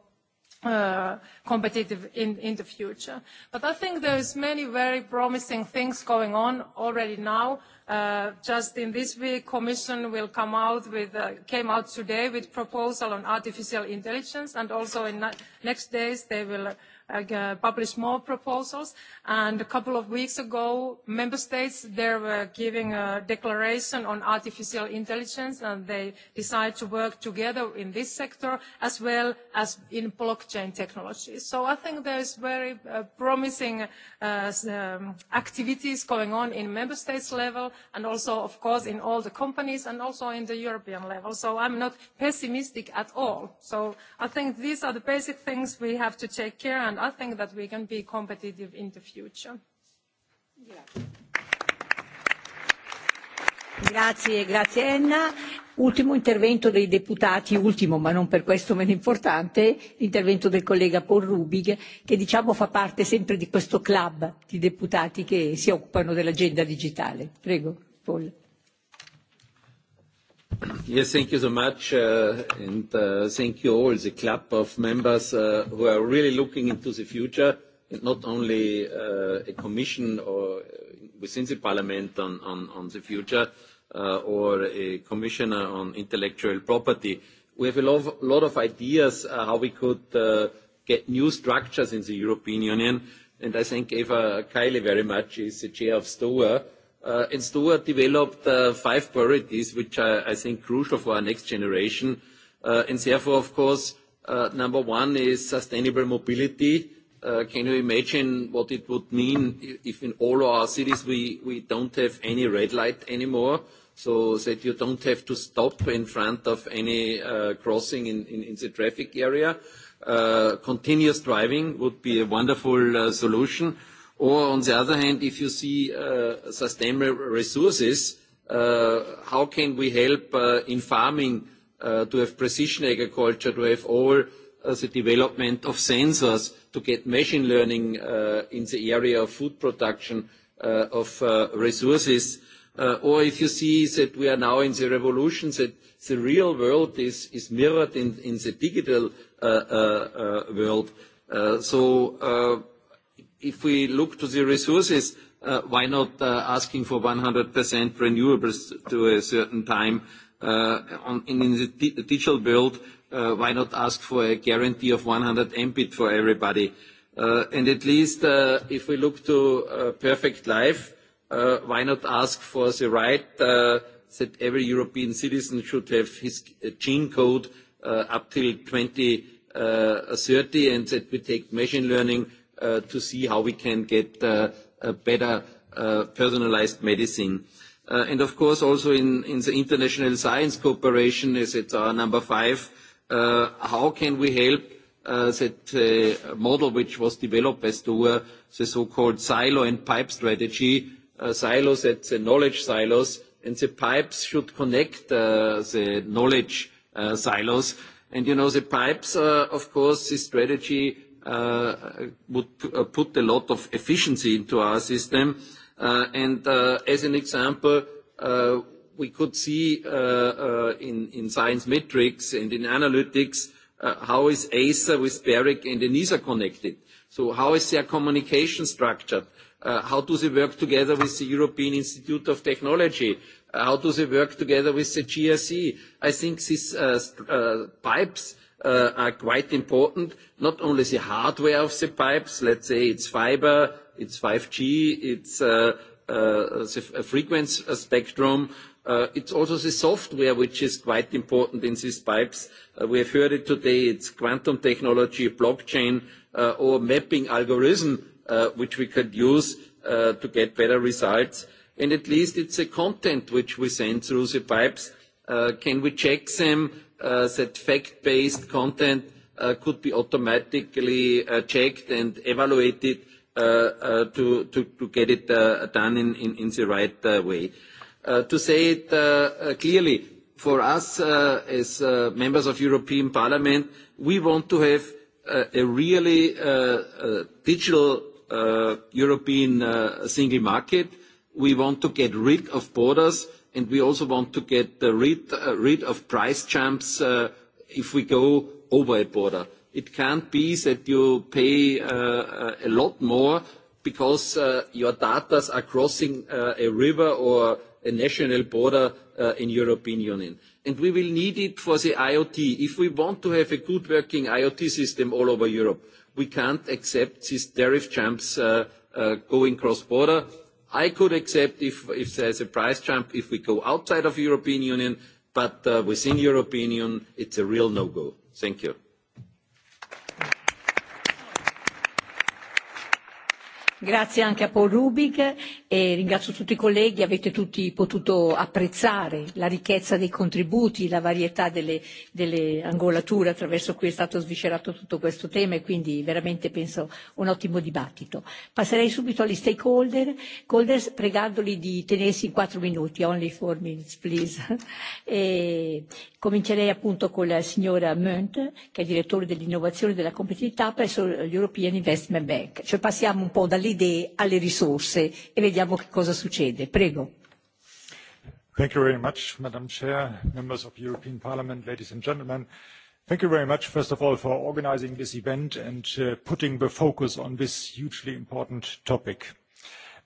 Uh, competitive in, in the future. But I think there's many very promising things going on already now. Uh, just in this week, Commission will come out with, uh, came out today with proposal on artificial intelligence, and also in next days, they will Uh, publish more proposals. And a couple of weeks ago, member states, they were giving a declaration on artificial intelligence and they decided to work together in this sector as well as in blockchain technology. So I think there is very uh, promising uh, um, activities going on in member states level and also, of course, in all the companies and also in the European level. So I'm not pessimistic at all. So I think these are the basic things we have to take care and i think that we can be competitive in the future. Grazie. Grazie, grazie Enna. Ultimo intervento dei deputati, ultimo ma non per questo meno importante, l'intervento del collega Paul Rubig, che diciamo fa parte sempre di questo club di deputati che si occupano dell'agenda digitale. Prego, Paul. Yes, thank you so much. Uh, and uh, thank you all, the club of members uh, who are really looking into the future, and not only uh, a commission or uh, within the parliament on, on, on the future, uh, or a commissioner on intellectual property. We have a lot of, lot of ideas how we could get new structures in the European Union, and I thank Eva Kaili very much. She's the chair of STOA, Uh, and Stuart developed uh, five priorities, which are, I think, crucial for our next generation. Uh, and therefore, of course, uh, number one is sustainable mobility. Can you imagine what it would mean if in all our cities we, don't have any red light anymore, so that you don't have to stop in front of any crossing in the traffic area? Continuous driving would be a wonderful solution. Or on the other hand, if you see uh, sustainable resources, uh, how can we help uh, in farming to have precision agriculture, to have all the development of sensors, to get machine learning in the area of food production, of resources, or if you see that we are now in the revolution that the real world is, mirrored in, the digital world. So if we look to the resources, uh, why not uh, asking for 100% renewables to a certain time? Uh, on, in, in the digital world, uh, why not ask for a guarantee of 100 Mbit for everybody? Uh, and at least uh, if we look to uh, perfect life, uh, why not ask for the right uh, that every European citizen should have his uh, gene code uh, up till 2030 uh, and that we take machine learning Uh, to see how we can get uh, a better uh, personalized medicine. of course, also in, the international science cooperation, as it's our number five, how can we help that model which was developed as the so-called silo and pipe strategy. silos, that's the knowledge silos, and the pipes should connect the knowledge silos. you know, the pipes, of course, this strategy Uh, would uh, put a lot of efficiency into our system. Uh, and as an example, we could see in, in science metrics and in analytics how is ACER with Barrick and ENISA connected. So how is their communication structured? how do they work together with the European Institute of Technology? how do they work together with the GRC? E? I think these pipes Uh, are quite important. Not only the hardware of the pipes, let's say it's fiber, it's 5G, it's uh, uh, uh, frequency spectrum. it's also the software which is quite important in these pipes. we have heard it today, it's quantum technology, blockchain, or mapping algorithm, which we could use to get better results. at least it's a content which we send through the pipes. can we check them? uh, that fact-based content uh, could be automatically uh, checked and evaluated uh, uh, to, to, to get it uh, done in, in, in the right way. To say it clearly, for us as members of European Parliament, we want to have a really digital European single market. We want to get rid of borders and we also want to get rid, uh, rid of price jumps uh, if we go over a border. It can't be that you pay uh, a lot more because your data are crossing a river or a national border in European Union. And we will need it for the IoT. If we want to have a good working IoT system all over Europe, we can't accept these tariff jumps uh, uh, going cross-border. I could accept if, if there's a price jump if we go outside of European Union, but uh, within European Union, it's a real no-go. Thank you. Grazie anche a Paul Rubig e ringrazio tutti i colleghi, avete tutti potuto apprezzare la ricchezza dei contributi, la varietà delle, delle angolature attraverso cui è stato sviscerato tutto questo tema e quindi veramente penso un ottimo dibattito. Passerei subito agli stakeholder, holders, pregandoli di tenersi in quattro minuti, only four minutes please. E comincerei appunto con la signora Munt, che è direttore dell'innovazione e della competitività presso l'European Investment Bank. Cioè passiamo un po' dall'Italia idee alle risorse e vediamo che cosa succede. Prego. Thank you very much, Madam Chair, members of European Parliament, ladies and gentlemen. Thank you very much, first of all, for organizing this event and uh, putting the focus on this hugely important topic.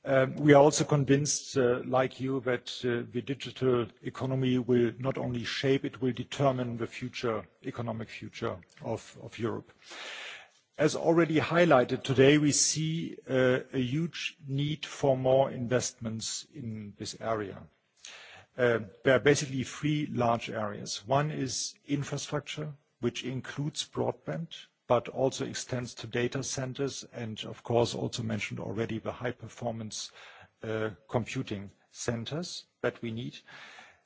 Um, we are also convinced, uh, like you, that uh, the digital economy will not only shape, it will determine the future, economic future of, of Europe. As already highlighted today, we see uh, a huge need for more investments in this area. Uh, there are basically three large areas. One is infrastructure, which includes broadband, but also extends to data centers and of course, also mentioned already the high-performance uh, computing centers that we need.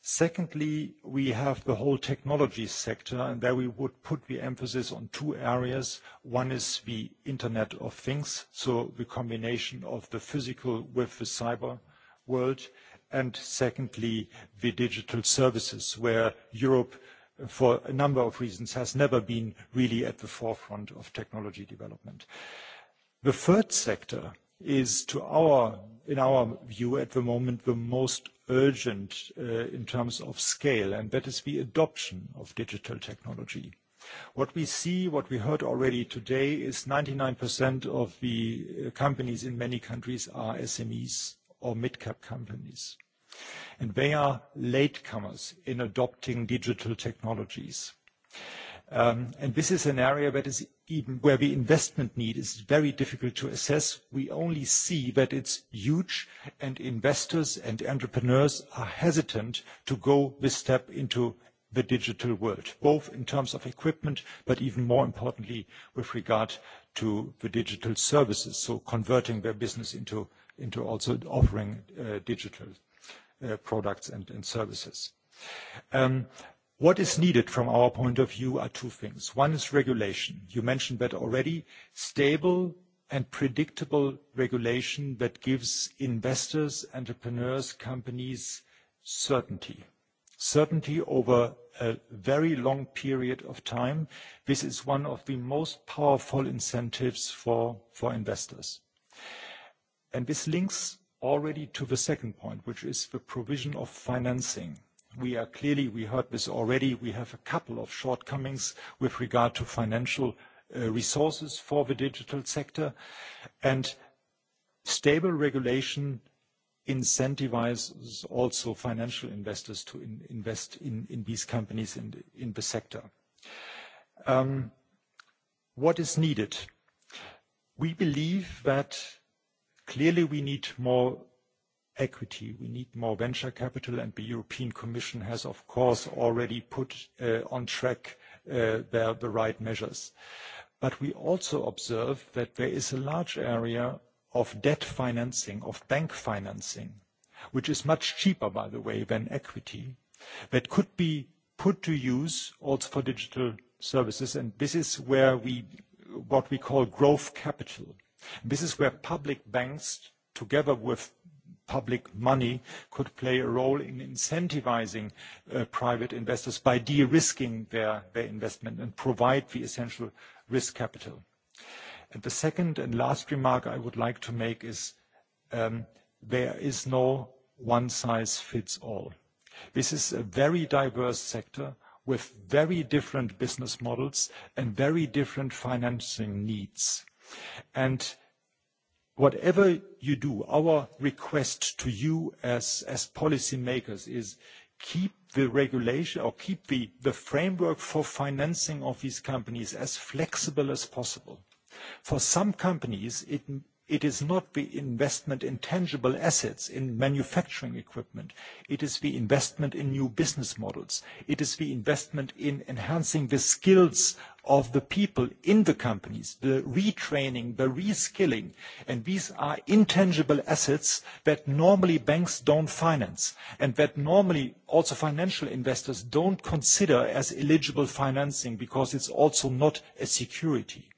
Secondly, we have the whole technology sector, and there we would put the emphasis on two areas. One is the Internet of Things, so the combination of the physical with the cyber world. And secondly, the digital services, where Europe, for a number of reasons, has never been really at the forefront of technology development. The third sector is, in our view at the moment, the most urgent uh, in terms of scale, and that is the adoption of digital technology. What we see, what we heard already today, is 99% of the uh, companies in many countries are SMEs or mid-cap companies, and they are latecomers in adopting digital technologies. Um, and this is an area that is even where the investment need is very difficult to assess. We only see that it's huge, and investors and entrepreneurs are hesitant to go this step into the digital world, both in terms of equipment, but even more importantly, with regard to the digital services, so converting their business into, also offering uh, digital uh, products and, services. Um, What is needed from our point of view are two things. One is regulation. You mentioned that already. Stable and predictable regulation that gives investors, entrepreneurs, companies certainty. Certainty over a very long period of time. This is one of the most powerful incentives for, for investors. And This links already to the second point, which is the provision of financing we are clearly, we heard this already, we have a couple of shortcomings with regard to financial uh, resources for the digital sector. Stable regulation incentivizes also financial investors to invest in, these companies in, the sector. Um, what is needed? We believe that clearly we need more equity. We need more venture capital, and the European Commission has, of course, already put uh, on track uh, the right measures. But we also observe that there is a large area of debt financing, of bank financing, which is much cheaper, by the way, than equity, that could be put to use also for digital services. And this is where we, what we call growth capital. This is where public banks, together with public money could play a role in incentivizing uh, private investors by de-risking their, their investment and provide the essential risk capital. And the second and last remark I would like to make is um, there is no one size fits all. This is a very diverse sector with very different business models and very different financing needs. And whatever you do, our request to you as, as policymakers is keep the regulation or keep the, the framework for financing of these companies as flexible as possible. For some companies, it It is not the investment in tangible assets, in manufacturing equipment. It is the investment in new business models. It is the investment in enhancing the skills of the people in the companies, the retraining, the reskilling. And these are intangible assets that normally banks don't finance and that normally also financial investors don't consider as eligible financing because it's also not a security.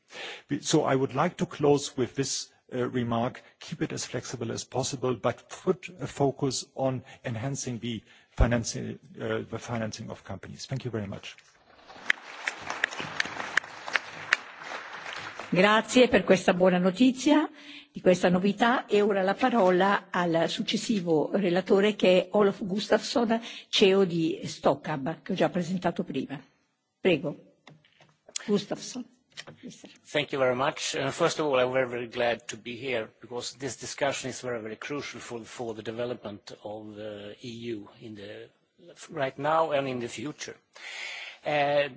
So I would like to close with this Uh, remark, keep it as flexible as possible, but put a focus on enhancing the financing, uh, the financing of companies. Thank you very much. Grazie per questa buona notizia, di questa novità e ora la parola al successivo relatore che è Olof Gustafsson, CEO di Stockab, che ho già presentato prima. Prego. Gustafsson. Thank you very much. Uh, first of all, I'm very, very glad to be here because this discussion is very, very crucial for, for the development of the EU in the, right now and in the future. Uh,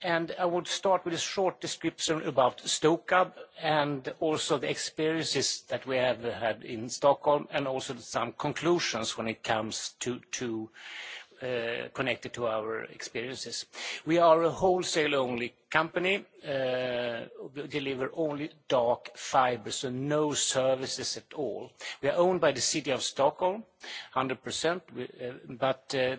and I would start with a short description about Stokab and also the experiences that we have had in Stockholm and also some conclusions when it comes to, to Uh, connected to our experiences. We are a wholesale-only company. Uh, we deliver only dark fiber, so no services at all. We are owned by the City of Stockholm, 100%, uh, but there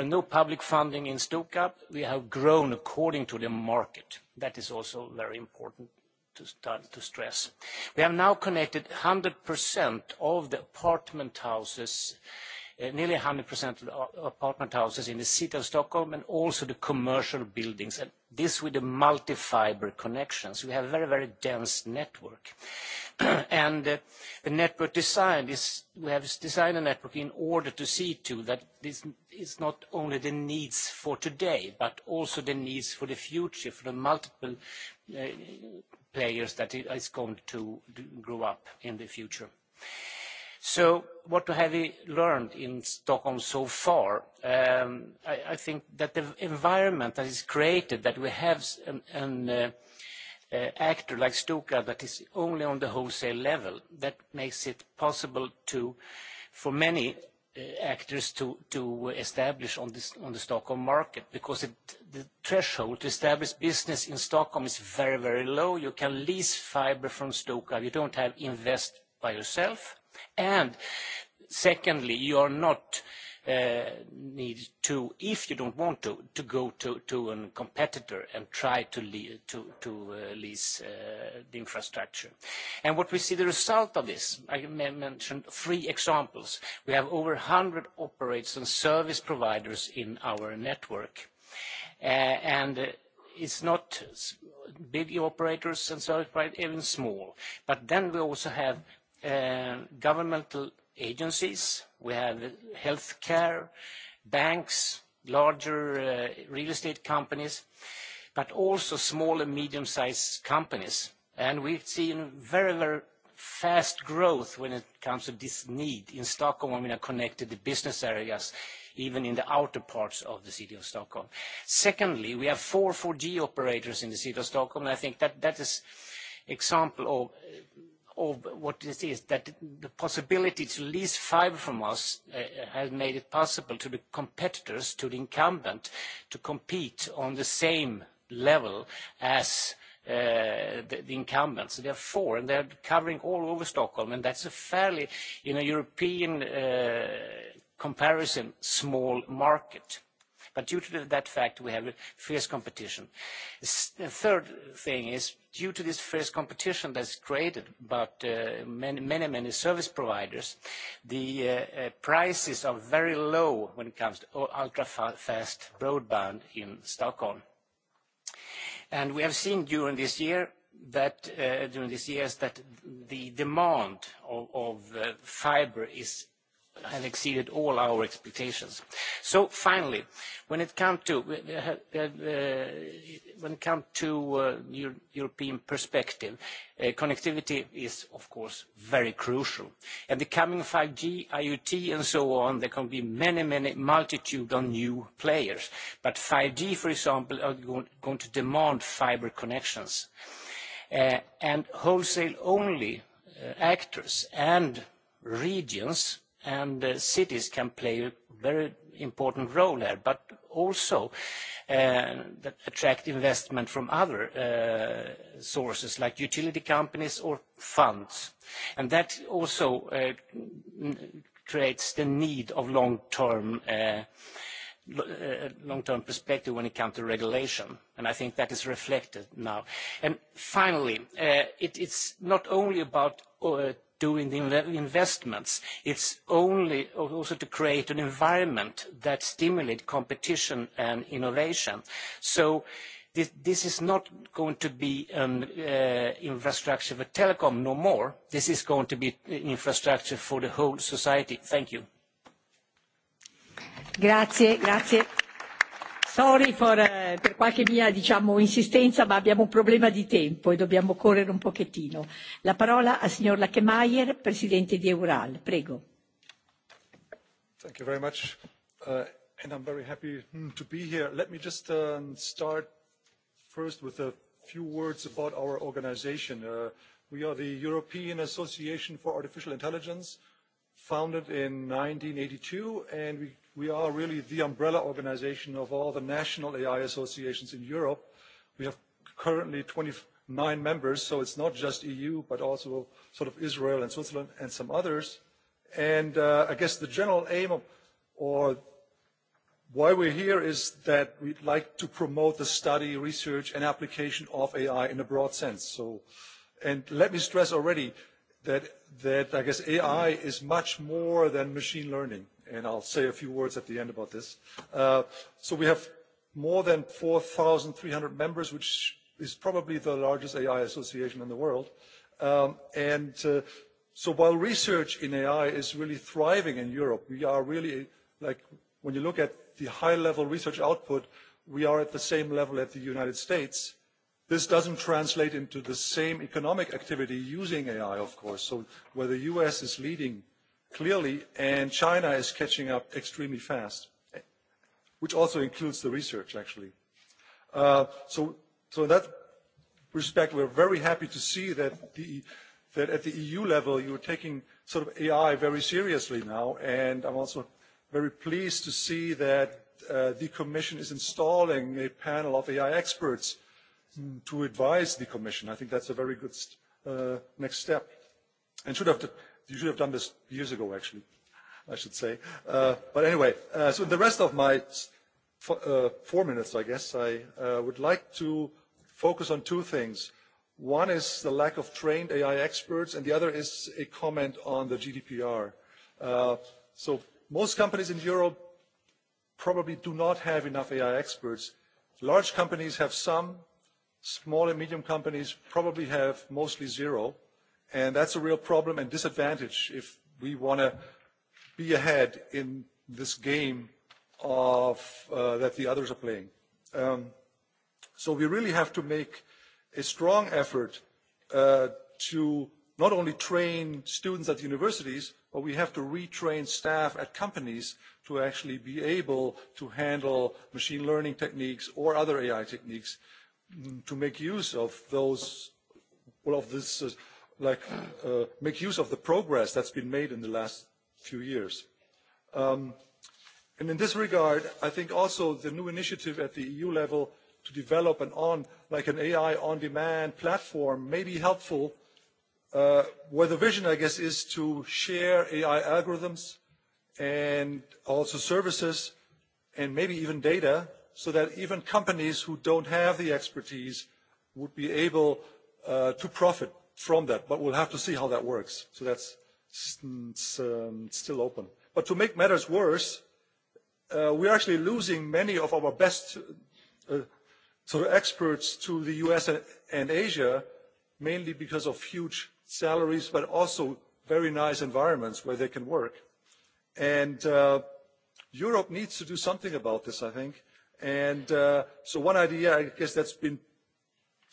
are no public funding in Stokab. We have grown according to the market. That is also very important to, start to stress. We have now connected 100% of the apartment houses Uh, nearly 100% of the apartment houses in the city of Stockholm and also the commercial buildings, and this with the multi-fiber connections. We have very, very dense network. the (clears throat) uh, network design is, we have designed a network in order to see to that this is not only the needs for today, but also the needs for the future, for the multiple uh, players that is going to grow up in the future. So what have we learned in Stockholm so far? Um, I, I think that the environment that is created, that we have an, an uh, uh, actor like Stuka that is only on the wholesale level, that makes it possible to, for many uh, actors to, to establish on, this, on the Stockholm market because it, the threshold to establish business in Stockholm is very, very low. You can lease fiber from Stuka. You don't have invest by yourself And secondly, you are not uh, need to, if you don't want to, to go to, to a competitor and try to, le to, to uh, lease uh, the infrastructure. And what we see the result of this, I mentioned three examples. We have over 100 operators and service providers in our network. Uh, and uh, it's not big operators and service providers, even small. But then we also have Uh, governmental agencies, we have healthcare, banks, larger uh, real estate companies, but also small and medium-sized companies. And We've seen very, very fast growth when it comes to this need in Stockholm, when we are connected the business areas, even in the outer parts of the city of Stockholm. Secondly, we have four 4G operators in the city of Stockholm, and I think that that is example of of what this is, that the possibility to lease fiber from us uh, has made it possible to the competitors, to the incumbent, to compete on the same level as uh, the, incumbents. There are four, and they're covering all over Stockholm, and that's a fairly, in a European uh, comparison, small market. But due to that fact, we have fierce competition. The third thing is, due to this fierce competition that's created by uh, many, many, many service providers, the uh, uh prices are very low when it comes to ultra-fast broadband in Stockholm. And we have seen during this year that uh, during these years that the demand of, of uh, fiber is have exceeded all our expectations. So finally, when it comes uh, to uh, European perspective, uh, connectivity is of course very crucial. And the coming 5G, IoT, and so on, there can be many, many multitude of new players. But 5G, for example, are going to demand fiber connections. Uh, and wholesale-only actors and regions and cities can play a very important role there, but also uh, attract investment from other uh, sources like utility companies or funds. And that also uh, creates the need of long-term uh, uh, long-term perspective when it comes to regulation, and I think that is reflected now. And Finally, uh, it, it's not only about uh, doing the investments. It's only also to create an environment that stimulates competition and innovation. So this, this is not going to be an uh, infrastructure for telecom no more. This is going to be uh, infrastructure for the whole society. Thank you. Grazie, grazie. Sorry for, eh, per qualche mia diciamo, insistenza, ma abbiamo un problema di tempo e dobbiamo correre un pochettino. La parola al signor lachemeyer presidente di Eural. Prego. Thank you very much. Uh, and I'm very happy hmm, to be here. Let me just uh, start first with a few words about our organization. Uh, we are the European Association for Artificial Intelligence, founded in 1982, and we we are really the umbrella organization of all the national AI associations in Europe. We have currently 29 members, so it's not just EU, but also sort of Israel and Switzerland and some others. And uh, I guess the general aim of, or why we're here is that we'd like to promote the study, research, and application of AI in a broad sense. So, and let me stress already that, that I guess AI is much more than machine learning and I'll say a few words at the end about this. Uh, so we have more than 4,300 members, which is probably the largest AI association in the world. Um, and uh, so while research in AI is really thriving in Europe, we are really, like, when you look at the high-level research output, we are at the same level as the United States. This doesn't translate into the same economic activity using AI, of course. So where the U.S. is leading clearly, and China is catching up extremely fast, which also includes the research, actually. Uh, so, so in that respect, we're very happy to see that, the, that at the EU level, you're taking sort of AI very seriously now, and I'm also very pleased to see that uh, the Commission is installing a panel of AI experts mm, to advise the Commission. I think that's a very good uh, next step. And should have You should have done this years ago, actually, I should say. Uh, but anyway, uh, so in the rest of my uh, four minutes, I guess, I uh, would like to focus on two things. One is the lack of trained AI experts, and the other is a comment on the GDPR. Uh, so most companies in Europe probably do not have enough AI experts. Large companies have some. Small and medium companies probably have mostly zero. Uh, And that's a real problem and disadvantage if we want to be ahead in this game of, uh, that the others are playing. Um, so we really have to make a strong effort uh, to not only train students at universities, but we have to retrain staff at companies to actually be able to handle machine learning techniques or other AI techniques mm, to make use of those, well, of this uh, like uh, make use of the progress that's been made in the last few years. Um, and in this regard, I think also the new initiative at the EU level to develop an on, like an AI on-demand platform may be helpful, uh, where the vision, I guess, is to share AI algorithms and also services and maybe even data so that even companies who don't have the expertise would be able uh, to profit from that, but we'll have to see how that works. So that's um, still open. But to make matters worse, uh, we we're actually losing many of our best uh, sort of experts to the US and, Asia, mainly because of huge salaries, but also very nice environments where they can work. And uh, Europe needs to do something about this, I think. And so one idea, I guess that's been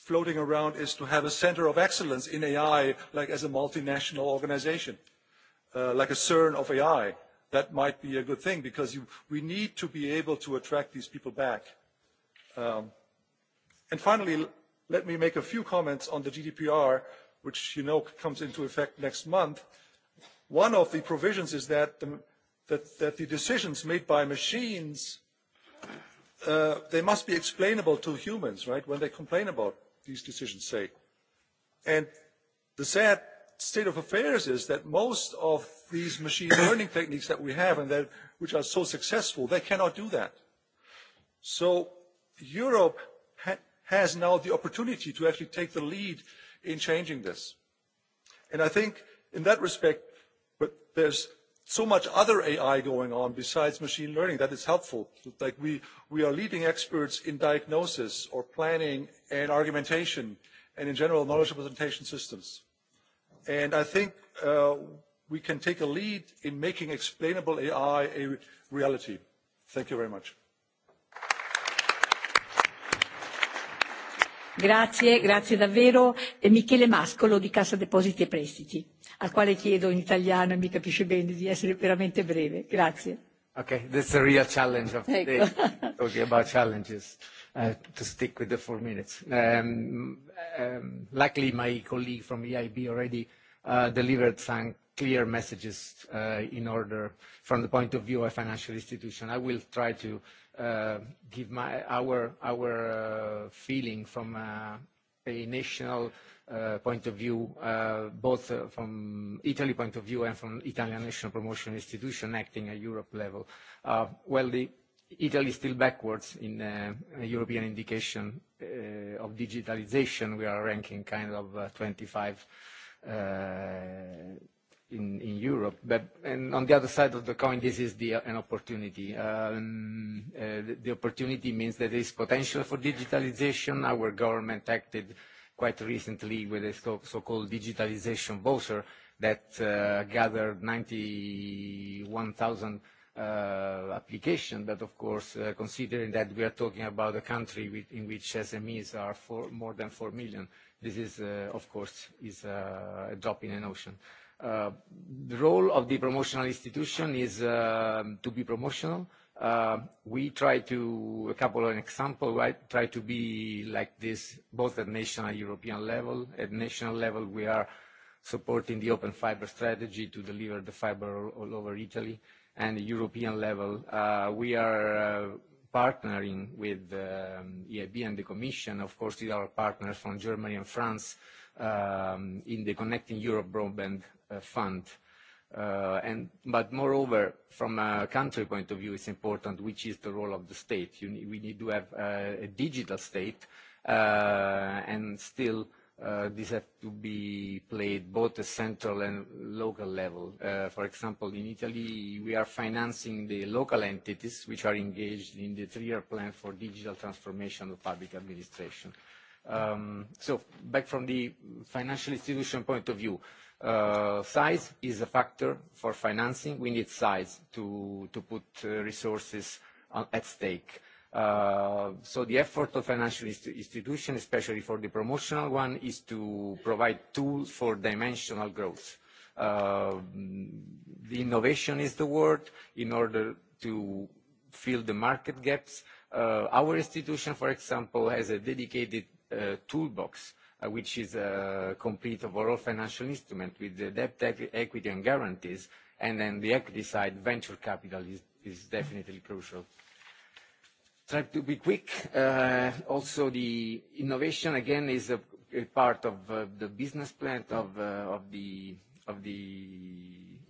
floating around is to have a center of excellence in AI, like as a multinational organization, uh, like a CERN of AI. That might be a good thing because you, we need to be able to attract these people back. Um, and finally, let me make a few comments on the GDPR, which you know comes into effect next month. One of the provisions is that the, that, that the decisions made by machines, uh, they must be explainable to humans, right, when they complain about these decisions say. And the sad state of affairs is that most of these machine (coughs) learning techniques that we have and that, which are so successful, they cannot do that. So Europe ha has now the opportunity to actually take the lead in changing this. And I think in that respect, but there's so much other AI going on besides machine learning that is helpful. Like we, we are leading experts in diagnosis or planning and argumentation and in general knowledge representation systems. And I think uh, we can take a lead in making explainable AI a reality. Thank you very much. Grazie, grazie davvero. E Michele Mascolo di Cassa Depositi e Prestiti al quale chiedo in italiano, e mi capisce bene, di essere veramente breve. Grazie. Okay, that's a real challenge of today. ecco. talking (laughs) about challenges, uh, to stick with the four minutes. Um, um, luckily, my colleague from EIB already uh, delivered some clear messages uh, in order from the point of view of a financial institution. I will try to uh, give my, our, our uh, feeling from uh, a national Uh, point of view, uh, both uh, from Italy point of view and from Italian National Promotion Institution acting at Europe level. well, Italy is still backwards in European indication of digitalization. We are ranking kind of 25 in, Europe. But and on the other side of the coin, this is the, an opportunity. Um, the, opportunity means that there is potential for digitalization. Our government acted quite recently with a so-called digitalization voucher that uh, gathered 91,000 uh, applications. But of course, uh, considering that we are talking about a country with, in which SMEs are four, more than 4 million, this is, uh, of course, is uh, a drop in an ocean. Uh, the role of the promotional institution is uh, to be promotional, uh, Uh, we try to, a couple of examples, right? Try to be like this, both at national and European level. At national level, we are supporting the Open Fiber strategy to deliver the fiber all, all over Italy. And at European level, uh, we are uh, partnering with um, EIB and the Commission, of course, with our partners from Germany and France, um, in the Connecting Europe Broadband uh, Fund. Uh, and, but moreover, from a country point of view, it's important which is the role of the state. we need to have uh, a digital state, uh, and still this has to be played both at central and local level. for example, in Italy, we are financing the local entities which are engaged in the three-year plan for digital transformation of public administration. Um, so back from the financial institution point of view, Uh, size is a factor for financing. We need size to, put uh, resources at stake. Uh, so the effort of financial institution, especially for the promotional one, is to provide tools for dimensional growth. The innovation is the word in order to fill the market gaps. Our institution, for example, has a dedicated toolbox Uh, which is a complete overall financial instrument with the debt, equity, and guarantees. And then the equity side, venture capital is, definitely crucial. Try to be quick. Uh, also, the innovation, again, is a, part of uh, the business plan of, the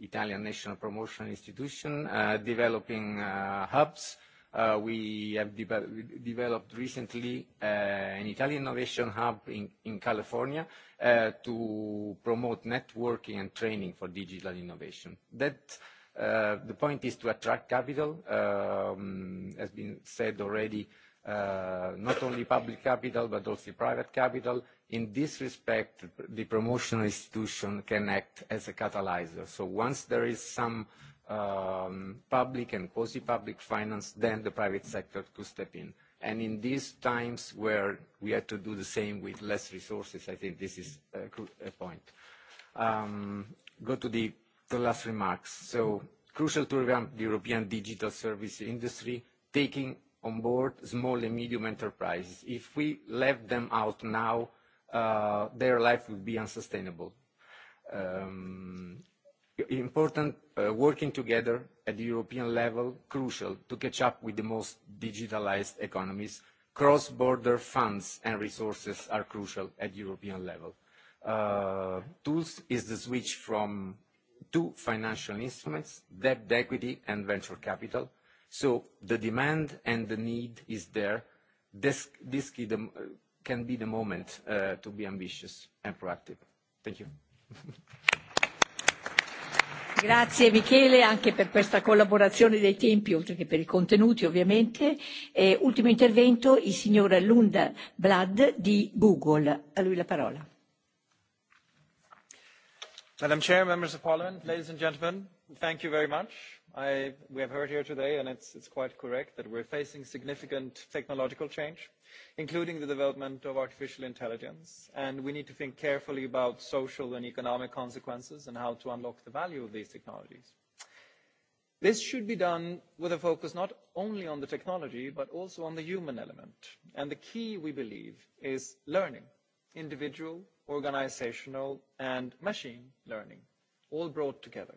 Italian National Promotion Institution, developing hubs Uh, we have developed recently uh, an Italian innovation hub in, California uh, to promote networking and training for digital innovation. That the point is to attract capital, um, has been said already, not only public capital, but also private capital. In this respect, the promotional institution can act as a catalyzer. So once there is some um, public and quasi-public finance, then the private sector to step in. And in these times where we have to do the same with less resources, I think this is a, a point. Um, go to the, the last remarks. So crucial to revamp the European digital service industry, taking on board small and medium enterprises. If we left them out now, uh, their life would be unsustainable. Um, important uh, working together at the European level crucial to catch up with the most digitalized economies. Cross-border funds and resources are crucial at European level. Uh, tools is the switch from two financial instruments, debt equity and venture capital. So the demand and the need is there. This, this can be the moment uh, to be ambitious and proactive. Thank you. (laughs) Grazie Michele anche per questa collaborazione dei tempi, oltre che per i contenuti ovviamente. E ultimo intervento il signor Lund Blad di Google. A lui la parola. Madam Chair, members of Parliament, ladies and gentlemen, thank you very much. I, we have heard here today, and it's, it's quite correct, that we're facing significant technological change, including the development of artificial intelligence, and we need to think carefully about social and economic consequences and how to unlock the value of these technologies. This should be done with a focus not only on the technology, but also on the human element. And the key, we believe, is learning, individual, organizational, and machine learning, all brought together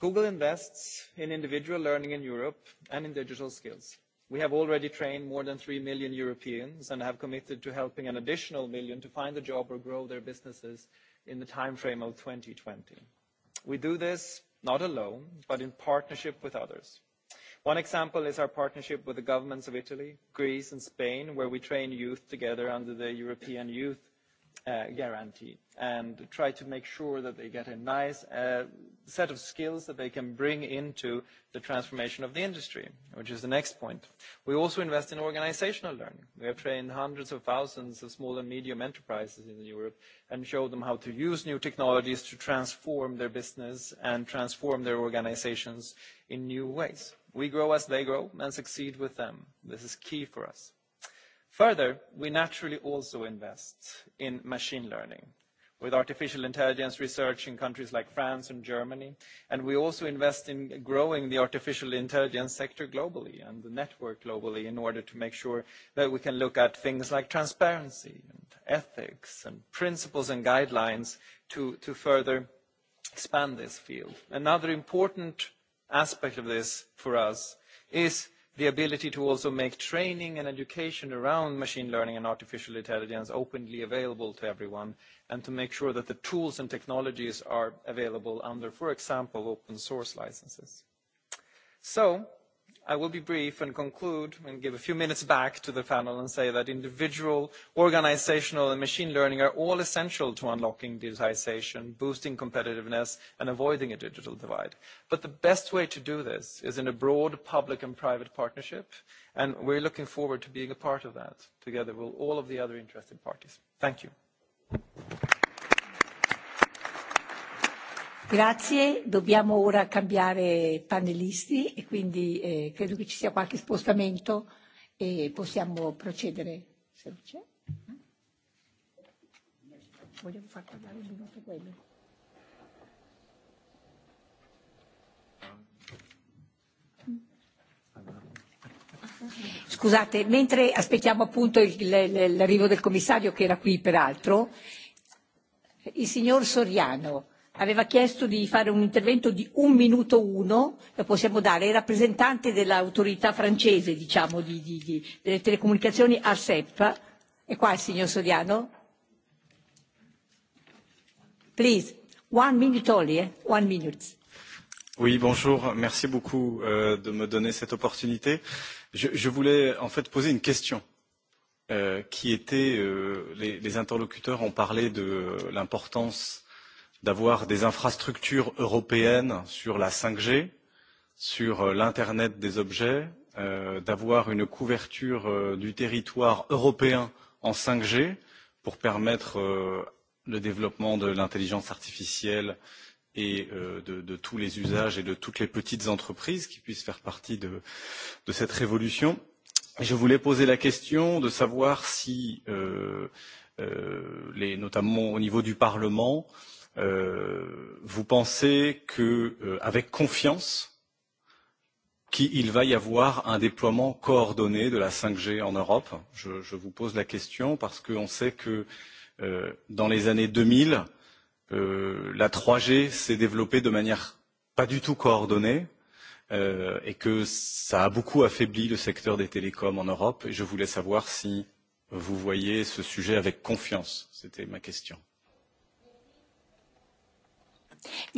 google invests in individual learning in europe and in digital skills. we have already trained more than three million europeans and have committed to helping an additional million to find a job or grow their businesses in the timeframe of. two thousand and twenty we do this not alone but in partnership with others. one example is our partnership with the governments of italy greece and spain where we train youth together under the european youth uh, guarantee and try to make sure that they get a nice uh, set of skills that they can bring into the transformation of the industry, which is the next point. We also invest in organizational learning. We have trained hundreds of thousands of small and medium enterprises in Europe and show them how to use new technologies to transform their business and transform their organizations in new ways. We grow as they grow and succeed with them. This is key for us. Further, we naturally also invest in machine learning with artificial intelligence research in countries like France and Germany. And we also invest in growing the artificial intelligence sector globally and the network globally in order to make sure that we can look at things like transparency and ethics and principles and guidelines to, to further expand this field. Another important aspect of this for us is the ability to also make training and education around machine learning and artificial intelligence openly available to everyone, and to make sure that the tools and technologies are available under, for example, open source licenses. So i will be brief and conclude and give a few minutes back to the panel and say that individual, organizational and machine learning are all essential to unlocking digitization, boosting competitiveness and avoiding a digital divide. But the best way to do this is in a broad public and private partnership and we're looking forward to being a part of that together with all of the other interested parties. Thank you. Grazie, dobbiamo ora cambiare panelisti e quindi eh, credo che ci sia qualche spostamento e possiamo procedere se non c'è. Vogliamo far parlare un minuto quello. Scusate, mentre aspettiamo appunto l'arrivo del commissario che era qui peraltro, il signor Soriano aveva chiesto di fare un intervento di un minuto uno, lo possiamo dare, il rappresentante dell'autorità francese, diciamo, di, di, di, delle telecomunicazioni ARCEP. E qua il signor Sodiano? Please, one minute only, eh? one minute. Oui, bonjour. Merci beaucoup euh, de me donner cette opportunité. Je, je voulais en fait poser une question euh, qui était, euh, les, les interlocuteurs ont parlé de l'importance euh, d'avoir des infrastructures européennes sur la 5G, sur euh, l'Internet des objets, euh, d'avoir une couverture euh, du territoire européen en 5G pour permettre euh, le développement de l'intelligence artificielle et euh, de, de tous les usages et de toutes les petites entreprises qui puissent faire partie de, de cette révolution. Et je voulais poser la question de savoir si, euh, euh, les, notamment au niveau du Parlement, euh, Euh, vous pensez que, euh, avec confiance, qu'il va y avoir un déploiement coordonné de la 5G en Europe je, je vous pose la question parce qu'on sait que euh, dans les années 2000, euh, la 3G s'est développée de manière pas du tout coordonnée euh, et que ça a beaucoup affaibli le secteur des télécoms en Europe. Et je voulais savoir si vous voyez ce sujet avec confiance. C'était ma question.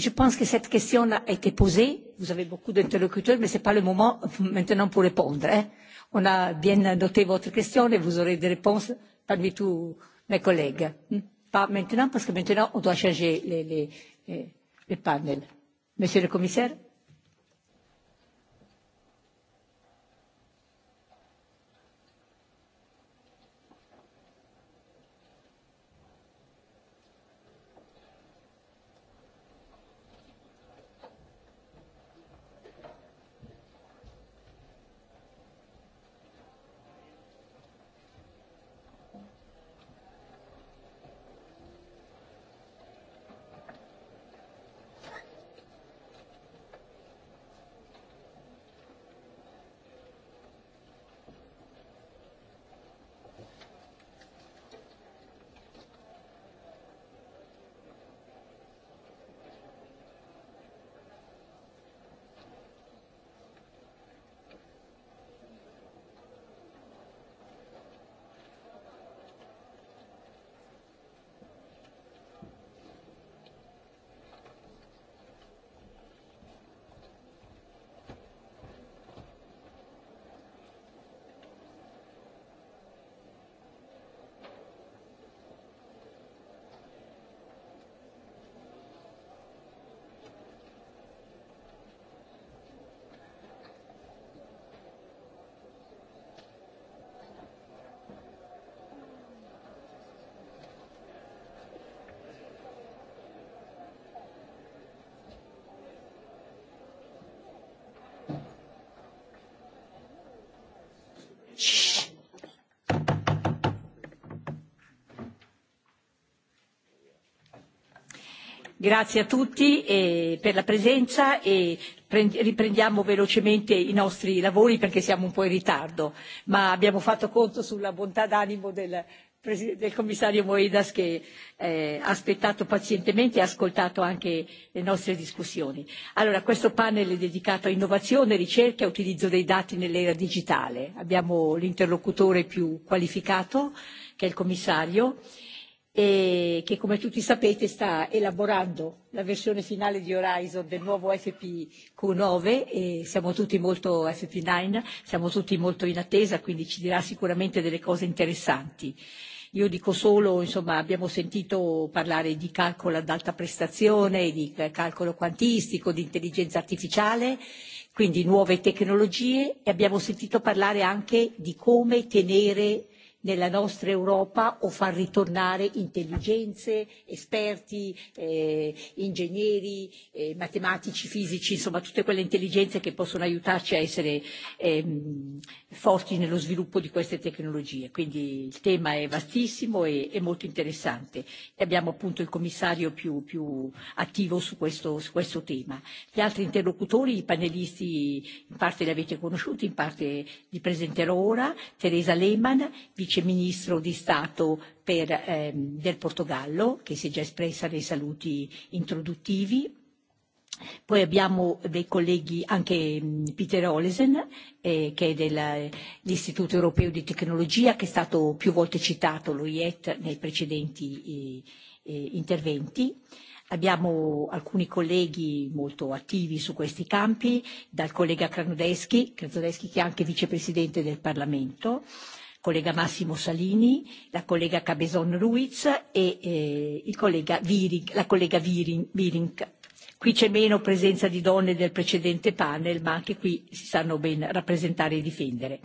Je pense que cette question a été posée. Vous avez beaucoup d'interlocuteurs, mais ce n'est pas le moment maintenant pour répondre. Hein. On a bien noté votre question et vous aurez des réponses parmi tous mes collègues. Hmm? Pas maintenant, parce que maintenant, on doit changer les, les, les les panels. Monsieur le commissaire Grazie a tutti e per la presenza e riprendiamo velocemente i nostri lavori perché siamo un po' in ritardo, ma abbiamo fatto conto sulla bontà d'animo del, del commissario Moedas che eh, ha aspettato pazientemente e ha ascoltato anche le nostre discussioni. Allora, questo panel è dedicato a innovazione, ricerca e utilizzo dei dati nell'era digitale. Abbiamo l'interlocutore più qualificato, che è il commissario e che come tutti sapete sta elaborando la versione finale di Horizon del nuovo FPQ9 e siamo tutti molto FP9, siamo tutti molto in attesa, quindi ci dirà sicuramente delle cose interessanti. Io dico solo, insomma, abbiamo sentito parlare di calcolo ad alta prestazione, di calcolo quantistico, di intelligenza artificiale, quindi nuove tecnologie e abbiamo sentito parlare anche di come tenere nella nostra Europa o far ritornare intelligenze, esperti, eh, ingegneri, eh, matematici, fisici, insomma tutte quelle intelligenze che possono aiutarci a essere ehm, forti nello sviluppo di queste tecnologie. Quindi il tema è vastissimo e, e molto interessante e abbiamo appunto il commissario più, più attivo su questo, su questo tema. Gli altri interlocutori, i panelisti, in parte li avete conosciuti, in parte li presenterò ora, Teresa Lehmann, viceministro di Stato per, ehm, del Portogallo, che si è già espressa nei saluti introduttivi. Poi abbiamo dei colleghi, anche mm, Peter Olesen, eh, che è dell'Istituto Europeo di Tecnologia, che è stato più volte citato, l'OIET, nei precedenti eh, eh, interventi. Abbiamo alcuni colleghi molto attivi su questi campi, dal collega Kranodeschi, che è anche vicepresidente del Parlamento, collega Massimo Salini, la collega Cabezon Ruiz e eh, il collega Viring, la collega Viring. Viring. Qui c'è meno presenza di donne del precedente panel, ma anche qui si sanno ben rappresentare e difendere.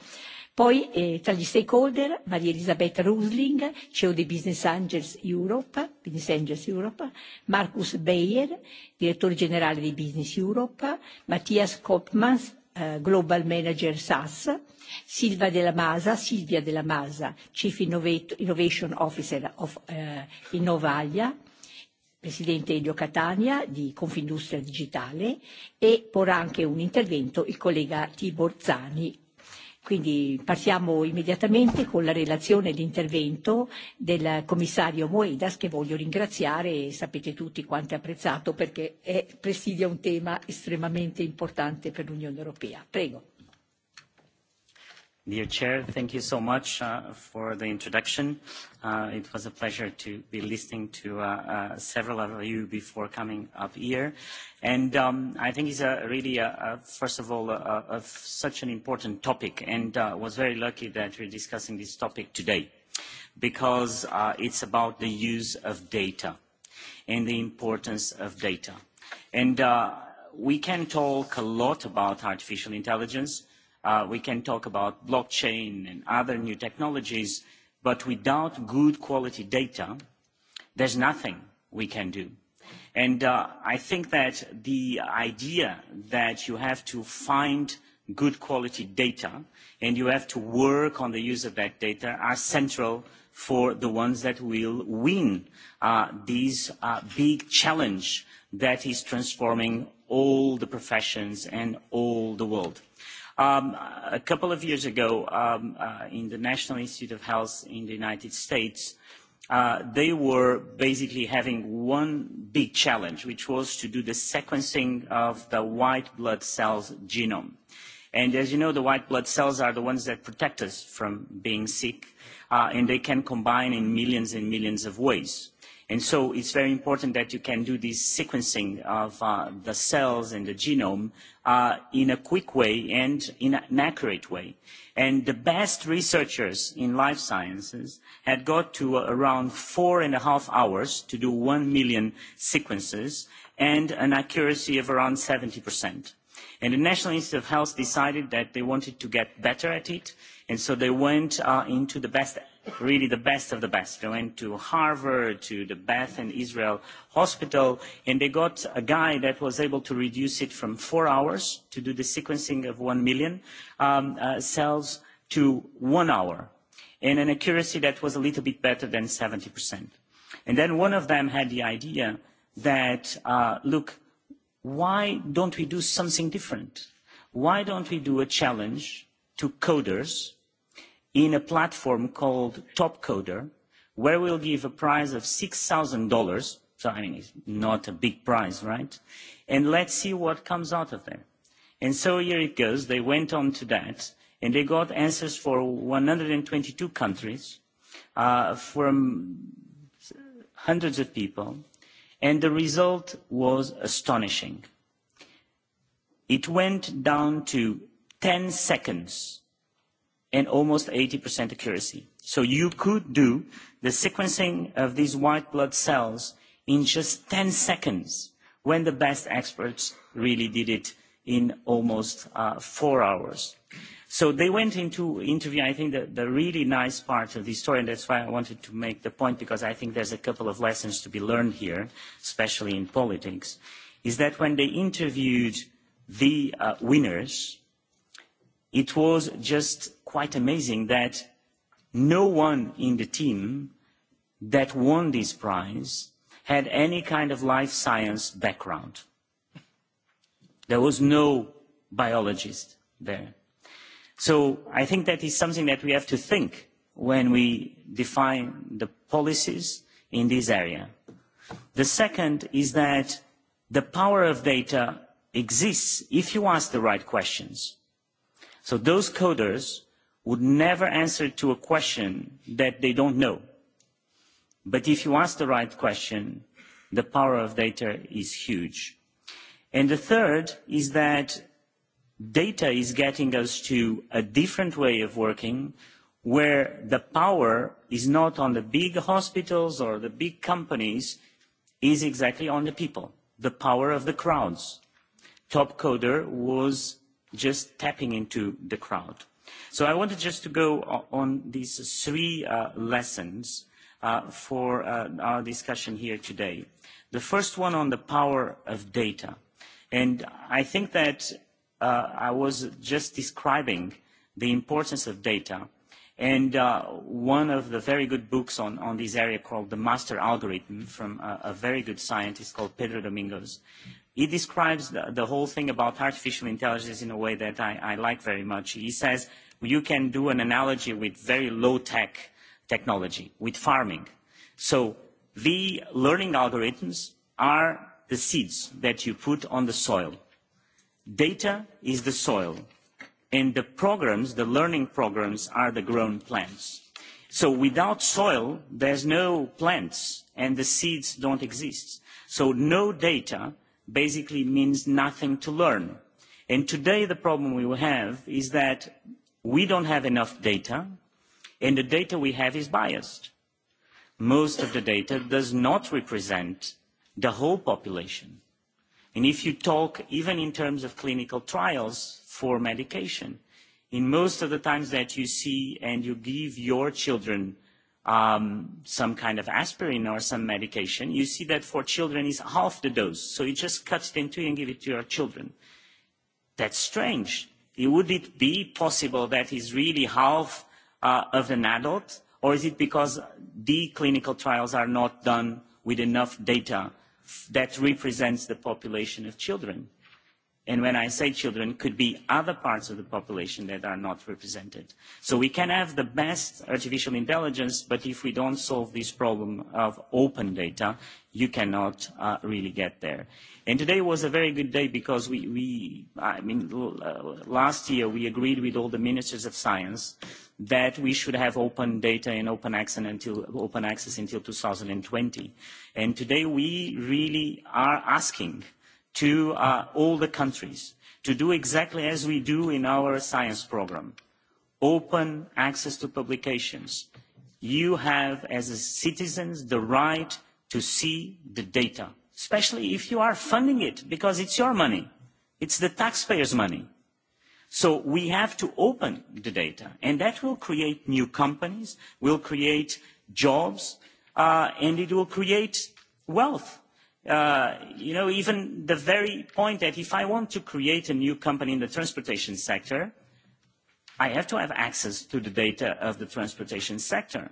Poi eh, tra gli stakeholder Maria Elisabetta Rusling, CEO di Business Angels Europe, Business Angels Europe Marcus Bayer, direttore generale di Business Europe, Mattias Kopmans, Euh, Global Manager SaaS, Silvia Della Masa, Silvia Della Masa, Chief Innovation Officer of uh, eh, Innovalia, Presidente Elio Catania di Confindustria Digitale e porrà anche un intervento il collega Tibor Zani Quindi partiamo immediatamente con la relazione e l'intervento del commissario Moedas che voglio ringraziare e sapete tutti quanto è apprezzato perché è, presidia un tema estremamente importante per l'Unione Europea. Prego. Dear Chair, thank you so much uh, for the introduction. Uh, it was a pleasure to be listening to uh, uh, several of you before coming up here. And um, I think it's a really, a, a, first of all, a, a, a such an important topic and uh, was very lucky that we're discussing this topic today because uh, it's about the use of data and the importance of data. And uh, we can talk a lot about artificial intelligence, Uh, we can talk about blockchain and other new technologies, but without good quality data, there's nothing we can do. And uh, I think that the idea that you have to find good quality data and you have to work on the use of that data are central for the ones that will win uh, this uh, big challenge that is transforming all the professions and all the world. Um, a couple of years ago, um, uh, in the National Institute of Health in the United States, uh, they were basically having one big challenge, which was to do the sequencing of the white blood cells genome. And as you know, the white blood cells are the ones that protect us from being sick, uh, and they can combine in millions and millions of ways. And so it's very important that you can do this sequencing of uh, the cells and the genome uh, in a quick way and in an accurate way. And the best researchers in life sciences had got to uh, around four and a half hours to do one million sequences and an accuracy of around 70%. And the National Institute of Health decided that they wanted to get better at it, and so they went uh, into the best really the best of the best. They went to Harvard, to the Beth and Israel hospital, and they got a guy that was able to reduce it from four hours to do the sequencing of one million um, uh, cells to one hour, and an accuracy that was a little bit better than 70%. And then one of them had the idea that, uh, look, why don't we do something different? Why don't we do a challenge to coders in a platform called Topcoder, where we'll give a prize of $6,000. So, I mean, it's not a big prize, right? And let's see what comes out of there. And so here it goes. They went on to that, and they got answers for 122 countries uh, from hundreds of people, and the result was astonishing. It went down to 10 seconds and almost 80% accuracy. So you could do the sequencing of these white blood cells in just 10 seconds when the best experts really did it in almost uh, four hours. So they went into interview. I think the, the really nice part of the story, and that's why I wanted to make the point, because I think there's a couple of lessons to be learned here, especially in politics, is that when they interviewed the uh, winners, it was just quite amazing that no one in the team that won this prize had any kind of life science background. There was no biologist there. So I think that is something that we have to think when we define the policies in this area. The second is that the power of data exists if you ask the right questions So those coders would never answer to a question that they don't know. But if you ask the right question, the power of data is huge. And the third is that data is getting us to a different way of working where the power is not on the big hospitals or the big companies, is exactly on the people, the power of the crowds. Top Coder was just tapping into the crowd. So I wanted just to go on these three uh, lessons uh, for uh, our discussion here today. The first one on the power of data. And I think that uh, I was just describing the importance of data. And uh, one of the very good books on, on this area called The Master Algorithm from a, a very good scientist called Pedro Domingos He describes the, the whole thing about artificial intelligence in a way that I, I like very much. He says you can do an analogy with very low-tech technology, with farming. So the learning algorithms are the seeds that you put on the soil. Data is the soil, and the programs, the learning programs, are the grown plants. So without soil, there's no plants, and the seeds don't exist. So no data basically means nothing to learn. And today the problem we have is that we don't have enough data, and the data we have is biased. Most of the data does not represent the whole population. And if you talk even in terms of clinical trials for medication, in most of the times that you see and you give your children um, some kind of aspirin or some medication, you see that for children is half the dose. So you just cut it in two and give it to your children. That's strange. Would it be possible that is really half uh, of an adult, or is it because the clinical trials are not done with enough data that represents the population of children? And when I say children, could be other parts of the population that are not represented. So we can have the best artificial intelligence, but if we don't solve this problem of open data, you cannot uh, really get there. And today was a very good day because we, we I mean, uh, last year we agreed with all the ministers of science that we should have open data and open access until, open access until 2020. And today we really are asking uh, to uh, all the countries to do exactly as we do in our science programme open access to publications. You have, as citizens, the right to see the data, especially if you are funding it, because it's your money. It's the taxpayers' money. So we have to open the data, and that will create new companies, will create jobs, uh, and it will create wealth Uh, you know, even the very point that if I want to create a new company in the transportation sector, I have to have access to the data of the transportation sector.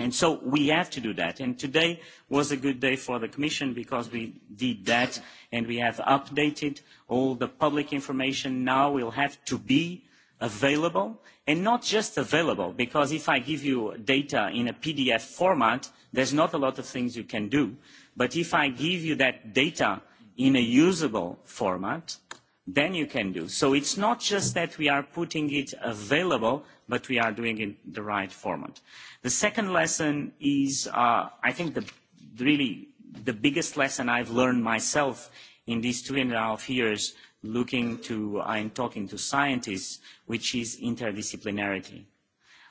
And so we have to do that. And today was a good day for the Commission because we did that and we have updated all the public information now will have to be available and not just available because if I give you data in a PDF format, there's not a lot of things you can do But if I give you that data in a usable format, then you can do. So it's not just that we are putting it available, but we are doing it in the right format. The second lesson is, uh, I think, the, really the biggest lesson I've learned myself in these two and a half years looking to uh, and talking to scientists, which is interdisciplinarity.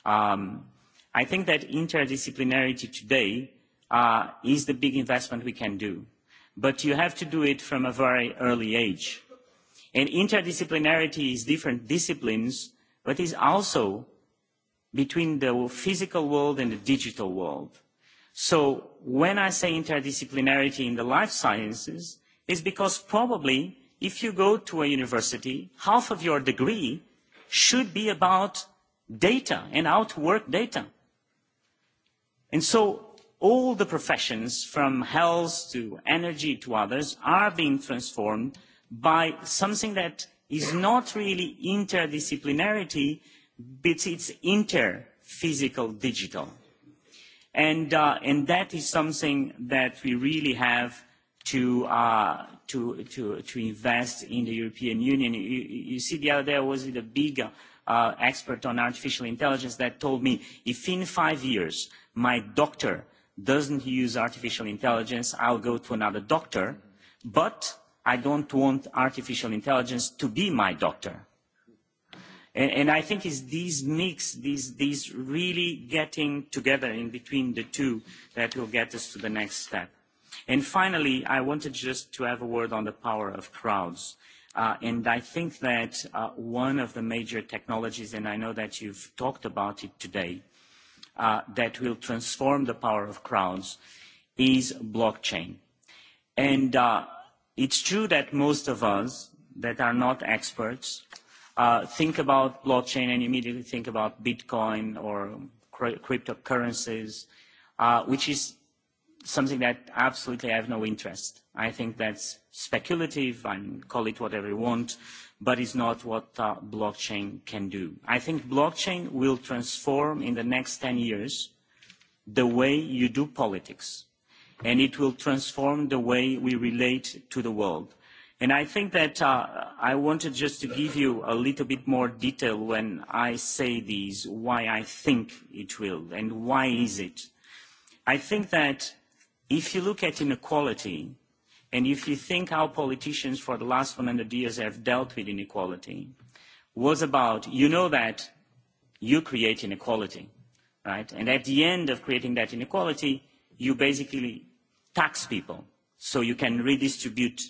Um, I think that interdisciplinarity today Uh, is the big investment we can do. But you have to do it from a very early age. And interdisciplinarity is different disciplines, but is also between the physical world and the digital world. So when I say interdisciplinarity in the life sciences, it's because probably if you go to a university, half of your degree should be about data and how to work data. And so all the professions from health to energy to others are being transformed by something that is not really interdisciplinarity but it's inter physical digital and uh, and that is something that we really have to uh, to to to invest in the European Union you, you see the other day I was with a big uh, expert on artificial intelligence that told me if in five years my doctor doesn't use artificial intelligence, I'll go to another doctor, but I don't want artificial intelligence to be my doctor. And, and I think it's these mix, these, these really getting together in between the two that will get us to the next step. And finally, I wanted just to have a word on the power of crowds. Uh, and I think that uh, one of the major technologies, and I know that you've talked about it today, uh, Uh, that will transform the power of crowds is blockchain. And uh, it's true that most of us that are not experts uh, think about blockchain and immediately think about Bitcoin or cryptocurrencies, uh, which is something that absolutely I have no interest. I think that's speculative and call it whatever you want but it's not what uh, blockchain can do. I think blockchain will transform in the next 10 years the way you do politics, and it will transform the way we relate to the world. And I think that uh, I wanted just to give you a little bit more detail when I say these, why I think it will, and why is it. I think that if you look at inequality, And if you think how politicians for the last 100 years have dealt with inequality, was about, you know that you create inequality, right? And at the end of creating that inequality, you basically tax people so you can redistribute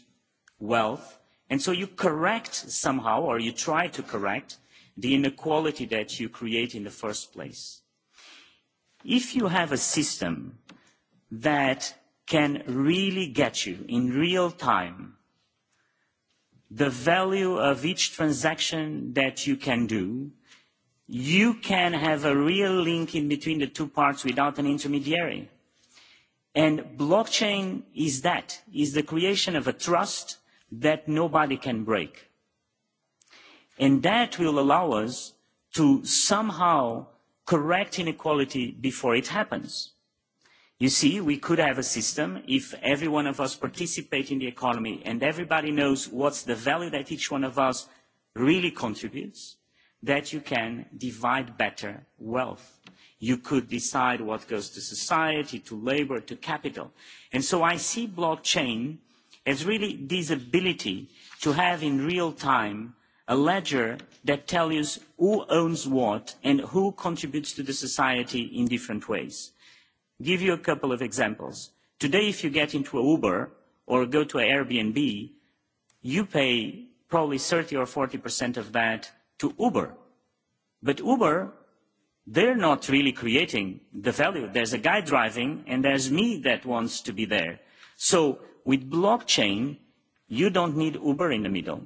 wealth. And so you correct somehow, or you try to correct, the inequality that you create in the first place. If you have a system that can really get you in real time the value of each transaction that you can do, you can have a real link in between the two parts without an intermediary. And blockchain is that, is the creation of a trust that nobody can break. And that will allow us to somehow correct inequality before it happens You see, we could have a system if every one of us participate in the economy and everybody knows what's the value that each one of us really contributes, that you can divide better wealth. You could decide what goes to society, to labor, to capital. And so I see blockchain as really this ability to have in real time a ledger that tells you who owns what and who contributes to the society in different ways. Give you a couple of examples. Today, if you get into a Uber or go to an Airbnb, you pay probably 30 or 40% of that to Uber. But Uber, they're not really creating the value. There's a guy driving and there's me that wants to be there. So with blockchain, you don't need Uber in the middle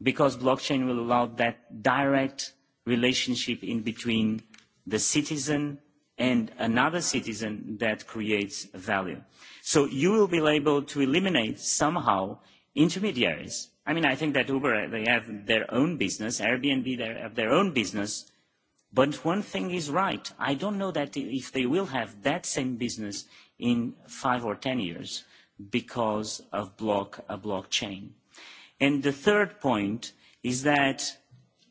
because blockchain will allow that direct relationship in between the citizen and another citizen that creates value. So you will be able to eliminate somehow intermediaries. I mean, I think that Uber, uh, they have their own business, Airbnb, they have their own business. But one thing is right. I don't know that if they will have that same business in five or 10 years because of block, a blockchain. And the third point is that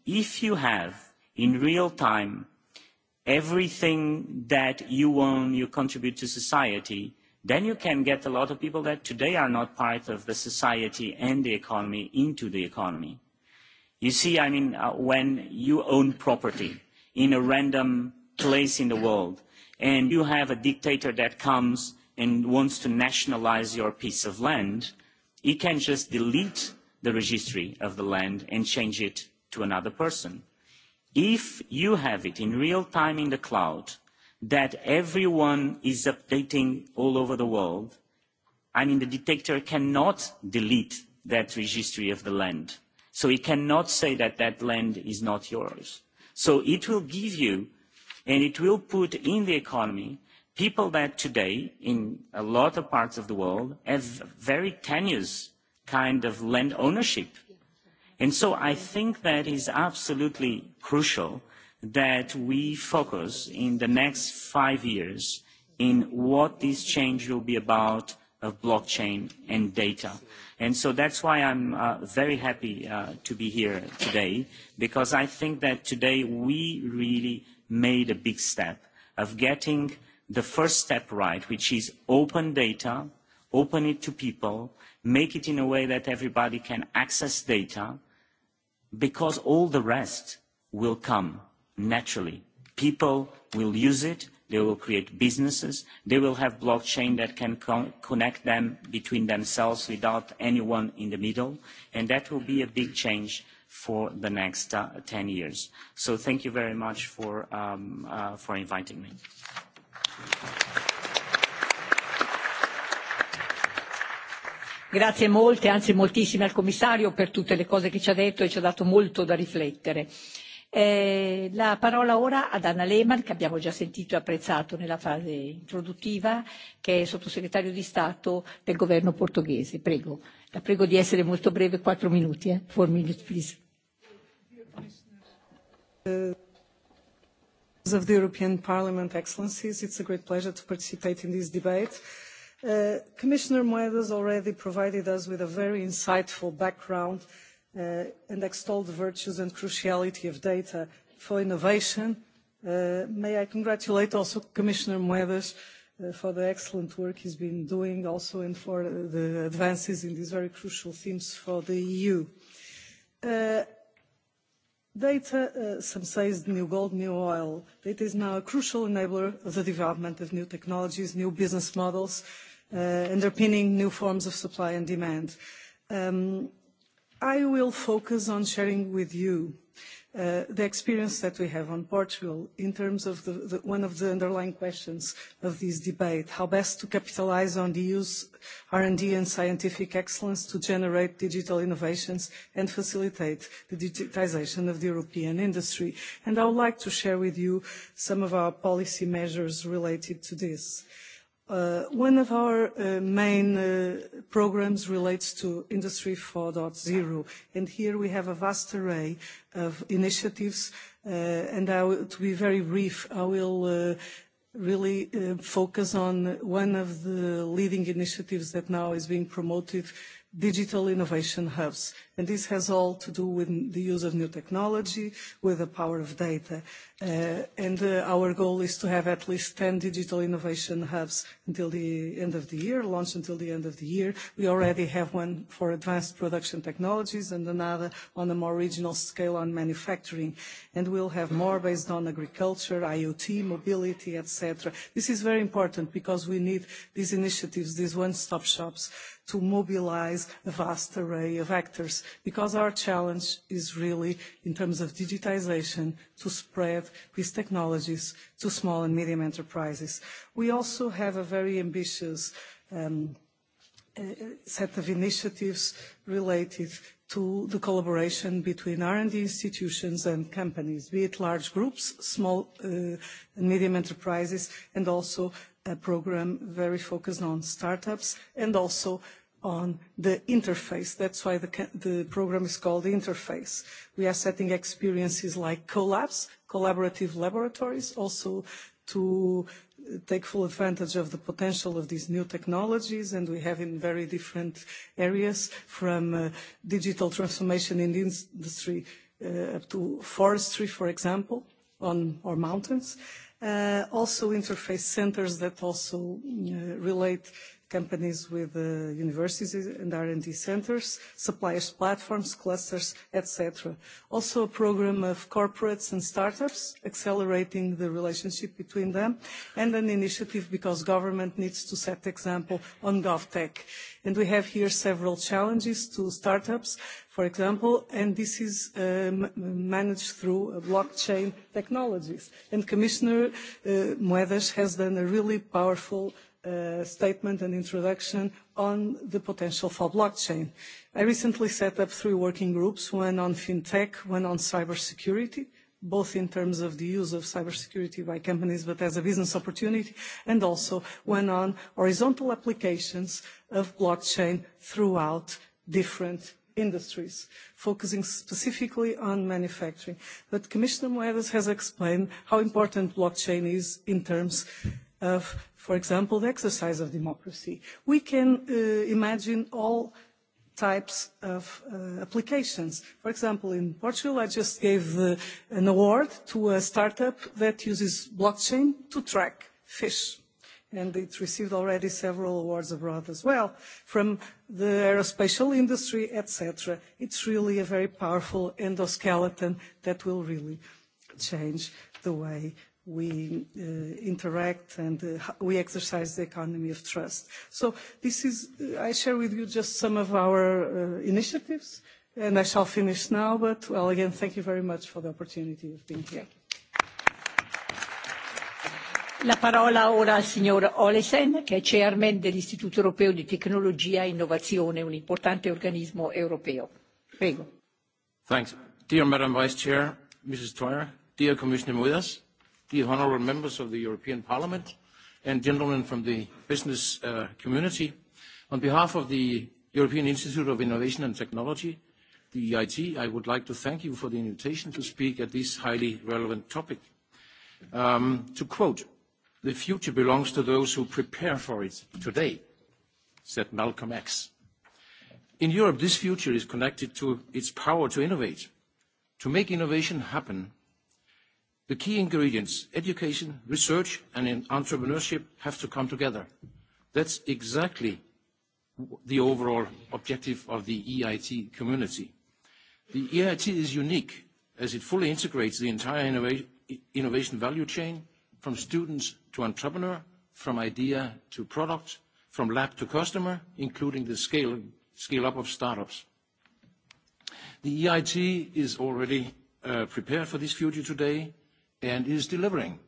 if you have in real time everything that you own, you contribute to society, then you can get a lot of people that today are not part of the society and the economy into the economy. You see, I mean, uh, when you own property in a random place in the world and you have a dictator that comes and wants to nationalize your piece of land, he can just delete the registry of the land and change it to another person if you have it in real time in the cloud that everyone is updating all over the world, I mean, the detector cannot delete that registry of the land. So it cannot say that that land is not yours. So it will give you and it will put in the economy people that today in a lot of parts of the world have very tenuous kind of land ownership And so I think that it is absolutely crucial that we focus in the next five years on what this change will be about of blockchain and data. And so that's why I'm uh, very happy uh, to be here today, because I think that today we really made a big step of getting the first step right, which is open data, open it to people, make it in a way that everybody can access data, because all the rest will come naturally. People will use it, they will create businesses, they will have blockchain that can con connect them between themselves without anyone in the middle, and that will be a big change for the next uh, 10 years. So thank you very much for, um, uh, for inviting me. Grazie molte, anzi moltissime al commissario per tutte le cose che ci ha detto e ci ha dato molto da riflettere. Eh, la parola ora ad Anna Lehmann, che abbiamo già sentito e apprezzato nella fase introduttiva, che è sottosegretario di Stato del governo portoghese. Prego, la prego di essere molto breve, quattro minuti. Eh? Four minutes, please. of the European Parliament, Excellencies, it's a great pleasure to participate in this debate. Uh, Commissioner Moedas already provided us with a very insightful background uh, and extolled the virtues and cruciality of data for innovation. Uh, may I congratulate also Commissioner Moedas for the excellent work he's been doing also and for the advances in these very crucial themes for the EU. Data, some say, is the new gold, new oil. It is now a crucial enabler of the development of new technologies, new business models, Uh, underpinning new forms of supply and demand. Um, I will focus on sharing with you Uh, the experience that we have on Portugal in terms of the, the, one of the underlying questions of this debate, how best to capitalize on the EU's R&D and scientific excellence to generate digital innovations and facilitate the digitization of the European industry. And I would like to share with you some of our policy measures related to this. Uh, Uh, one of our uh, main uh, programs relates to Industry 4.0, and here we have a vast array of initiatives, and to be very brief, I will really focus on one of the leading initiatives that now is being promoted digital innovation hubs. And this has all to do with the use of new technology, with the power of data. Uh, and uh, our goal is to have at least 10 digital innovation hubs until the end of the year, launched until the end of the year. We already have one for advanced production technologies and another on a more regional scale on manufacturing. And we'll have more based on agriculture, IoT, mobility, etc. This is very important because we need these initiatives, these one-stop shops to mobilize a vast array of actors, because our challenge is really in terms of digitization to spread these technologies to small and medium enterprises. We also have a very ambitious um, uh, set of initiatives related to the collaboration between R&D institutions and companies, be it large groups, small uh, and uh, medium enterprises, and also a program very focused on startups and also on the interface. That's why the, program is called Interface. We are setting experiences like collabs, collaborative laboratories, also to take full advantage of the potential of these new technologies, and we have in very different areas, from uh, digital transformation in the industry uh, up to forestry, for example, on, our mountains. Uh, also interface centers that also uh, relate companies with uh, universities and R&D centers, suppliers platforms, clusters, etc. Also a program of corporates and startups, accelerating the relationship between them, and an initiative because government needs to set example on GovTech. And we have here several challenges to startups, for example, and this is um, managed through uh, blockchain technologies. And Commissioner uh, Moedas has done a really powerful Uh, statement and introduction on the potential for blockchain. I recently set up three working groups, one on fintech, one on cybersecurity, both in terms of the use of cybersecurity by companies, but as a business opportunity, and also one on horizontal applications of blockchain throughout different industries, focusing specifically on manufacturing. But Commissioner Moedas has explained how important blockchain is in terms of, for example, the exercise of democracy. We can uh, imagine all types of uh, applications. For example, in Portugal, I just gave uh, an award to a startup that uses blockchain to track fish. And it received already several awards abroad as well, from the aerospatial industry, etc. It's really a very powerful endoskeleton that will really change the way we uh, interact and uh, we exercise the economy of trust. So this is, uh, I share with you just some of our initiatives and I shall finish now, but well, again, thank you very much for the opportunity of being here. La parola ora al signor Olesen, che è chairman dell'Istituto Europeo di Tecnologia e Innovazione, un importante organismo europeo. Prego. Thanks. Dear Madam Vice Chair, Mrs. Dwyer, dear Commissioner Moedas, the honourable members of the European Parliament, and gentlemen from the business uh, community. On behalf of the European Institute of Innovation and Technology, the EIT, I would like to thank you for the invitation to speak at this highly relevant topic. Um, to quote, "The future belongs to those who prepare for it today," said Malcolm X. In Europe, this future is connected to its power to innovate. To make innovation happen, The key ingredients, education, research, and entrepreneurship have to come together. That's exactly the overall objective of the EIT community. The EIT is unique as it fully integrates the entire innova innovation value chain from students to entrepreneur, from idea to product, from lab to customer, including the scale, scale up of startups. The EIT is already uh, prepared for this future today and is delivering,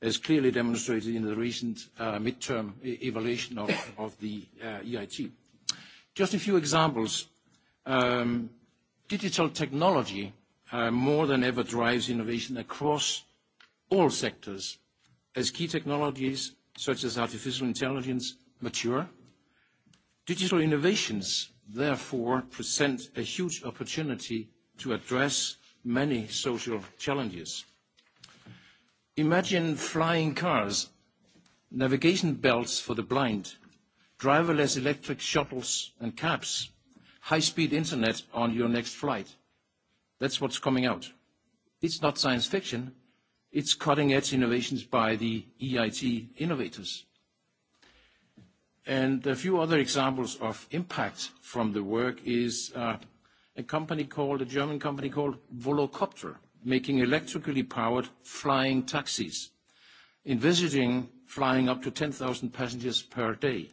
as clearly demonstrated in the recent uh, midterm e-, evaluation of, of the uh, EIT. Just a few examples. Um, digital technology uh, more than ever drives innovation across all sectors as key technologies such as artificial intelligence mature. Digital innovations, therefore, present a huge opportunity to address many social challenges. Imagine flying cars, navigation belts for the blind, driverless electric shuttles and cabs, high-speed internet on your next flight. That's what's coming out. It's not science fiction. It's cutting-edge innovations by the EIT innovators. And a few other examples of impact from the work is uh, a company called, a German company called Volocopter making electrically powered flying taxis, envisaging flying up to 10,000 passengers per day.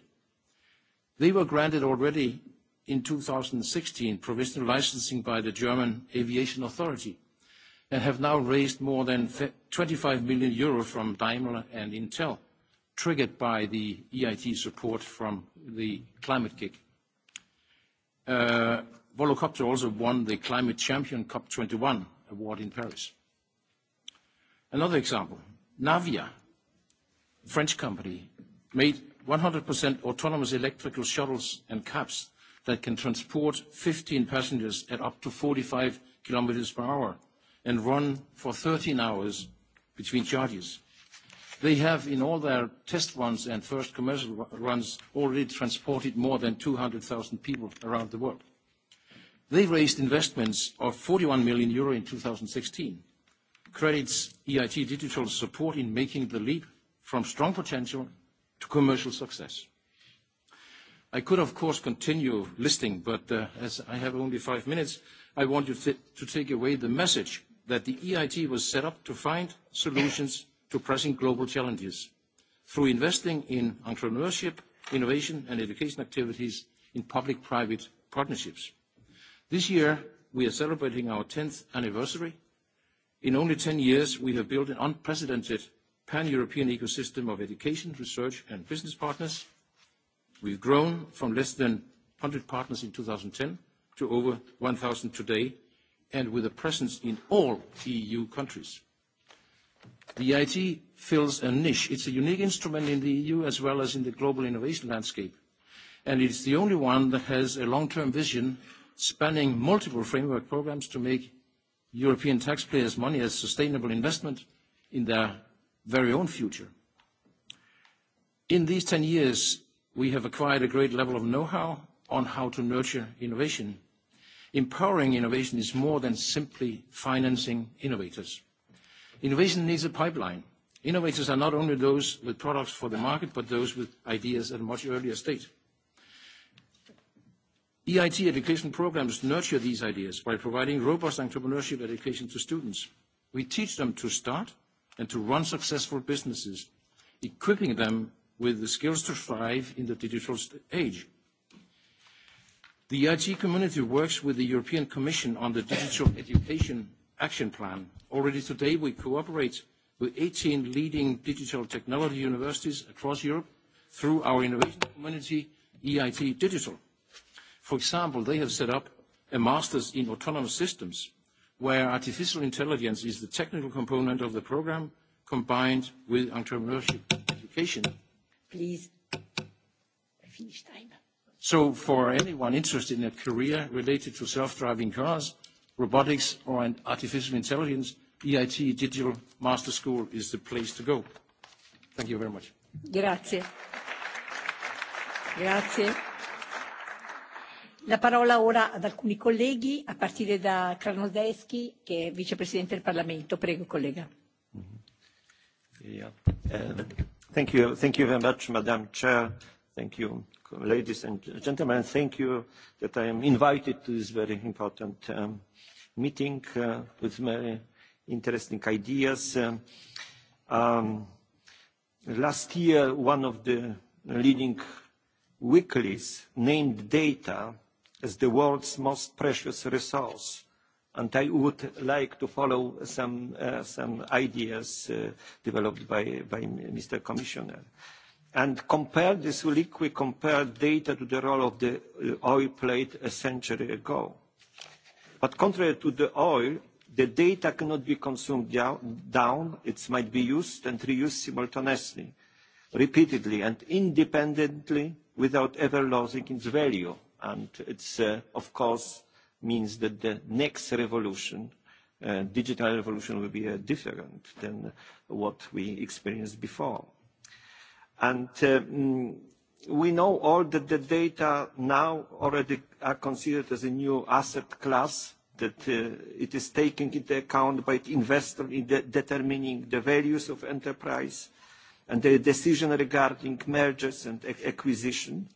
They were granted already in 2016 provisional licensing by the German Aviation Authority and have now raised more than 25 million euro from Daimler and Intel, triggered by the EIT support from the climate kick. Uh, Volocopter also won the Climate Champion COP21 award in Paris. Another example, Navia, French company, made 100% autonomous electrical shuttles and cabs that can transport 15 passengers at up to 45 kilometers per hour and run for 13 hours between charges. They have, in all their test runs and first commercial runs, already transported more than 200,000 people around the world. They raised investments of 41 million euro in 2016. Credits EIT Digital support in making the leap from strong potential to commercial success. I could, of course, continue listing, but uh, as I have only five minutes, I want you to take away the message that the EIT was set up to find solutions to pressing global challenges through investing in entrepreneurship, innovation, and education activities in public-private partnerships. This year, we are celebrating our 10th anniversary. In only 10 years, we have built an unprecedented pan-European ecosystem of education, research, and business partners. We've grown from less than 100 partners in 2010 to over 1,000 today, and with a presence in all EU countries. The EIT fills a niche. It's a unique instrument in the EU as well as in the global innovation landscape, and it's the only one that has a long-term vision spanning multiple framework programs to make European taxpayers' money a sustainable investment in their very own future. In these 10 years, we have acquired a great level of know-how on how to nurture innovation. Empowering innovation is more than simply financing innovators. Innovation needs a pipeline. Innovators are not only those with products for the market, but those with ideas at a much earlier stage. EIT education programs nurture these ideas by providing robust entrepreneurship education to students. We teach them to start and to run successful businesses, equipping them with the skills to thrive in the digital age. The EIT community works with the European Commission on the Digital Education Action Plan. Already today, we cooperate with 18 leading digital technology universities across Europe through our innovation community, EIT Digital. For example, they have set up a master's in autonomous systems, where artificial intelligence is the technical component of the program, combined with entrepreneurship education. Please, finish time. So for anyone interested in a career related to self-driving cars, robotics, or an artificial intelligence, EIT Digital Master School is the place to go. Thank you very much. Grazie. Grazie. La parola ora ad alcuni colleghi, a partire da Krasnodeschi, che è vicepresidente del Parlamento. Prego, collega. Mm-hmm. Yeah. Uh, thank you. Thank you very much, Madam Chair. Thank you, ladies and gentlemen. Thank you that I am invited to this very important um, meeting uh, with very interesting ideas. Uh, um, last year, one of the leading weeklies named data is the world's most precious resource. And I would like to follow some, uh, some ideas uh, developed by, by Mr. Commissioner. And compare this liquid, compare data to the role of the uh, oil played a century ago. But contrary to the oil, the data cannot be consumed down. It might be used and reused simultaneously, repeatedly and independently without ever losing its value and it uh, of course means that the next revolution uh, digital revolution will be uh, different than what we experienced before and um, we know all that the data now already are considered as a new asset class that uh, it is taken into account by the investor in de determining the values of enterprise and the decision regarding mergers and acquisitions.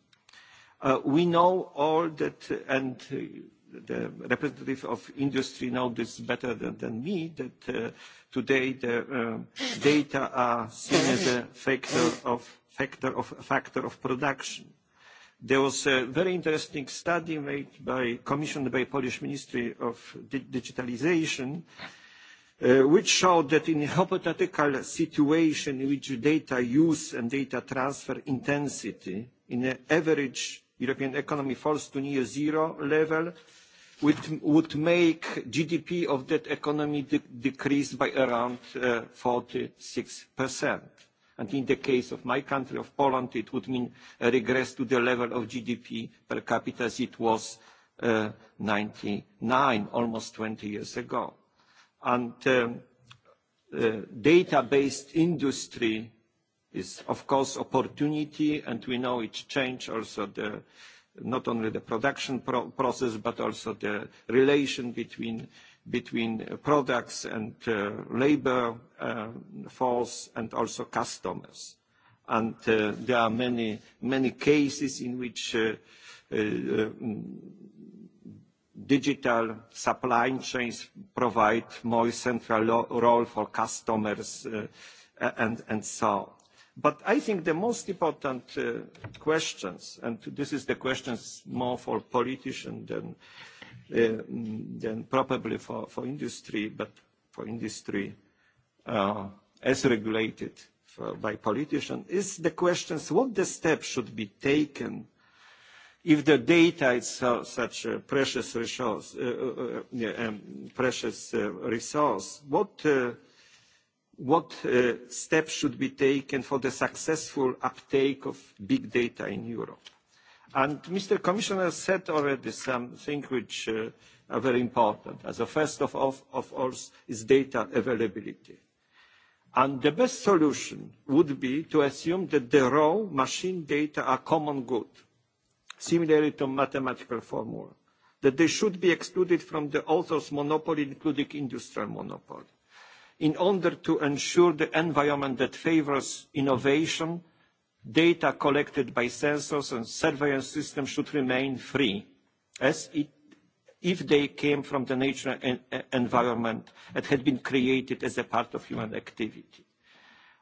Uh, we know all that, uh, and uh, the representative of industry know this better than, than me, that today the um, data are seen as a factor of, factor of, factor of production. There was a very interesting study made by, commissioned by Polish Ministry of D Digitalization, uh, which showed that in a hypothetical situation in which data use and data transfer intensity in an average European economy falls to near zero level which would make GDP of that economy de decrease by around uh, 46%. And in the case of my country, of Poland, it would mean a regress to the level of GDP per capita as it was uh, 99, almost 20 years ago. And um, uh, data-based industry is of course opportunity, and we know it change also the not only the production pro process, but also the relation between between uh, products and uh, labor uh, force and also customers. And uh, There are many many cases in which uh, uh, um, digital supply chains provide more central role for customers and, and so on. I think the most important uh, questions, and this is the questions more for politician than, uh, probably for, industry, but for industry uh, as regulated by politician, is the questions what the steps should be taken if the data is so, such a precious resource, um, precious resource, what what uh, steps should be taken for the successful uptake of big data in Europe. And Mr. Commissioner said already something which uh, are very important. As a first of all, of is data availability. And the best solution would be to assume that the raw machine data are common good, similarly to mathematical formula, that they should be excluded from the author's monopoly, including industrial monopoly in order to ensure the environment that favours innovation data collected by sensors and surveillance systems should remain free as it, if they came from the natural e, environment that had been created as a part of human activity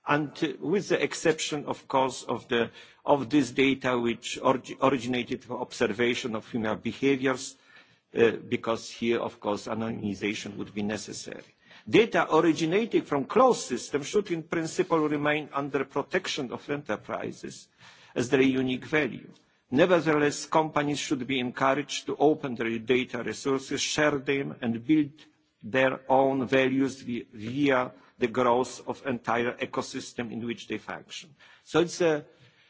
and with the exception of course of, the, of this data which orig originated from observation of human behaviours uh, because here of course anonymisation would be necessary Data originating from closed systems should in principle remain under protection of enterprises as their unique value. Nevertheless, companies should be encouraged to open their data resources, share them, and build their own values via the growth of entire ecosystem in which they function. So it's a, uh,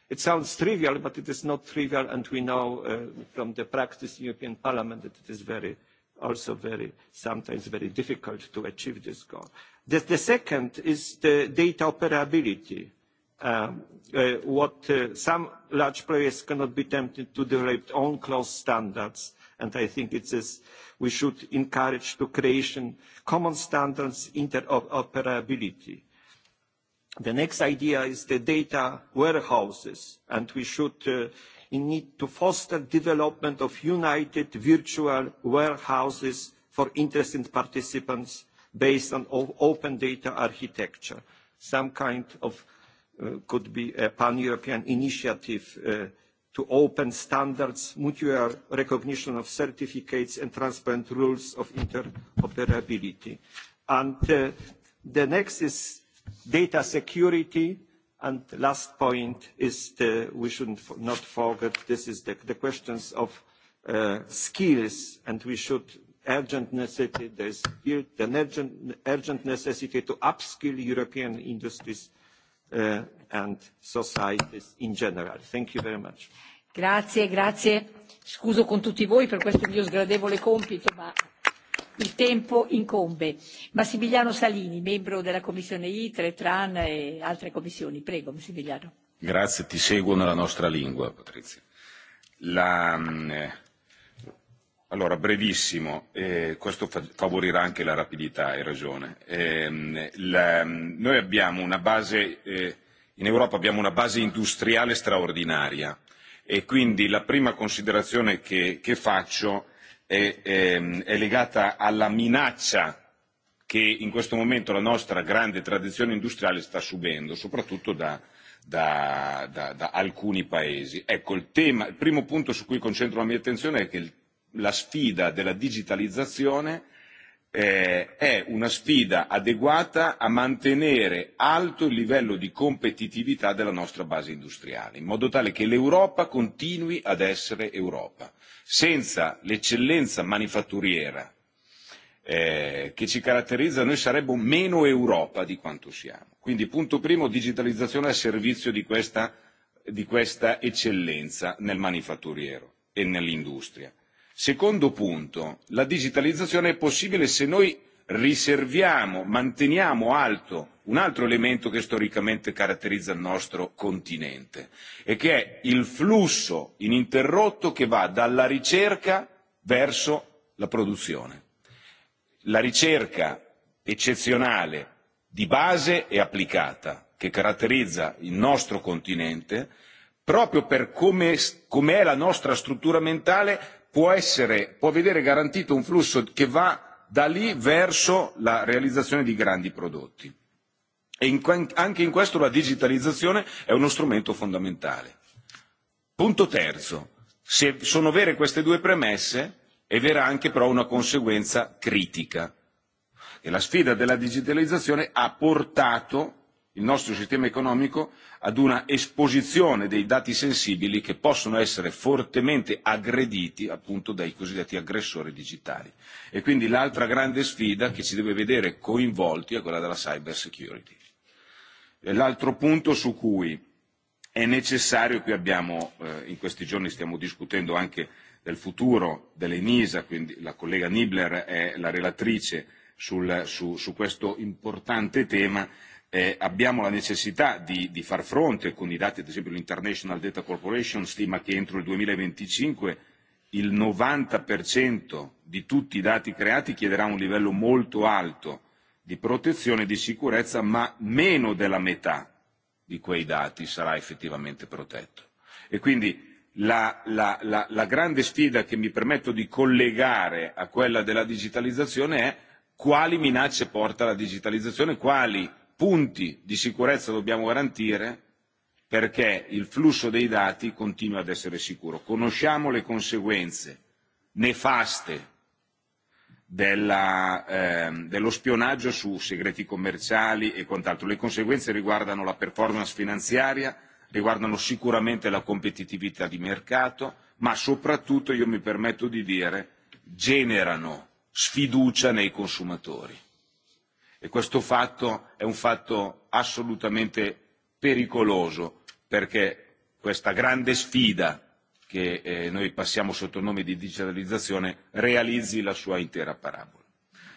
it sounds trivial, but it is not trivial, and we know uh, from the practice in European Parliament that it is very also very, sometimes very difficult to achieve this goal. The, the second is the data operability. Um, uh, what uh, some large players cannot be tempted to develop own closed standards, and I think it is we should encourage the creation common standards interoperability. The next idea is the data warehouses, and we should uh, in need to foster development of united virtual warehouses for interested participants based on open data architecture. Some kind of uh, could be a pan-European initiative uh, to open standards, mutual recognition of certificates and transparent rules of interoperability. And uh, the next is data security the last point is the, we should not forget, this is the, questions of uh, skills, and we should urgent necessity, there's here an urgent, necessity to upskill European industries uh, and societies in general. Thank you very much. Grazie, grazie. Scuso con tutti voi per questo mio sgradevole compito, ma il tempo incombe. Massimiliano Salini, membro della Commissione ITRE, TRAN e altre commissioni. Prego, Massimiliano. Grazie, ti seguo nella nostra lingua, Patrizia. La, mm, eh, allora, brevissimo, eh, questo fa- favorirà anche la rapidità, hai ragione. Eh, la, mm, noi abbiamo una base, eh, in Europa abbiamo una base industriale straordinaria e quindi la prima considerazione che, che faccio è, è, ehm, è legata alla minaccia che in questo momento la nostra grande tradizione industriale sta subendo, soprattutto da, da, da, da alcuni paesi. Ecco, il, tema, il primo punto su cui concentro la mia attenzione è che il, la sfida della digitalizzazione eh, è una sfida adeguata a mantenere alto il livello di competitività della nostra base industriale, in modo tale che l'Europa continui ad essere Europa. Senza l'eccellenza manifatturiera eh, che ci caratterizza noi saremmo meno Europa di quanto siamo. Quindi punto primo, digitalizzazione a servizio di questa, di questa eccellenza nel manifatturiero e nell'industria. Secondo punto, la digitalizzazione è possibile se noi riserviamo, manteniamo alto un altro elemento che storicamente caratterizza il nostro continente e che è il flusso ininterrotto che va dalla ricerca verso la produzione. La ricerca eccezionale di base e applicata che caratterizza il nostro continente, proprio per come, come è la nostra struttura mentale, può, essere, può vedere garantito un flusso che va da lì verso la realizzazione di grandi prodotti. E in, anche in questo la digitalizzazione è uno strumento fondamentale. Punto terzo. Se sono vere queste due premesse, è vera anche però una conseguenza critica. E la sfida della digitalizzazione ha portato il nostro sistema economico ad una esposizione dei dati sensibili che possono essere fortemente aggrediti appunto dai cosiddetti aggressori digitali. E quindi l'altra grande sfida che ci deve vedere coinvolti è quella della cyber security. E L'altro punto su cui è necessario, qui abbiamo eh, in questi giorni stiamo discutendo anche del futuro dell'ENISA, quindi la collega Nibler è la relatrice sul, su, su questo importante tema Eh, abbiamo la necessità di, di far fronte con i dati, ad esempio l'International Data Corporation stima che entro il 2025 il 90% di tutti i dati creati chiederà un livello molto alto di protezione e di sicurezza, ma meno della metà di quei dati sarà effettivamente protetto. E quindi la, la, la, la grande sfida che mi permetto di collegare a quella della digitalizzazione è quali minacce porta la digitalizzazione, quali punti di sicurezza dobbiamo garantire perché il flusso dei dati continua ad essere sicuro. Conosciamo le conseguenze nefaste della, ehm, dello spionaggio su segreti commerciali e quant'altro. Le conseguenze riguardano la performance finanziaria, riguardano sicuramente la competitività di mercato, ma soprattutto, io mi permetto di dire, generano sfiducia nei consumatori e questo fatto è un fatto assolutamente pericoloso perché questa grande sfida che eh, noi passiamo sotto il nome di digitalizzazione realizzi la sua intera parabola.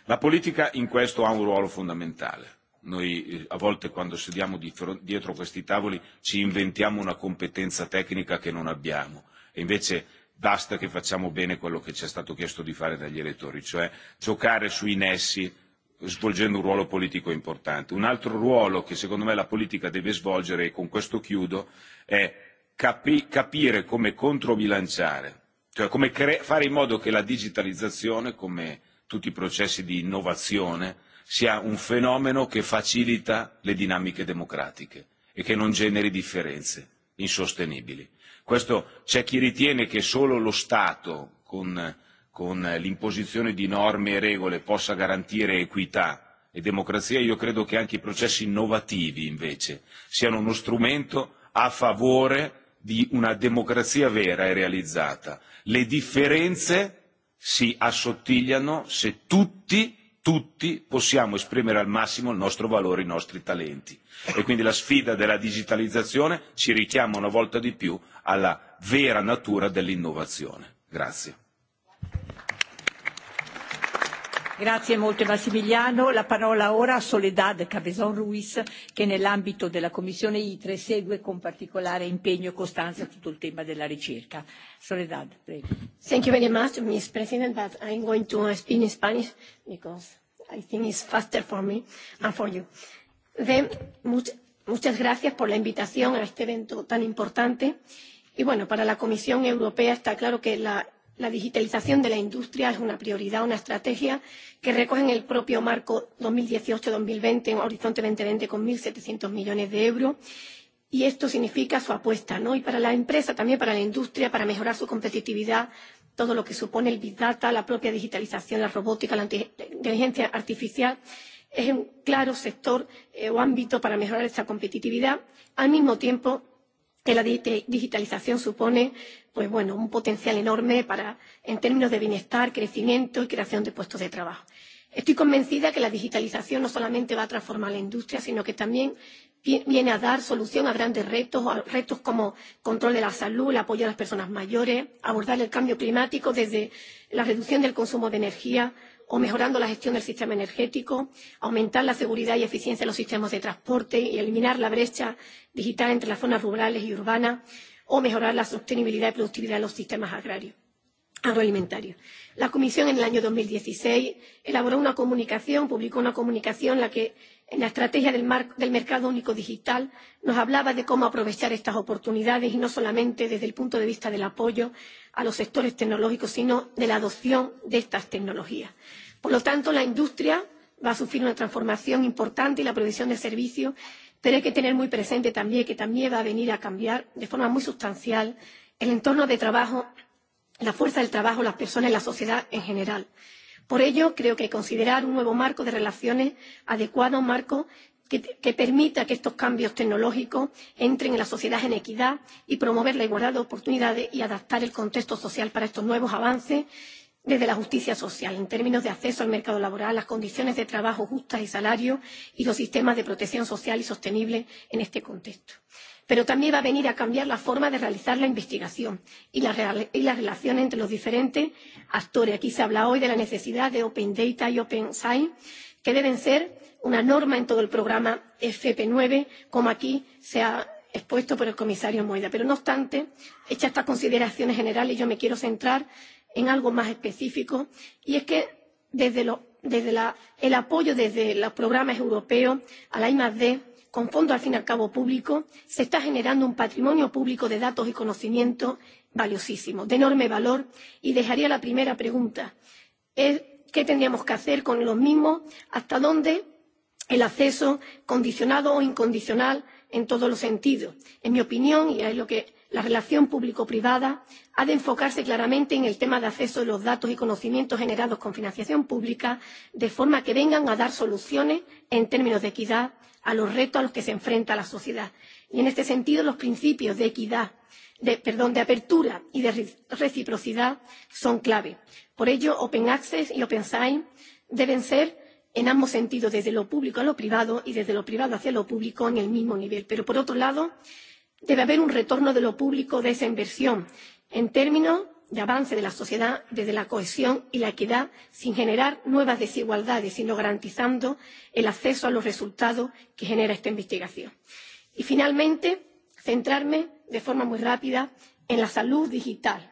La politica in questo ha un ruolo fondamentale. Noi eh, a volte quando sediamo di dietro questi tavoli ci inventiamo una competenza tecnica che non abbiamo e invece basta che facciamo bene quello che ci è stato chiesto di fare dagli elettori, cioè giocare sui nessi svolgendo un ruolo politico importante. Un altro ruolo che secondo me la politica deve svolgere, e con questo chiudo, è capi- capire come controbilanciare, cioè come cre- fare in modo che la digitalizzazione, come tutti i processi di innovazione, sia un fenomeno che facilita le dinamiche democratiche e che non generi differenze insostenibili. Questo c'è chi ritiene che solo lo Stato con con l'imposizione di norme e regole possa garantire equità e democrazia, io credo che anche i processi innovativi invece siano uno strumento a favore di una democrazia vera e realizzata. Le differenze si assottigliano se tutti tutti possiamo esprimere al massimo il nostro valore, i nostri talenti. E quindi la sfida della digitalizzazione ci richiama una volta di più alla vera natura dell'innovazione. Grazie. Grazie molte Massimiliano. La parola ora a Soledad Cabezón Ruiz che nell'ambito della Commissione ITRE segue con particolare impegno e costanza tutto il tema della ricerca. Soledad, prego. Thank you very much, Ms. President, but I'm going to speak in Spanish because I think it's faster for me and for you. De, much, muchas gracias por la invitación a este evento tan importante. Y bueno, para la Comisión Europea está claro que la la digitalización de la industria es una prioridad, una estrategia que recoge en el propio marco dos dos mil dieciocho mil veinte en Horizonte dos mil veinte con uno setecientos millones de euros. Y esto significa su apuesta, ¿no? Y para la empresa, también para la industria, para mejorar su competitividad, todo lo que supone el Big Data, la propia digitalización, la robótica, la inteligencia artificial, es un claro sector eh, o ámbito para mejorar esa competitividad, al mismo tiempo que la digitalización supone pues bueno, un potencial enorme para, en términos de bienestar, crecimiento y creación de puestos de trabajo. Estoy convencida de que la digitalización no solamente va a transformar la industria, sino que también viene a dar solución a grandes retos, a retos como el control de la salud, el apoyo a las personas mayores, abordar el cambio climático desde la reducción del consumo de energía, o mejorando la gestión del sistema energético, aumentar la seguridad y eficiencia de los sistemas de transporte y eliminar la brecha digital entre las zonas rurales y urbanas, o mejorar la sostenibilidad y productividad de los sistemas agrarios agroalimentario. La Comisión en el año 2016 elaboró una comunicación, publicó una comunicación en la que en la estrategia del, mar, del mercado único digital nos hablaba de cómo aprovechar estas oportunidades y no solamente desde el punto de vista del apoyo a los sectores tecnológicos, sino de la adopción de estas tecnologías. Por lo tanto, la industria va a sufrir una transformación importante y la provisión de servicios, pero hay que tener muy presente también que también va a venir a cambiar de forma muy sustancial el entorno de trabajo, la fuerza del trabajo, las personas y la sociedad en general. Por ello, creo que considerar un nuevo marco de relaciones adecuado, un marco que, que permita que estos cambios tecnológicos entren en la sociedad en equidad y promover la igualdad de oportunidades y adaptar el contexto social para estos nuevos avances desde la justicia social en términos de acceso al mercado laboral, las condiciones de trabajo justas y salarios y los sistemas de protección social y sostenible en este contexto. Pero también va a venir a cambiar la forma de realizar la investigación y la, y la relación entre los diferentes actores. Aquí se habla hoy de la necesidad de Open Data y Open Science, que deben ser una norma en todo el programa FP9, como aquí se ha expuesto por el comisario Moedas. Pero no obstante, hechas estas consideraciones generales, yo me quiero centrar en algo más específico y es que desde, el apoyo desde los programas europeos a la I+D con fondos al fin y al cabo públicos, se está generando un patrimonio público de datos y conocimientos valiosísimo, de enorme valor. Y dejaría la primera pregunta. ¿Qué tendríamos que hacer con los mismos? ¿Hasta dónde el acceso condicionado o incondicional en todos los sentidos. En mi opinión, y es lo que la relación público privada ha de enfocarse claramente en el tema de acceso a los datos y conocimientos generados con financiación pública de forma que vengan a dar soluciones en términos de equidad a los retos a los que se enfrenta la sociedad y en este sentido los principios de equidad de, perdón, de apertura y de reciprocidad son clave. Por ello, Open Access y Open Science deben ser en ambos sentidos, desde lo público a lo privado y desde lo privado hacia lo público en el mismo nivel. Pero, por otro lado, debe haber un retorno de lo público de esa inversión en términos de avance de la sociedad desde la cohesión y la equidad sin generar nuevas desigualdades, sino garantizando el acceso a los resultados que genera esta investigación. Y, finalmente, centrarme de forma muy rápida en la salud digital,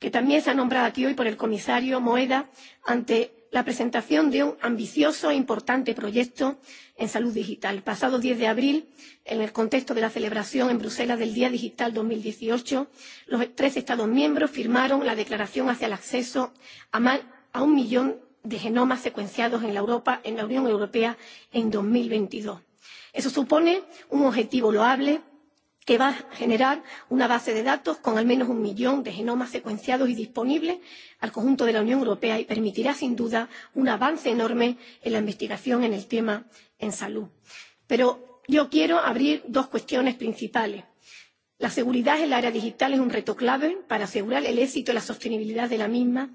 que también se ha nombrado aquí hoy por el comisario Moedas ante la presentación de un ambicioso e importante proyecto en salud digital. El pasado 10 de abril, en el contexto de la celebración en Bruselas del Día Digital 2018, los tres Estados miembros firmaron la Declaración hacia el acceso a, más, a un millón de genomas secuenciados en la, Europa, en la Unión Europea en 2022. Eso supone un objetivo loable que va a generar una base de datos con al menos un millón de genomas secuenciados y disponibles al conjunto de la Unión Europea y permitirá, sin duda, un avance enorme en la investigación en el tema en salud. Pero yo quiero abrir dos cuestiones principales. La seguridad en la área digital es un reto clave para asegurar el éxito y la sostenibilidad de la misma.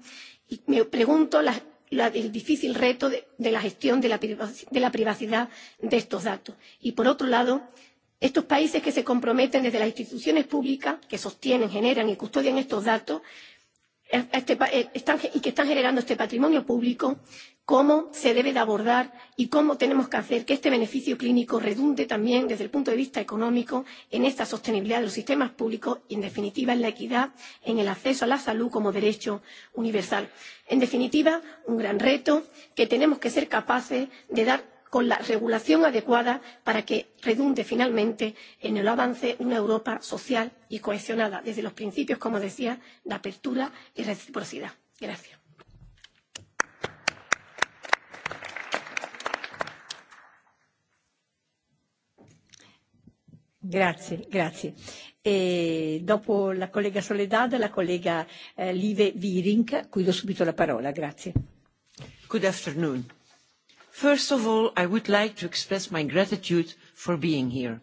Y me pregunto las la, el difícil reto de, de la gestión de la, de la privacidad de estos datos. Y por otro lado, Estos países que se comprometen desde las instituciones públicas, que sostienen, generan y custodian estos datos, eh, este, eh, están, y que están generando este patrimonio público, cómo se debe de abordar y cómo tenemos que hacer que este beneficio clínico redunde también desde el punto de vista económico en esta sostenibilidad de los sistemas públicos y, en definitiva, en la equidad en el acceso a la salud como derecho universal. En definitiva, un gran reto que tenemos que ser capaces de dar con la regulación adecuada para que redunde finalmente en el avance de una Europa social y cohesionada desde los principios, como decía, de apertura y reciprocidad. Gracias. Grazie, grazie. E dopo la collega Soledad, la collega eh, Live Wierink, cui do subito la parola. Grazie. Good afternoon. First of all, I would like to express my gratitude for being here.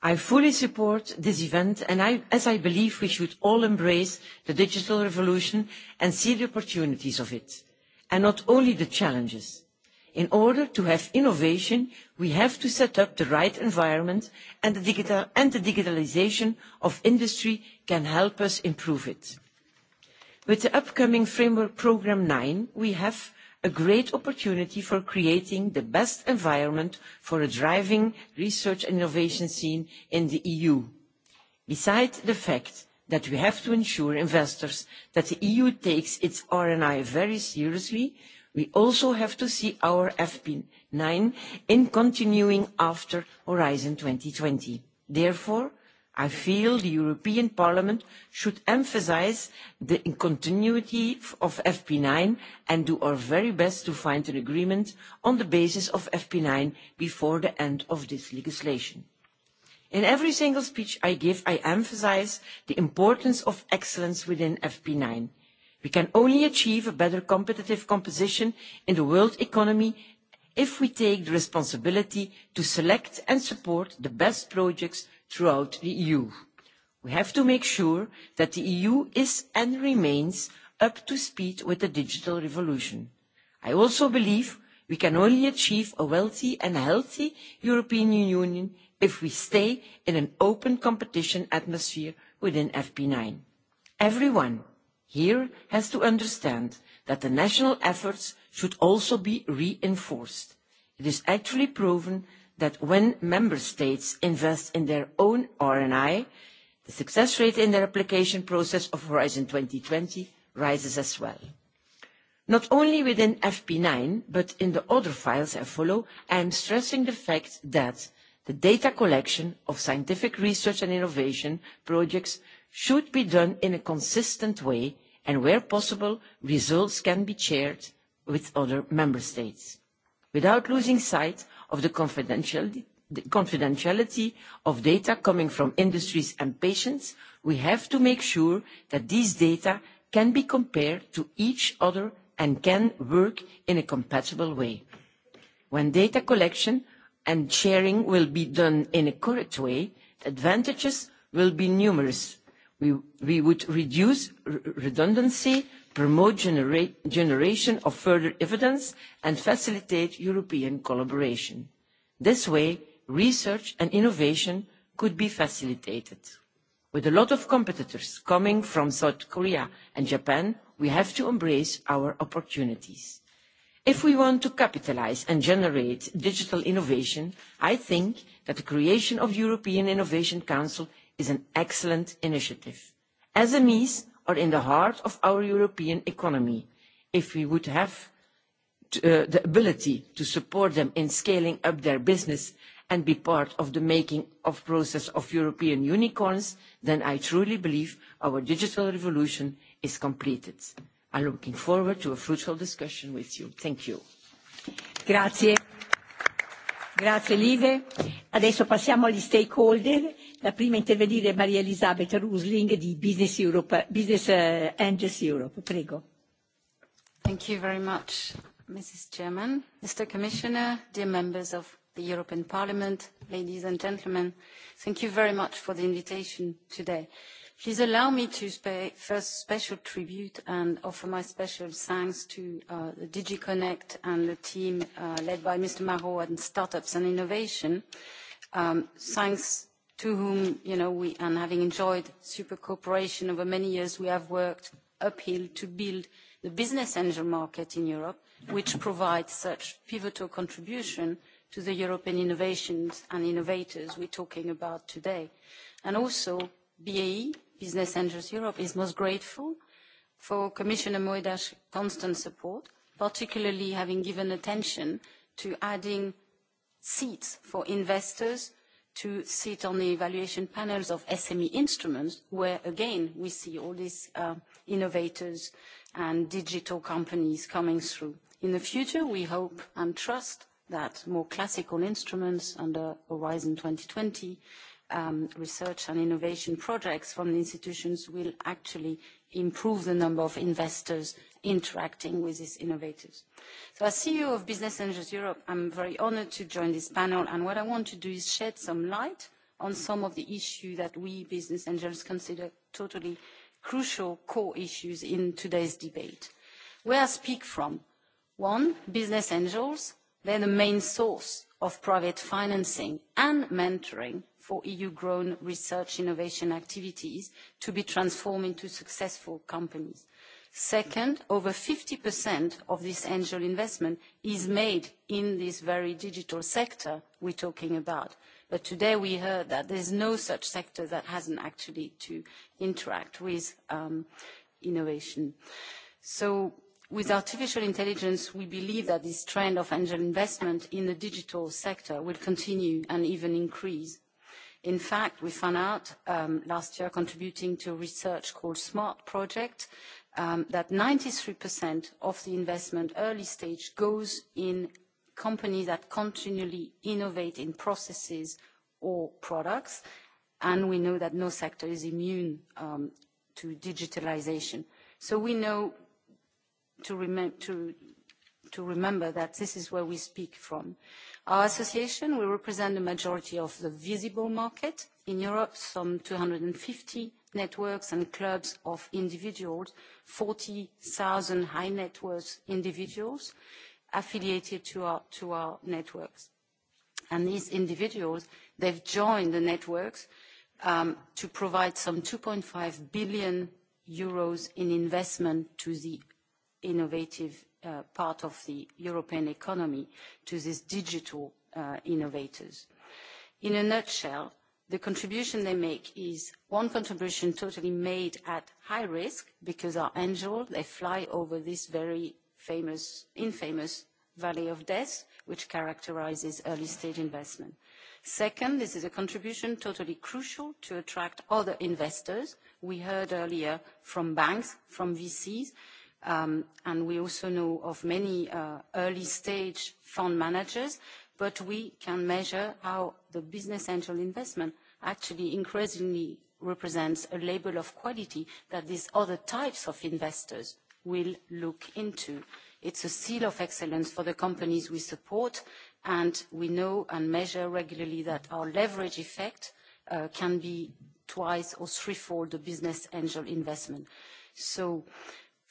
I fully support this event and as I believe we should all embrace the digital revolution and see the opportunities of it, and not only the challenges. In order to have innovation, we have to set up the right environment and the, digitalisation and the digitalization of industry can help us improve it. With the upcoming Framework Programme 9, we have a great opportunity for creating the best environment for a driving research and innovation scene in the EU. Besides the fact that we have to ensure investors that the EU takes its R&I very seriously, we also have to see our FP9 in continuing after Horizon 2020. Therefore, i feel the European Parliament should emphasise the continuity of FP9 and do our very best to find an agreement on the basis of FP9 before the end of this legislation. In every single speech I give, I emphasise the importance of excellence within FP9. We can only achieve a better competitive composition in the world economy if we take the responsibility to select and support the best projects throughout the EU. We have to make sure that the EU is and remains up to speed with the digital revolution. I also believe we can only achieve a wealthy and healthy European Union if we stay in an open competition atmosphere within FP9. Everyone here has to understand that the national efforts should also be reinforced. It is actually proven that when member states invest in their own RNI, the success rate in their application process of Horizon 2020 rises as well. Not only within FP9, but in the other files I follow, I am stressing the fact that the data collection of scientific research and innovation projects should be done in a consistent way, and where possible, results can be shared with other member states, without losing sight of the confidentiality, of data coming from industries and patients, we have to make sure that these data can be compared to each other and can work in a compatible way. When data collection and sharing will be done in a correct way, advantages will be numerous. we would reduce redundancy, promote generation of further evidence and facilitate European collaboration. This way, research and innovation could be facilitated. With a lot of competitors coming from South Korea and Japan, we have to embrace our opportunities. If we want to capitalise and generate digital innovation, I think that the creation of the European Innovation Council is an excellent initiative. SMEs are in the heart of our European economy. If we would have uh, the ability to support them in scaling up their business and be part of the making of process of European unicorns, then I truly believe our digital revolution is completed. i am looking forward to a fruitful discussion with you. Grazie Live. Adesso passiamo agli stakeholder. La prima a intervenire è Maria Elisabeth Rusling di Business, Europe, Business eh, Angels Europe. Prego. Thank you very much, Mrs. Chairman, Mr. Commissioner, dear members of the European Parliament, ladies and gentlemen, thank you very much for the invitation today. Please allow me to pay first special tribute and offer my special thanks to uh, the DigiConnect and the team uh, led by Mr. Marot and Startups and Innovation, um, thanks to whom, you know, we, and having enjoyed super cooperation over many years, we have worked uphill to build the business angel market in Europe, which provides such pivotal contribution to the European innovations and innovators we're talking about today. And also, BAE Business Angels Europe is most grateful for Commissioner Moedas' constant support, particularly having given attention to adding seats for investors to sit on the evaluation panels of SME instruments, where again, we see all these uh, innovators and digital companies coming through. In the future, we hope and trust that more classical instruments under Horizon 2020 Um, research and innovation projects from the institutions will actually improve the number of investors interacting with these innovators. So as CEO of Business Angels Europe, I'm very honored to join this panel, and what I want to do is shed some light on some of the issues that we business angels consider totally crucial core issues in today's debate. Where I speak from, one, business angels, they're the main source of private financing and mentoring for EU-grown research innovation activities to be transformed into successful companies. Second, over 50% of this angel investment is made in this very digital sector we're talking about. But today we heard that there's no such sector that hasn't actually to interact with um, innovation. So with artificial intelligence, we believe that this trend of angel investment in the digital sector will continue and even increase In fact, we found out um, last year, contributing to research called SMART Project, um, that 93% of the investment early stage goes in companies that continually innovate in processes or products, and we know that no sector is immune um, to digitalization. So we know to, remem to, to remember that this is where we speak from. Uh, Our association, we represent the majority of the visible market in Europe, some 250 networks and clubs of individuals, 40,000 high net worth individuals affiliated to our, to our networks. And these individuals, they've joined the networks um, to provide some 2.5 billion euros in investment to the innovative Uh, part of the European economy to these digital uh, innovators. In a nutshell, the contribution they make is one contribution totally made at high risk because our angel, they fly over this very famous, infamous valley of death, which characterizes early stage investment. Second, this is a contribution totally crucial to attract other investors. We heard earlier from banks, from VCs, Um, and we also know of many uh, early-stage fund managers, but we can measure how the business angel investment actually increasingly represents a label of quality that these other types of investors will look into. It's a seal of excellence for the companies we support, and we know and measure regularly that our leverage effect uh, can be twice or threefold the business angel investment. So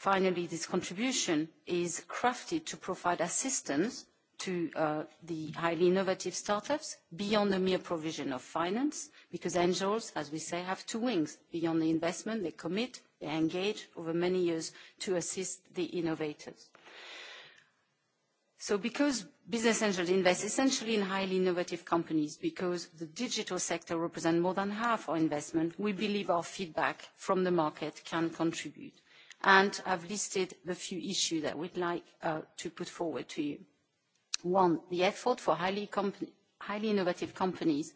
Finally, this contribution is crafted to provide assistance to uh, the highly innovative startups beyond the mere provision of finance, because angels, as we say, have two wings. Beyond the investment, they commit, they engage over many years to assist the innovators. So because business angels invest essentially in highly innovative companies, because the digital sector represents more than half our investment, we believe our feedback from the market can contribute and I've listed the few issues that we'd like uh, to put forward to you. One, the effort for highly, innovative companies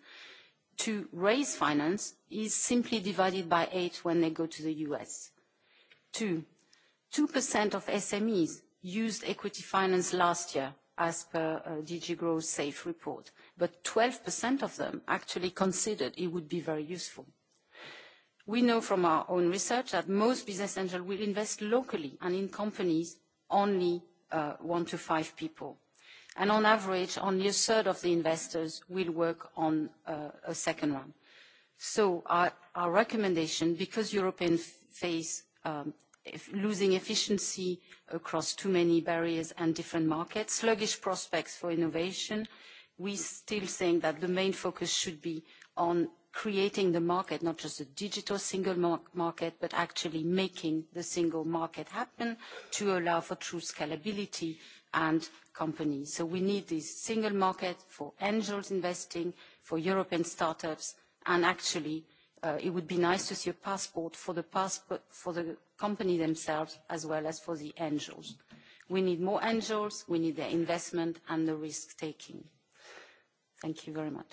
to raise finance is simply divided by eight when they go to the U.S. Two, 2% of SMEs used equity finance last year as per uh, DG Growth SAFE report, but 12% of them actually considered it would be very useful. We know from our own research that most business angels will invest locally and in companies only uh, one to five people. on average, only a third of the investors will work on uh, a second round. our, recommendation, because Europeans face um, losing efficiency across too many barriers and different markets, sluggish prospects for innovation, we still think that the main focus should be on creating the market, not just a digital single market, but actually making the single market happen to allow for true scalability and companies. So we need this single market for angels investing, for European startups, and actually uh, it would be nice to see a passport for the, passport for the company themselves as well as for the angels. We need more angels, we need their investment and the risk taking. Thank you very much.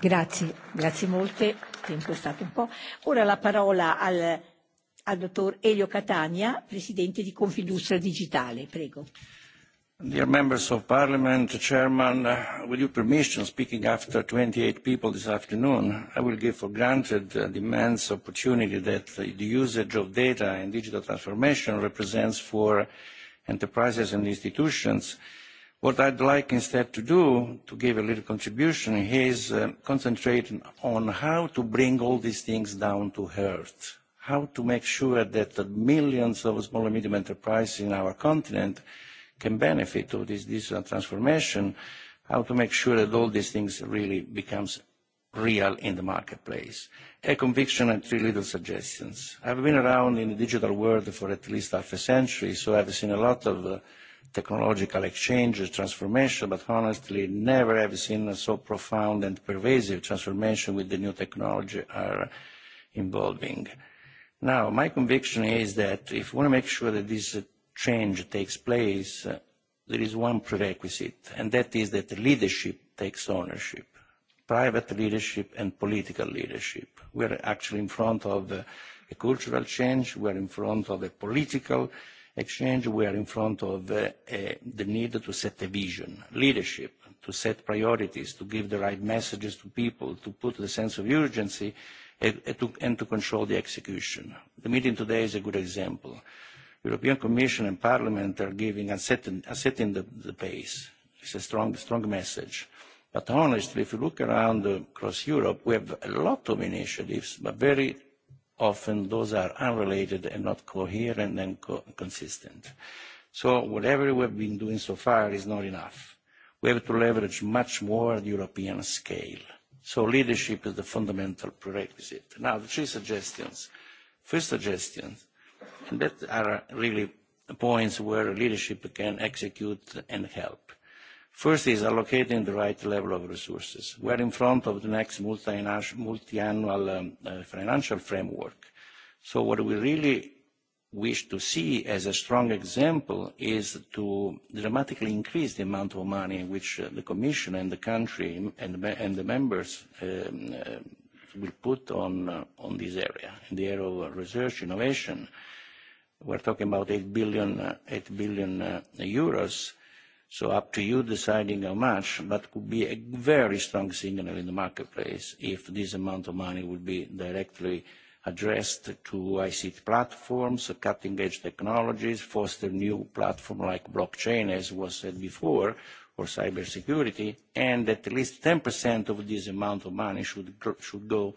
Grazie, grazie molte. Tempo è stato un po'. Ora la parola al, al dottor Elio Catania, presidente di Confindustria Digitale. Prego. Dear members of parliament, chairman, uh, with your permission, speaking after 28 people this afternoon, I will give for granted uh, the immense opportunity that uh, the usage of data and digital transformation represents for enterprises and institutions. What I'd like instead to do, to give a little contribution, is uh, concentrate on how to bring all these things down to earth, how to make sure that the millions of small and medium enterprises in our continent can benefit of this digital transformation, how to make sure that all these things really becomes real in the marketplace. A conviction and three little suggestions. I've been around in the digital world for at least half a century, so I've seen a lot of uh, technological exchange is transformation, but honestly, never have seen a so profound and pervasive transformation with the new technology are involving. Now, my conviction is that if we want to make sure that this change takes place, there is one prerequisite, and that is that leadership takes ownership, private leadership and political leadership. We are actually in front of a cultural change. We are in front of a political change exchange, we are in front of uh, uh, the need to set a vision, leadership, to set priorities, to give the right messages to people, to put the sense of urgency, uh, to, and to control the execution. The meeting today is a good example. European Commission and Parliament are giving and setting, are setting the, the pace. It's a strong, strong message. But honestly, if you look around uh, across Europe, we have a lot of initiatives, but very often those are unrelated and not coherent and co consistent. So whatever we've been doing so far is not enough. We have to leverage much more at European scale. So leadership is the fundamental prerequisite. Now, the three suggestions. First suggestion, and that are really points where leadership can execute and help. First is allocating the right level of resources. We are in front of the next multiannual um, uh, financial framework. So what we really wish to see as a strong example is to dramatically increase the amount of money which uh, the Commission and the country and, the members um, uh, will put on, this area, in the area of research, innovation. We're talking about 8 billion euros So up to you deciding how much, but could be a very strong signal in the marketplace if this amount of money would be directly addressed to ICT platforms, cutting-edge technologies, foster new platform like blockchain, as was said before, or cybersecurity, and at least 10% of this amount of money should, should go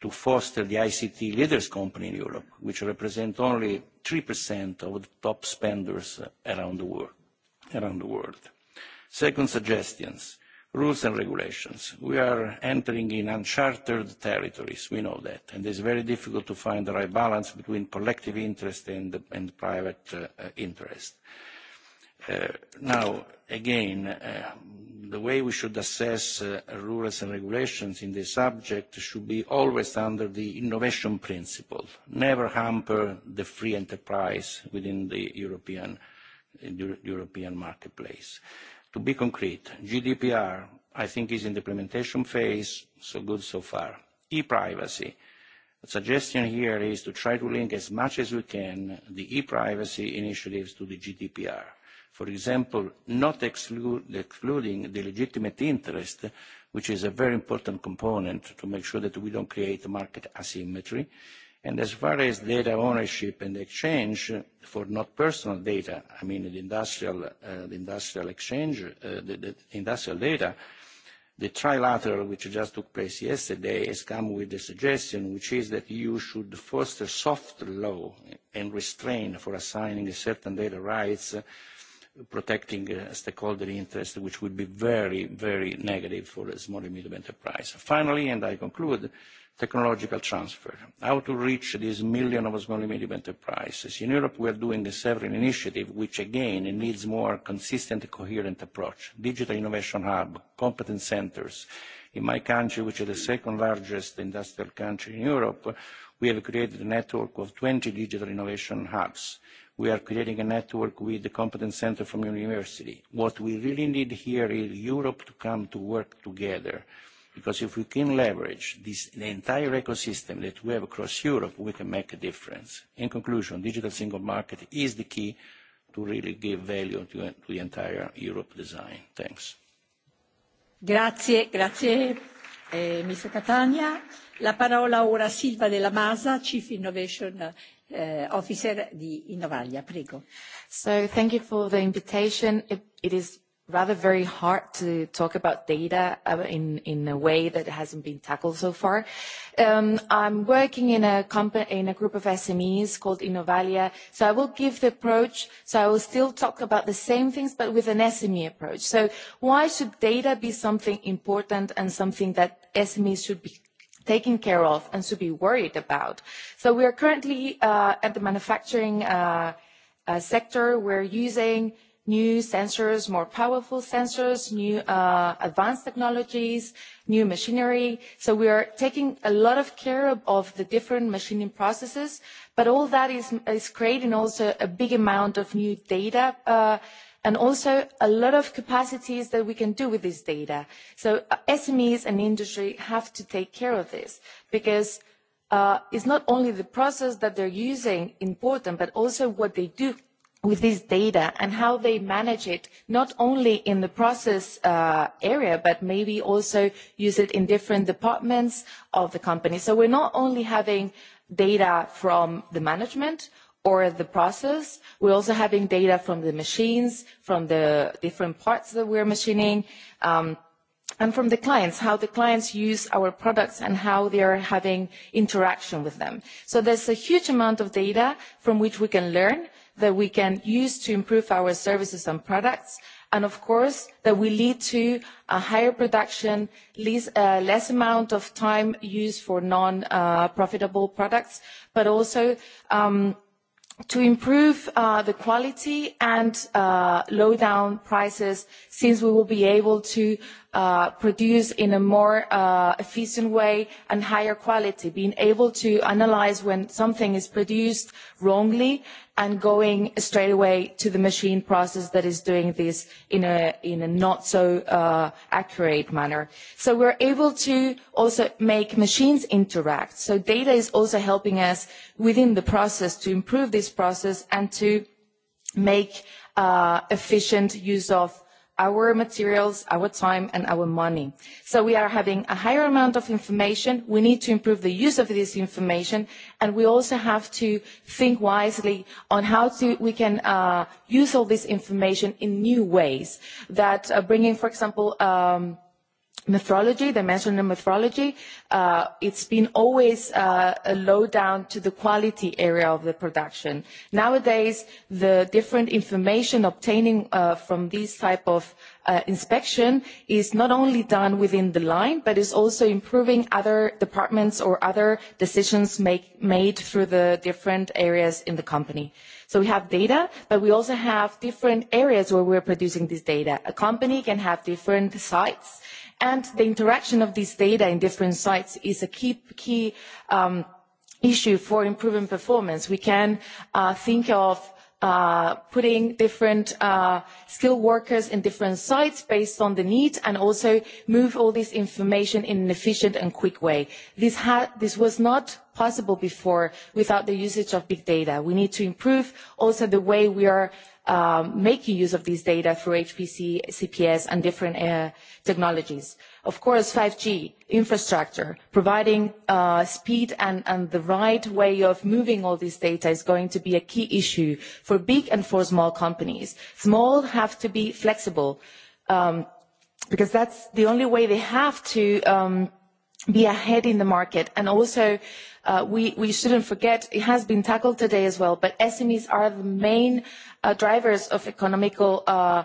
to foster the ICT leaders company in Europe, which represent only 3% of the top spenders around the world around the world. Second suggestions, rules and regulations. We are entering in uncharted territories, we know that, and it's very difficult to find the right balance between collective interest and, and private uh, uh interest. Uh, now, again, uh, the way we should assess uh, rules and regulations in this subject should be always under the innovation principle, never hamper the free enterprise within the European Union European marketplace. To be concrete, GDPR, I think, is in the implementation phase, so good so far. E-privacy. The suggestion here is to try to link as much as we can the e-privacy initiatives to the GDPR. For example, not exclude, excluding the legitimate interest, which is a very important component to make sure that we don't create market asymmetry, And as far as data ownership and exchange for not personal data, I mean the industrial, uh, the industrial exchange, uh, the, the industrial data, the trilateral which just took place yesterday has come with a suggestion which is that you should foster soft law and restraint for assigning certain data rights uh, protecting uh, stakeholder interest, which would be very, very negative for a small and medium enterprise. Finally, and I conclude, uh, technological transfer, how to reach these million of small and medium enterprises. In Europe, we are doing the several initiatives, which again needs more consistent, coherent approach. Digital Innovation Hub, competence centers. In my country, which is the second largest industrial country in Europe, we have created a network of 20 digital innovation hubs. We are creating a network with the competence center from university. What we really need here is Europe to come to work together Because if we can leverage this, the entire ecosystem that we have across Europe, we can make a difference. In conclusion, digital single market is the key to really give value to, to the entire Europe design. Thanks. Grazie, grazie eh, Mr. Catania. La parola ora a Silva Della Masa, Chief Innovation uh, Officer di Innovalia. Prego. So thank you for the invitation. It, it is rather very hard to talk about data uh, in, in a way that hasn't been tackled so far. Um, I'm working in a, company, in a group of SMEs called Innovalia, so I will give the approach, so I will still talk about the same things but with an SME approach. So why should data be something important and something that SMEs should be taken care of and should be worried about? So we are currently uh, at the manufacturing uh, uh, sector, we're using new sensors, more powerful sensors, new uh, advanced technologies, new machinery. So we are taking a lot of care of the different machining processes, but all that is, is creating also a big amount of new data uh, and also a lot of capacities that we can do with this data. So uh, SMEs and industry have to take care of this because uh, it's not only the process that they're using important, but also what they do with this data and how they manage it, not only in the process uh, area, but maybe also use it in different departments of the company. So we're not only having data from the management or the process, we're also having data from the machines, from the different parts that we're machining, um, and from the clients, how the clients use our products and how they are having interaction with them. So there's a huge amount of data from which we can learn that we can use to improve our services and products, and of course that will lead to a higher production, less, uh, less amount of time used for non-profitable uh, products, but also um, to improve uh, the quality and uh, low down prices since we will be able to uh, produce in a more uh, efficient way and higher quality, being able to analyze when something is produced wrongly and going straight away to the machine process that is doing this in a, in a not so uh, accurate manner. So we're able to also make machines interact. So data is also helping us within the process to improve this process and to make uh, efficient use of our materials, our time, and our money. So we are having a higher amount of information. We need to improve the use of this information, and we also have to think wisely on how to, we can uh, use all this information in new ways that uh, bringing, for example, um, methodology, the mentioned methodology, uh, it's been always uh, a low down to the quality area of the production. Nowadays, the different information obtaining uh, from these type of uh, inspection is not only done within the line, but is also improving other departments or other decisions make, made through the different areas in the company. So we have data, but we also have different areas where we're producing this data. A company can have different sites and the interaction of this data in different sites is a key, um, issue for improving performance. We can uh, think of uh, putting different uh, skilled workers in different sites based on the needs and also move all this information in an efficient and quick way. This, this was not possible before without the usage of big data. We need to improve also the way we are Uh, making use of these data through HPC, CPS, and different uh, technologies. Of course, 5G, infrastructure, providing uh, speed and, and the right way of moving all this data is going to be a key issue for big and for small companies. Small have to be flexible um, because that's the only way they have to um, be ahead in the market and also Uh, we, shouldn't forget, it has been tackled today as well, but SMEs are the main uh, drivers of economical uh,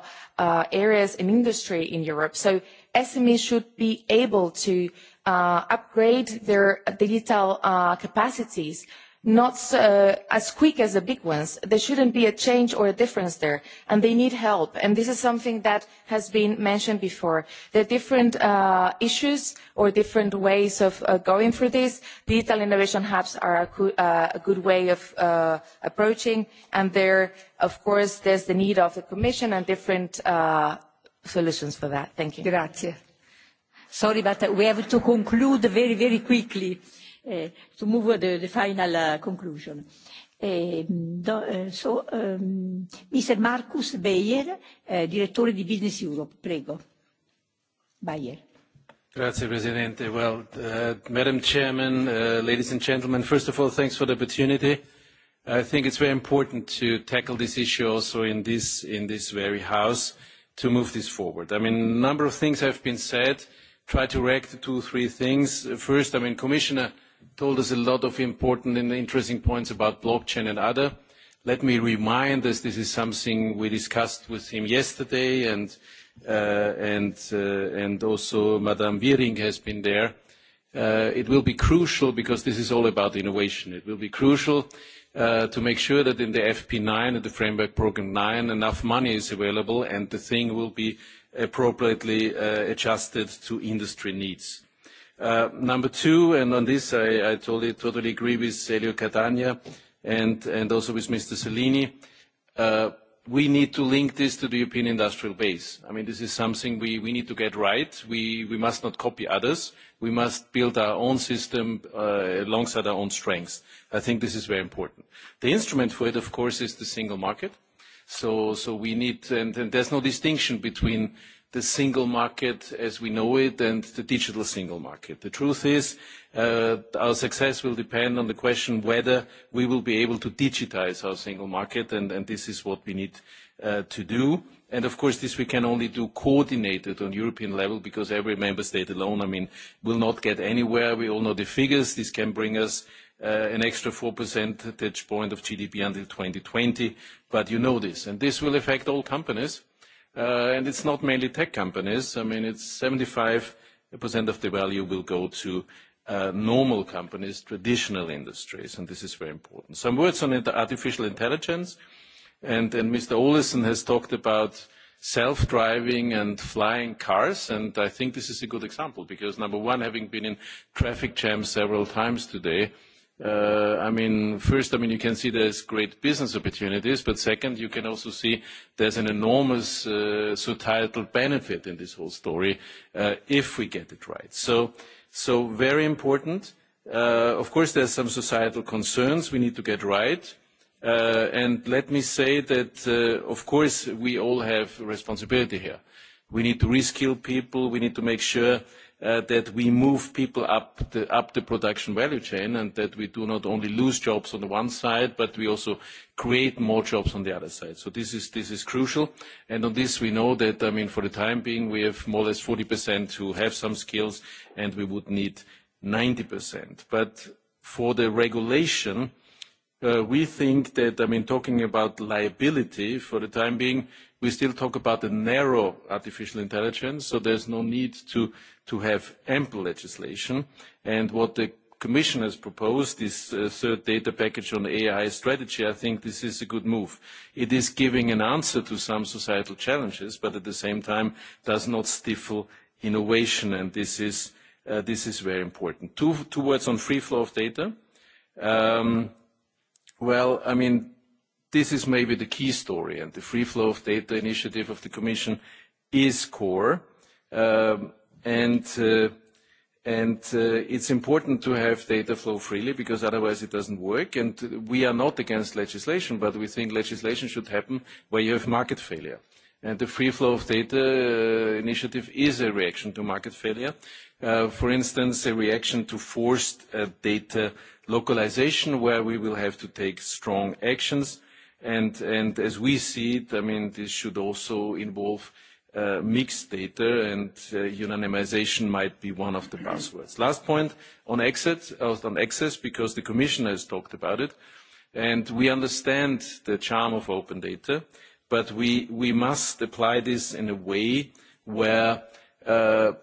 areas and industry in Europe. So SMEs should be able to upgrade their digital capacities capacities not uh, as quick as the big ones. There shouldn't be a change or a difference there, and they need help. And this is something that has been mentioned before. There are different uh, issues or different ways of uh, going through this. Digital innovation hubs are a, co- uh, a good way of uh, approaching, and there, of course, there's the need of the Commission and different uh, solutions for that. Thank you. Grazie. Sorry, but we have to conclude very, very quickly. Eh, to move the, the final uh, conclusion. Eh, do, eh, so, um, ehm, Mr. Markus Beyer, direttore di Business Europe, prego. Beyer. Grazie, Presidente. Well, uh, Madam Chairman, uh, ladies and gentlemen, first of all, thanks for the opportunity. I think it's very important to tackle this issue also in this, in this very house to move this forward. I mean, a number of things have been said. Try to react to two, three things. First, I mean, Commissioner, told us a lot of important and interesting points about blockchain and other. Let me remind us, this is something we discussed with him yesterday, and, uh, and, uh, and also Madame Wiering has been there. Uh, it will be crucial because this is all about innovation. It will be crucial Uh, to make sure that in the FP9 and the Framework Program 9, enough money is available and the thing will be appropriately uh, adjusted to industry needs. Uh, number two, and on this I, totally, agree with Elio Catania and, also with Mr. Cellini. Uh, we need to link this to the European industrial base. I mean, this is something we, need to get right. We, must not copy others. We must build our own system uh, alongside our own strengths. I think this is very important. The instrument for it, of course, is the single market. So, we need, and, and there's no distinction between the single market as we know it and the digital single market. The truth is, uh, our success will depend on the question whether we will be able to digitize our single market, and, this is what we need uh, to do. And of course, this we can only do coordinated on European level because every member state alone, I mean, will not get anywhere. We all know the figures. This can bring us uh, an extra 4 percentage point of GDP until 2020, but you know this. And this will affect all companies, Uh, and it's not mainly tech companies. I mean, it's 75% of the value will go to uh, normal companies, traditional industries, and this is very important. Some words on artificial intelligence, and, Mr. Olesen has talked about self-driving and flying cars, and I think this is a good example because, number one, having been in traffic jams several times today, Uh, I mean, first, I mean, you can see there's great business opportunities, but second, you can also see there's an enormous uh, societal benefit in this whole story, uh, if we get it right. So, so very important. Of course, there's some societal concerns we need to get right. And let me say that, of course, we all have responsibility here. We need to reskill people. We need to make sure Uh, that we move people up the, production value chain and that we do not only lose jobs on the one side, but we also create more jobs on the other side. So This is crucial. and On this, we know that, I mean, for the time being, we have more or less 40% who have some skills, and we would need 90%. But For the regulation, uh, we think that, I mean, talking about liability for the time being, we still talk about the narrow artificial intelligence, so there's no need to to have ample legislation. And what the Commission has proposed this uh, third data package on AI strategy, I think this is a good move. It is giving an answer to some societal challenges, but at the same time does not stifle innovation, and this is, uh, this is very important. Two, two words on free flow of data. Um, well, I mean, this is maybe the key story, and the free flow of data initiative of the Commission is core. Um, and uh, uh, it's important to have data flow freely because otherwise it doesn't work. And we are not against legislation, but we think legislation should happen where you have market failure. And the free flow of data uh, initiative is a reaction to market failure. for instance, a reaction to forced data localization, where we will have to take strong actions. And, as we see it, I mean, this should also involve Uh, mixed data and uh, unanimization might be one of the buzzwords. Last point on exit, uh, on access, because the commissioner has talked about it, and we understand the charm of open data, but we, must apply this in a way where uh,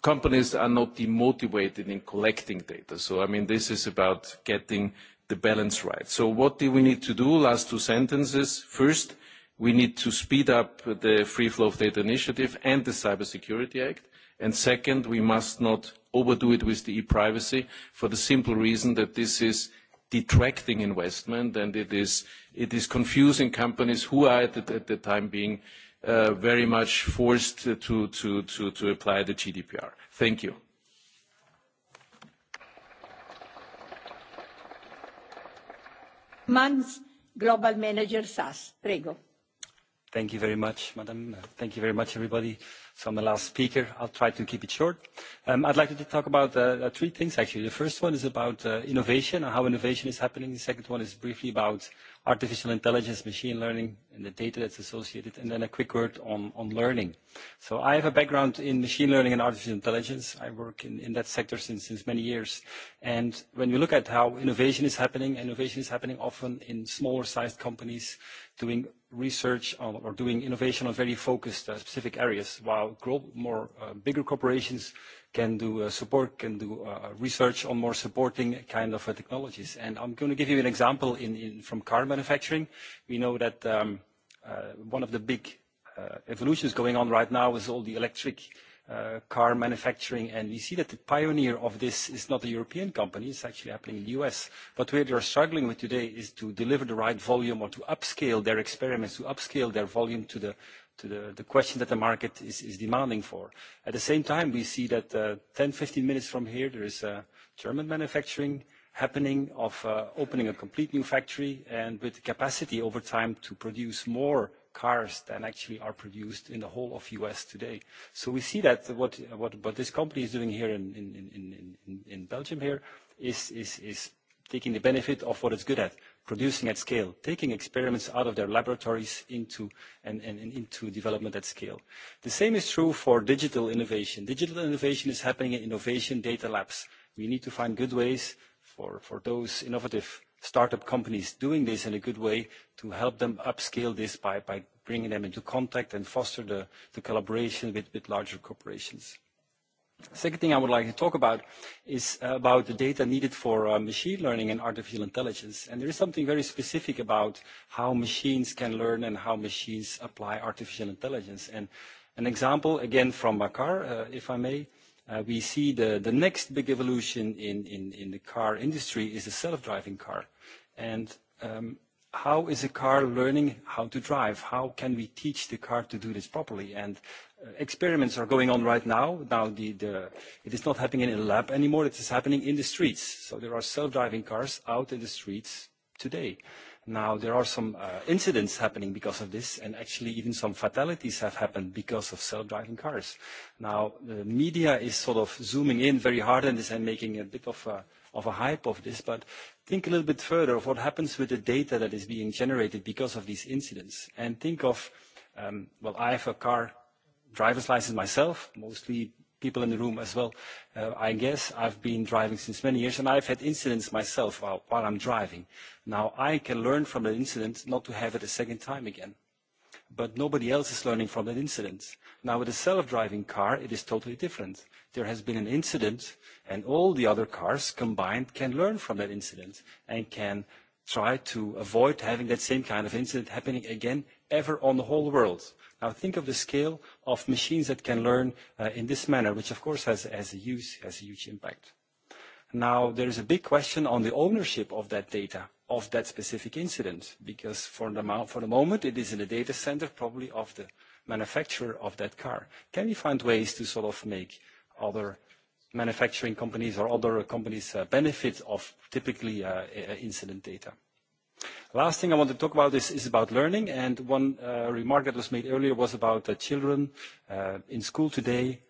companies are not demotivated in collecting data. So, I mean, this is about getting the balance right. So what do we need to do? Last two sentences. First, we need to speed up the Free Flow of Data Initiative and the Cybersecurity Act. And second, we must not overdo it with the e-privacy for the simple reason that this is detracting investment and it is, it is confusing companies who are at the, at the time being uh, very much forced to, to, to, to apply the GDPR. Thank you. Mans Global Manager SAS, prego. Thank you very much, madam. Uh, thank you very much, everybody. So I'm the last speaker. I'll try to keep it short. Um, I'd like to talk about uh, uh, three things, actually. The first one is about innovation and how innovation is happening. The second one is briefly about artificial intelligence, machine learning, and the data that's associated, and then a quick word on, learning. So I have a background in machine learning and artificial intelligence. I work in, that sector since, many years. And when you look at how innovation is happening, innovation is happening often in smaller-sized companies, doing research on or doing innovation on very focused uh, specific areas, while more uh, bigger corporations can do uh, support, can do uh, research on more supporting kind of uh, technologies. And I'm going to give you an example in, in, from car manufacturing. We know that um, uh, one of the big evolutions going on right now is all the electric Uh, car manufacturing. And we see that the pioneer of this is not a European company, it's actually happening in the US. But where are struggling with today is to deliver the right volume or to upscale their experiments, to upscale their volume to the question that the market is, demanding for. At the same time, we see that 10, uh, 15 minutes from here, there is a German manufacturing happening of uh, opening a complete new factory and with capacity over time to produce more cars than actually are produced in the whole of U.S. today. So we see that what, what, this company is doing here in, in, in, in Belgium here is, is, is taking the benefit of what it's good at, producing at scale, taking experiments out of their laboratories into, and, and, and into development at scale. The same is true for digital innovation. Digital innovation is happening in innovation data labs. We need to find good ways for, for those innovative startup companies doing this in a good way to help them upscale this by, bringing them into contact and foster the, collaboration with, larger corporations. Second thing I would like to talk about is about the data needed for uh, machine learning and artificial intelligence. And there is something very specific about how machines can learn and how machines apply artificial intelligence. And an example, again, from a car, uh, if I may, Uh, we see the, next big evolution in, the car industry is a self-driving car. And um, how is a car learning how to drive? How can we teach the car to do this properly? And uh, experiments are going on right now. Now it is not happening in a lab anymore. It is happening in the streets. So there are self-driving cars out in the streets today. Now, there are some uh, incidents happening because of this, and actually even some fatalities have happened because of self-driving cars. Now, the media is sort of zooming in very hard on this and making a bit of a, of a hype of this, but think a little bit further of what happens with the data that is being generated because of these incidents. And think of, um, well, I have a car driver's license myself, mostly people in the room as well. Uh, I guess I've been driving since many years, and I've had incidents myself while, while I'm driving. Now, I can learn from that incident not to have it a second time again. But nobody else is learning from that incident. Now, with a self-driving car, it is totally different. There has been an incident, and all the other cars combined can learn from that incident and can try to avoid having that same kind of incident happening again ever on the whole world. Now think of the scale of machines that can learn uh, in this manner, which of course has, has, a use, has a huge impact. Now there is a big question on the ownership of that data, of that specific incident, because for the, for the moment it is in the data center probably of the manufacturer of that car. Can we find ways to sort of make other manufacturing companies or other companies uh, benefit of typically uh, uh incident data? Last thing I want to talk about is, is about learning, and one uh, remark that was made earlier was about the children uh, in school today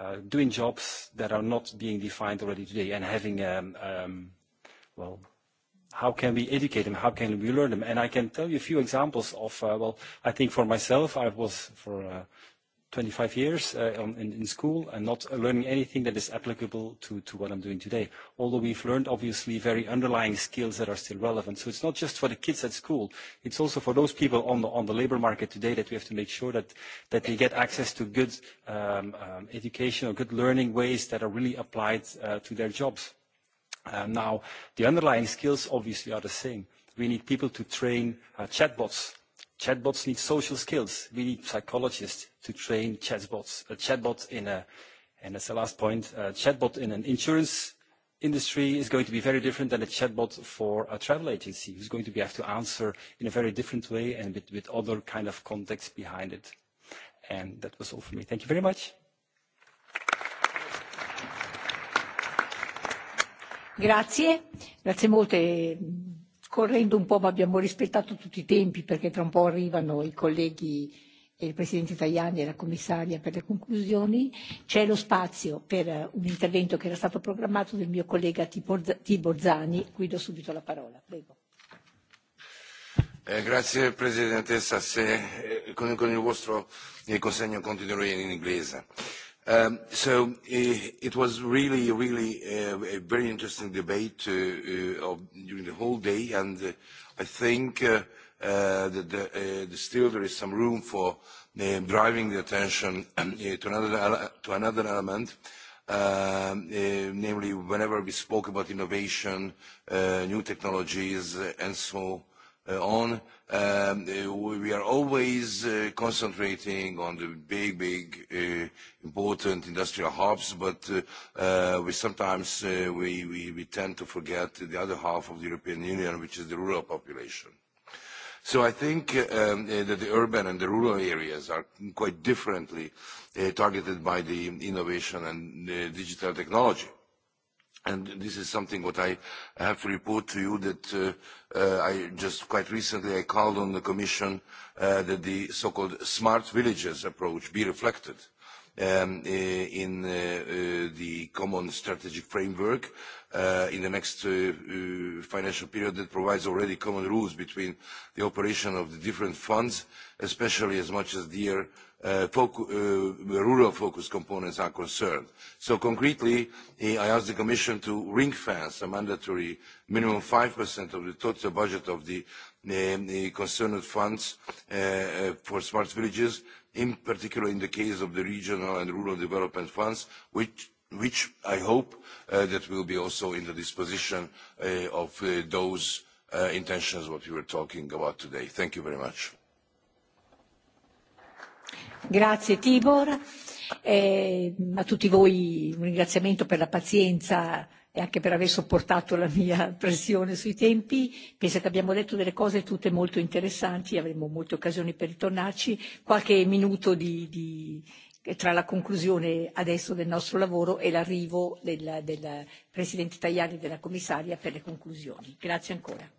uh, doing jobs that are not being defined already today and having, um, um, well, how can we educate them? How can we learn them? And I can tell you a few examples of, uh, well, I think for myself, I was for uh, 25 years uh, on, in, in school and not learning anything that is applicable to, to what I'm doing today. Although we've learned, obviously, very underlying skills that are still relevant. So it's not just for the kids at school. It's also for those people on the, on the labor market today that we have to make sure that, that they get access to good um, um, education or good learning ways that are really applied uh, to their jobs. Uh, now, the underlying skills obviously are the same. We need people to train uh, chatbots Chatbots need social skills. We need psychologists to train chatbots. A chatbot in a, and that's the last point, a chatbot in an insurance industry is going to be very different than a chatbot for a travel agency, who's going to be, have to answer in a very different way and with, with other kind of context behind it. And that was all for me. Thank you very much. Grazie, grazie molte Scorrendo un po', ma abbiamo rispettato tutti i tempi perché tra un po' arrivano i colleghi e il Presidente Tajani e la Commissaria per le conclusioni, c'è lo spazio per eh, un intervento che era stato programmato del mio collega Tibor Zani, Qui do subito la parola. Prego. Eh, grazie Presidentessa, se, eh, con, con il vostro eh, consegno continuerò in inglese. Um, so it, eh, it was really, really a, eh, a very interesting debate uh, uh, of, during the whole day, and uh, I think uh, uh, that the, uh, the still there is some room for uh, driving the attention (clears throat) to another to another element. Uh, uh, namely, whenever we spoke about innovation, uh, new technologies, uh, and so Uh, on, um, uh, we are always uh, concentrating on the big, big, important industrial hubs, but we sometimes we, tend to forget the other half of the European Union, which is the rural population. So I think um, that the urban and the rural areas are quite differently targeted by the innovation and digital technology and this is something what I have to report to you that uh, uh, I just quite recently I called on the Commission uh, that the so-called smart villages approach be reflected um, uh, in uh, uh, the common strategic framework uh, in the next uh, uh, financial period that provides already common rules between the operation of the different funds, especially as much as dear Uh, uh, rural focus components are concerned. So concretely, I ask the Commission to ring-fence a mandatory minimum 5% of the total budget of the uh, concerned funds for smart villages, in particular in the case of the regional and rural development funds, which, which I hope that will be also in the disposition of those intentions what we were talking about today. Thank you very much. Grazie Tibor, eh, a tutti voi un ringraziamento per la pazienza e anche per aver sopportato la mia (laughs) pressione sui tempi. Penso che abbiamo detto delle cose tutte molto interessanti, avremo molte occasioni per ritornarci. Qualche minuto di, di, tra la conclusione adesso del nostro lavoro e l'arrivo del, del Presidente Tajani e della Commissaria per le conclusioni. Grazie ancora.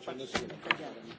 partito italiano.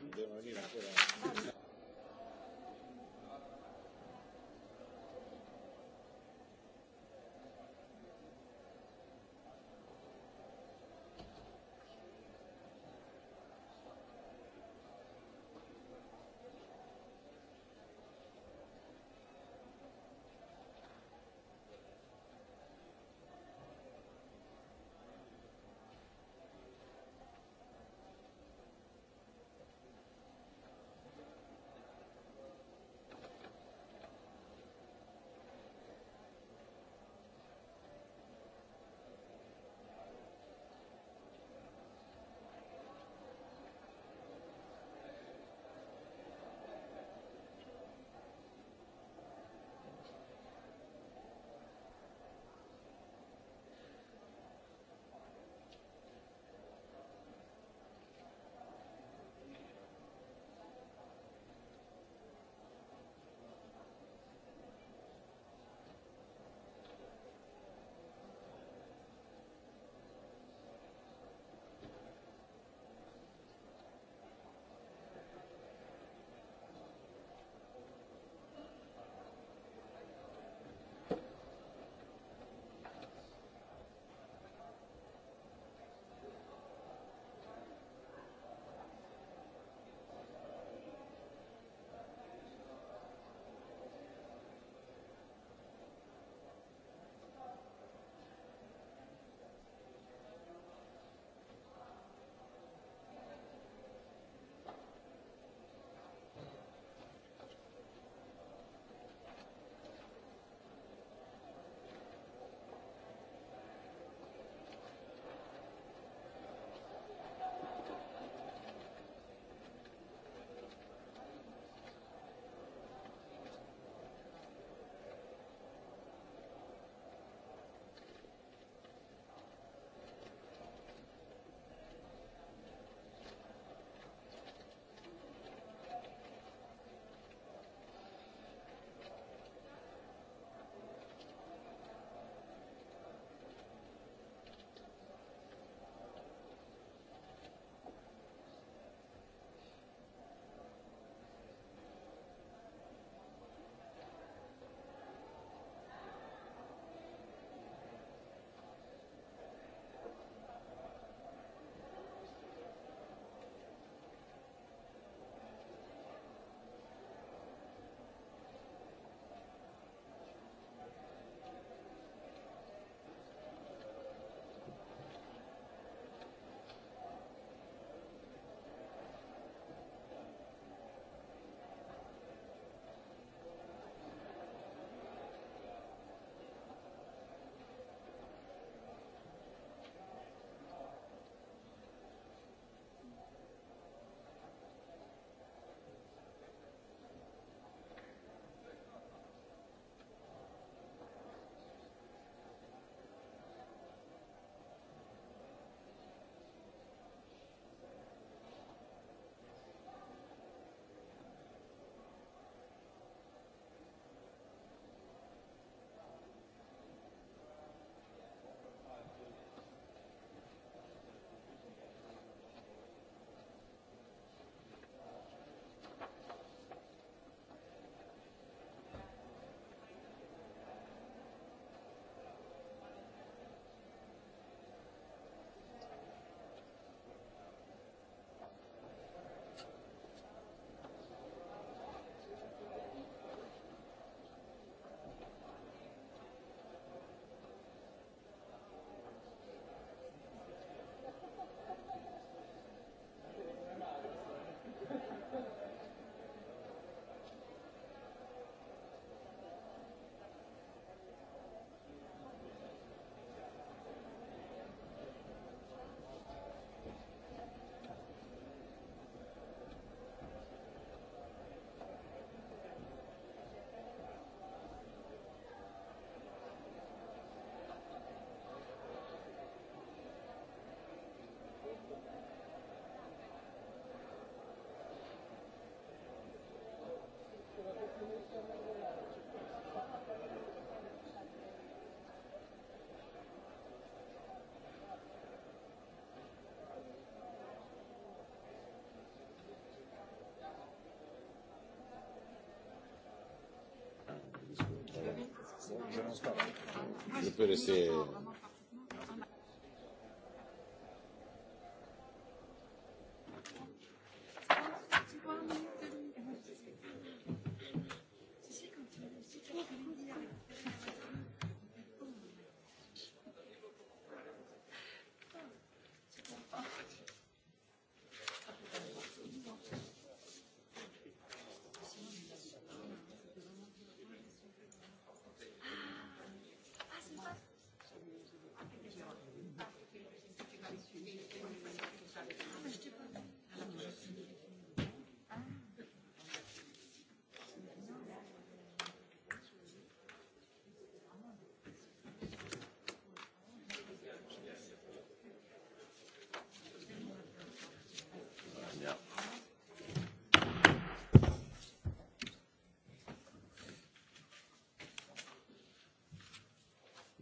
Je peux laisser.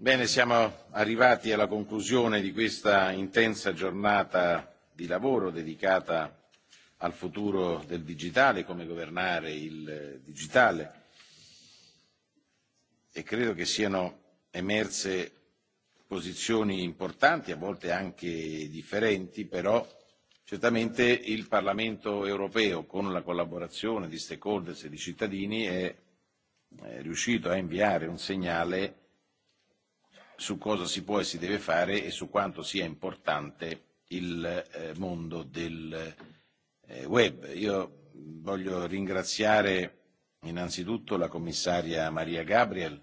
Bene, siamo arrivati alla conclusione di questa intensa giornata di lavoro dedicata al futuro del digitale, come governare il digitale e credo che siano emerse posizioni importanti, a volte anche differenti, però certamente il Parlamento europeo, con la collaborazione di stakeholders e di cittadini, è riuscito a inviare un segnale su cosa si può e si deve fare e su quanto sia importante il eh, mondo del eh, web. Io voglio ringraziare innanzitutto la commissaria Maria Gabriel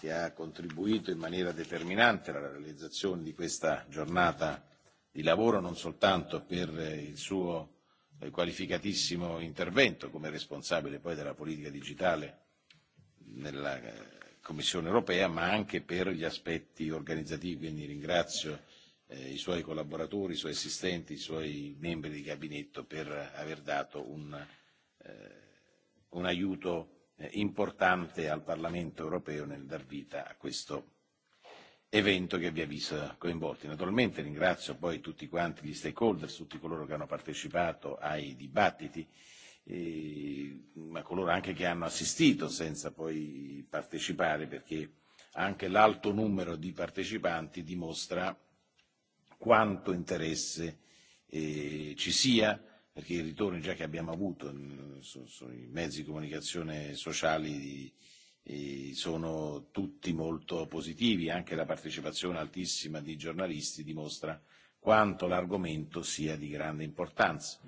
che ha contribuito in maniera determinante alla realizzazione di questa giornata di lavoro non soltanto per eh, il suo qualificatissimo intervento come responsabile poi della politica digitale nella Commissione europea ma anche per gli aspetti organizzativi, quindi ringrazio eh, i suoi collaboratori, i suoi assistenti, i suoi membri di gabinetto per aver dato un, eh, un aiuto eh, importante al Parlamento europeo nel dar vita a questo evento che vi ha visto coinvolti. Naturalmente ringrazio poi tutti quanti gli stakeholders, tutti coloro che hanno partecipato ai dibattiti eh, a coloro anche che hanno assistito senza poi partecipare, perché anche l'alto numero di partecipanti dimostra quanto interesse eh, ci sia, perché i ritorni già che abbiamo avuto mm, sui mezzi di comunicazione sociali eh, sono tutti molto positivi, anche la partecipazione altissima di giornalisti dimostra quanto l'argomento sia di grande importanza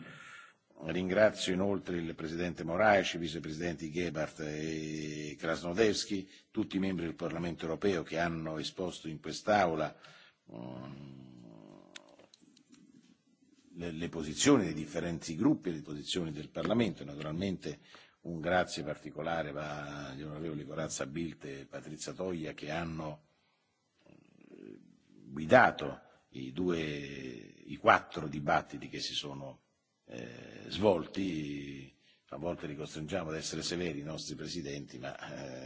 Ringrazio inoltre il Presidente Moraes, i vicepresidenti Gebhardt e krasnodbski tutti i membri del Parlamento europeo che hanno esposto in quest'Aula eh, le posizioni dei differenti gruppi e le posizioni del Parlamento. Naturalmente un grazie particolare va agli onorevoli Corazza bildt e Patrizia Toia che hanno eh, guidato i, due, i quattro dibattiti che si sono Eh, svolti. A volte li costringiamo ad essere severi i nostri presidenti, ma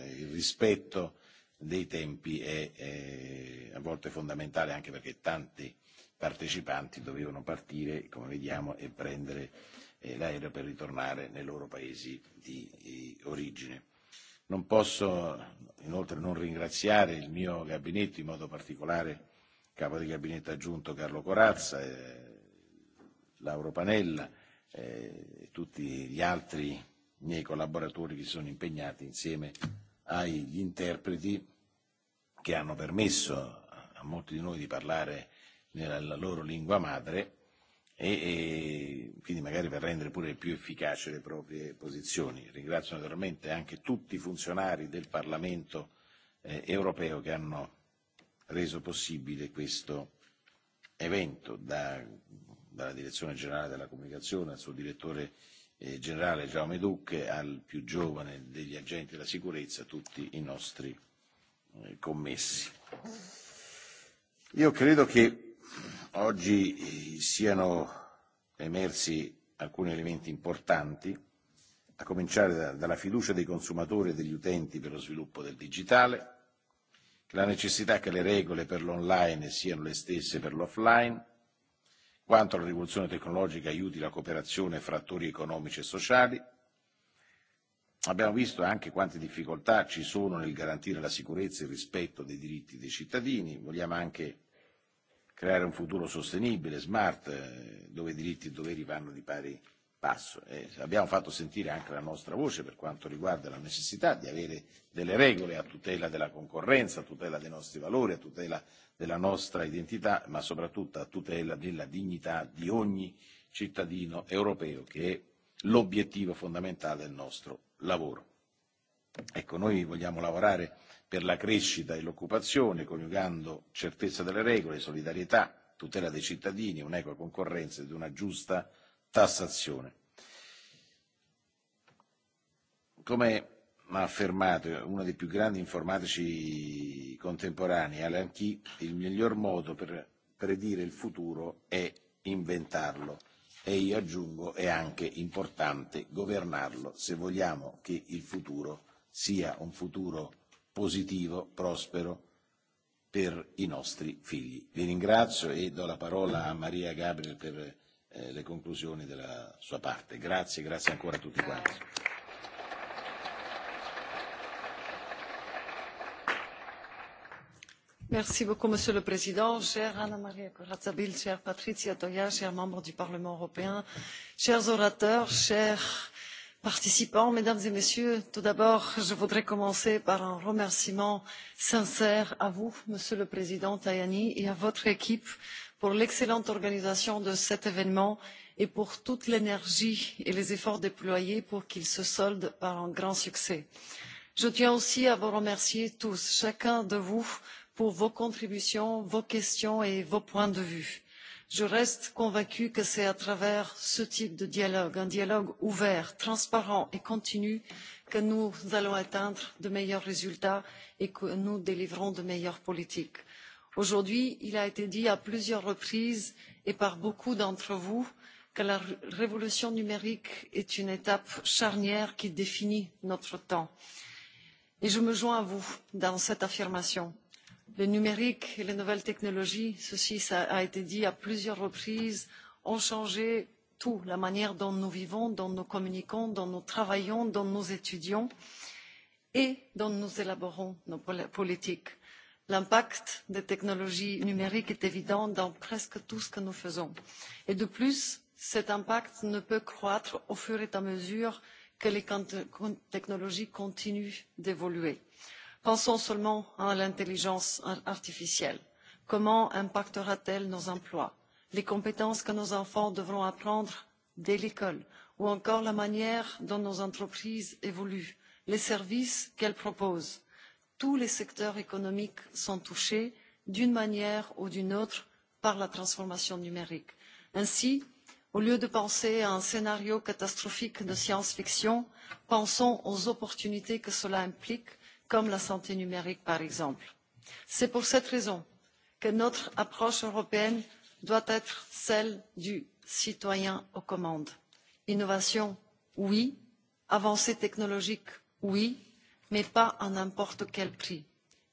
eh, il rispetto dei tempi è, è a volte fondamentale anche perché tanti partecipanti dovevano partire, come vediamo, e prendere eh, l'aereo per ritornare nei loro paesi di, di origine. Non posso inoltre non ringraziare il mio gabinetto, in modo particolare il capo di gabinetto aggiunto Carlo Corazza, eh, Lauro Panella eh, e tutti gli altri miei collaboratori che si sono impegnati insieme agli interpreti che hanno permesso a molti di noi di parlare nella loro lingua madre e, e quindi magari per rendere pure più efficace le proprie posizioni. Ringrazio naturalmente anche tutti i funzionari del Parlamento eh, europeo che hanno reso possibile questo evento, da dalla direzione generale della comunicazione al suo direttore eh, generale Jaume Duc, al più giovane degli agenti della sicurezza, tutti i nostri eh, commessi. Io credo che oggi eh, siano emersi alcuni elementi importanti, a cominciare da, dalla fiducia dei consumatori e degli utenti per lo sviluppo del digitale, la necessità che le regole per l'online siano le stesse per l'offline, quanto la rivoluzione tecnologica aiuti la cooperazione fra attori economici e sociali. Abbiamo visto anche quante difficoltà ci sono nel garantire la sicurezza e il rispetto dei diritti dei cittadini. Vogliamo anche creare un futuro sostenibile, smart, eh, dove diritti e doveri vanno di pari passo. E abbiamo fatto sentire anche la nostra voce per quanto riguarda la necessità di avere delle regole a tutela della concorrenza, a tutela dei nostri valori, a tutela della nostra identità, ma soprattutto a tutela della dignità di ogni cittadino europeo, che è l'obiettivo fondamentale del nostro lavoro. Ecco, noi vogliamo lavorare per la crescita e l'occupazione, coniugando certezza delle regole, solidarietà, tutela dei cittadini, un'equa concorrenza ed una giusta tassazione. Come ha affermato uno dei più grandi informatici contemporanei, Alan Key, il miglior modo per predire il futuro è inventarlo e io aggiungo è anche importante governarlo se vogliamo che il futuro sia un futuro positivo, prospero per i nostri figli. Vi ringrazio e do la parola a Maria Gabriel per Eh, le conclusioni della sua parte. Grazie, grazie ancora a tutti quanti. Merci beaucoup, Monsieur le Président, chère Anna-Maria Corazza-Bild, chère Patricia Toya, chers membres du Parlement européen, chers orateurs, chers participants, mesdames et messieurs, tout d'abord, je voudrais commencer par un remerciement sincère à vous, Monsieur le Président Tajani, et à votre équipe pour l'excellente organisation de cet événement et pour toute l'énergie et les efforts déployés pour qu'il se solde par un grand succès. je tiens aussi à vous remercier tous chacun de vous pour vos contributions vos questions et vos points de vue. je reste convaincue que c'est à travers ce type de dialogue un dialogue ouvert transparent et continu que nous allons atteindre de meilleurs résultats et que nous délivrerons de meilleures politiques aujourd'hui il a été dit à plusieurs reprises et par beaucoup d'entre vous que la révolution numérique est une étape charnière qui définit notre temps et je me joins à vous dans cette affirmation. le numérique et les nouvelles technologies cela a été dit à plusieurs reprises ont changé tout la manière dont nous vivons dont nous communiquons dont nous travaillons dont nous étudions et dont nous élaborons nos politiques l'impact des technologies numériques est évident dans presque tout ce que nous faisons et de plus cet impact ne peut croître au fur et à mesure que les technologies continuent d'évoluer. pensons seulement à l'intelligence artificielle comment impactera t elle nos emplois les compétences que nos enfants devront apprendre dès l'école ou encore la manière dont nos entreprises évoluent les services qu'elles proposent? tous les secteurs économiques sont touchés d'une manière ou d'une autre par la transformation numérique. ainsi au lieu de penser à un scénario catastrophique de science fiction pensons aux opportunités que cela implique comme la santé numérique par exemple. c'est pour cette raison que notre approche européenne doit être celle du citoyen aux commandes. innovation oui avancées technologiques oui mais pas à n'importe quel prix,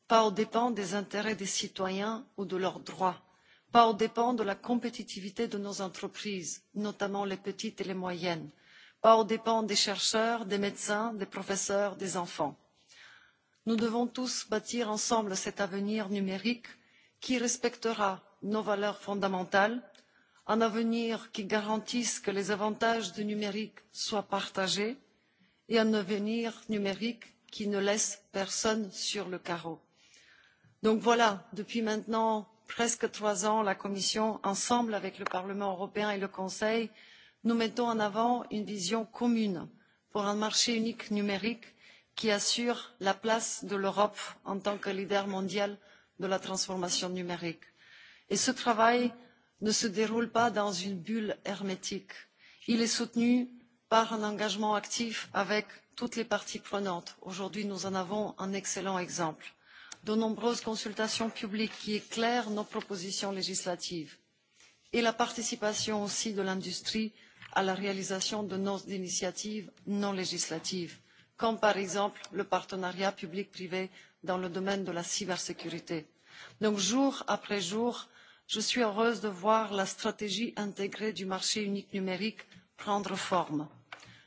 pas aux dépens des intérêts des citoyens ou de leurs droits, pas aux dépens de la compétitivité de nos entreprises, notamment les petites et les moyennes, pas aux dépens des chercheurs, des médecins, des professeurs, des enfants. Nous devons tous bâtir ensemble cet avenir numérique qui respectera nos valeurs fondamentales, un avenir qui garantisse que les avantages du numérique soient partagés et un avenir numérique qui ne laisse personne sur le carreau. donc voilà depuis maintenant presque trois ans la commission ensemble avec le parlement européen et le conseil nous mettons en avant une vision commune pour un marché unique numérique qui assure la place de l'europe en tant que leader mondial de la transformation numérique. et ce travail ne se déroule pas dans une bulle hermétique il est soutenu par un engagement actif avec toutes les parties prenantes. Aujourd'hui, nous en avons un excellent exemple. De nombreuses consultations publiques qui éclairent nos propositions législatives et la participation aussi de l'industrie à la réalisation de nos initiatives non législatives, comme par exemple le partenariat public-privé dans le domaine de la cybersécurité. Donc jour après jour, je suis heureuse de voir la stratégie intégrée du marché unique numérique prendre forme.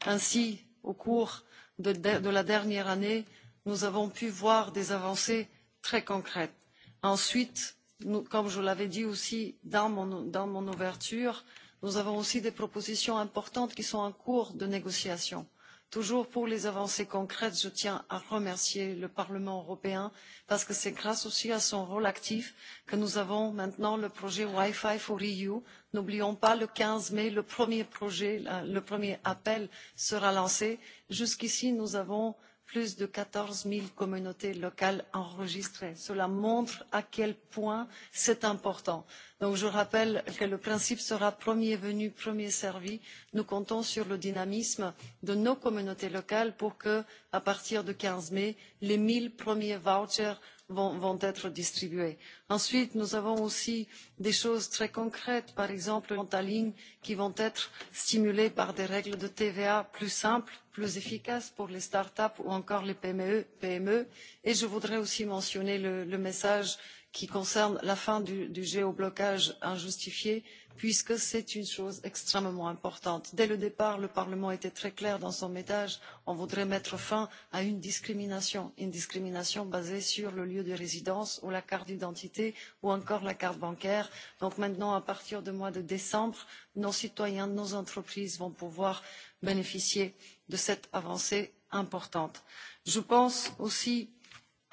Ainsi, au cours de, de, de la dernière année, nous avons pu voir des avancées très concrètes. Ensuite, nous, comme je l'avais dit aussi dans mon, dans mon ouverture, nous avons aussi des propositions importantes qui sont en cours de négociation toujours pour les avancées concrètes je tiens à remercier le parlement européen parce que c'est grâce aussi à son rôle actif que nous avons maintenant le projet wifi quatre eu. n'oublions pas le quinze mai le premier projet le premier appel sera lancé. jusqu'ici nous avons plus de quatorze zéro communautés locales enregistrées. cela montre à quel point c'est important. Donc, je rappelle que le principe sera premier venu premier servi. nous comptons sur le dynamisme de nos communautés locales pour que à partir du quinze mai les un zéro premiers vouchers vont, être distribués. ensuite nous avons aussi des choses très concrètes par exemple les ventes en ligne qui vont être stimulées par des règles de tva plus simples plus efficaces pour les start up ou encore les pme PME. et je voudrais aussi mentionner le, le message qui concerne la fin du, du géoblocage injustifié puisque c'est une chose extrêmement importante. dès le départ le parlement était très clair dans son message on voudrait mettre fin à une discrimination une discrimination basée sur le lieu de résidence ou la carte d'identité ou encore la carte bancaire. donc maintenant à partir du mois de décembre nos citoyens nos entreprises vont pouvoir bénéficier de cette avancée importante. je pense aussi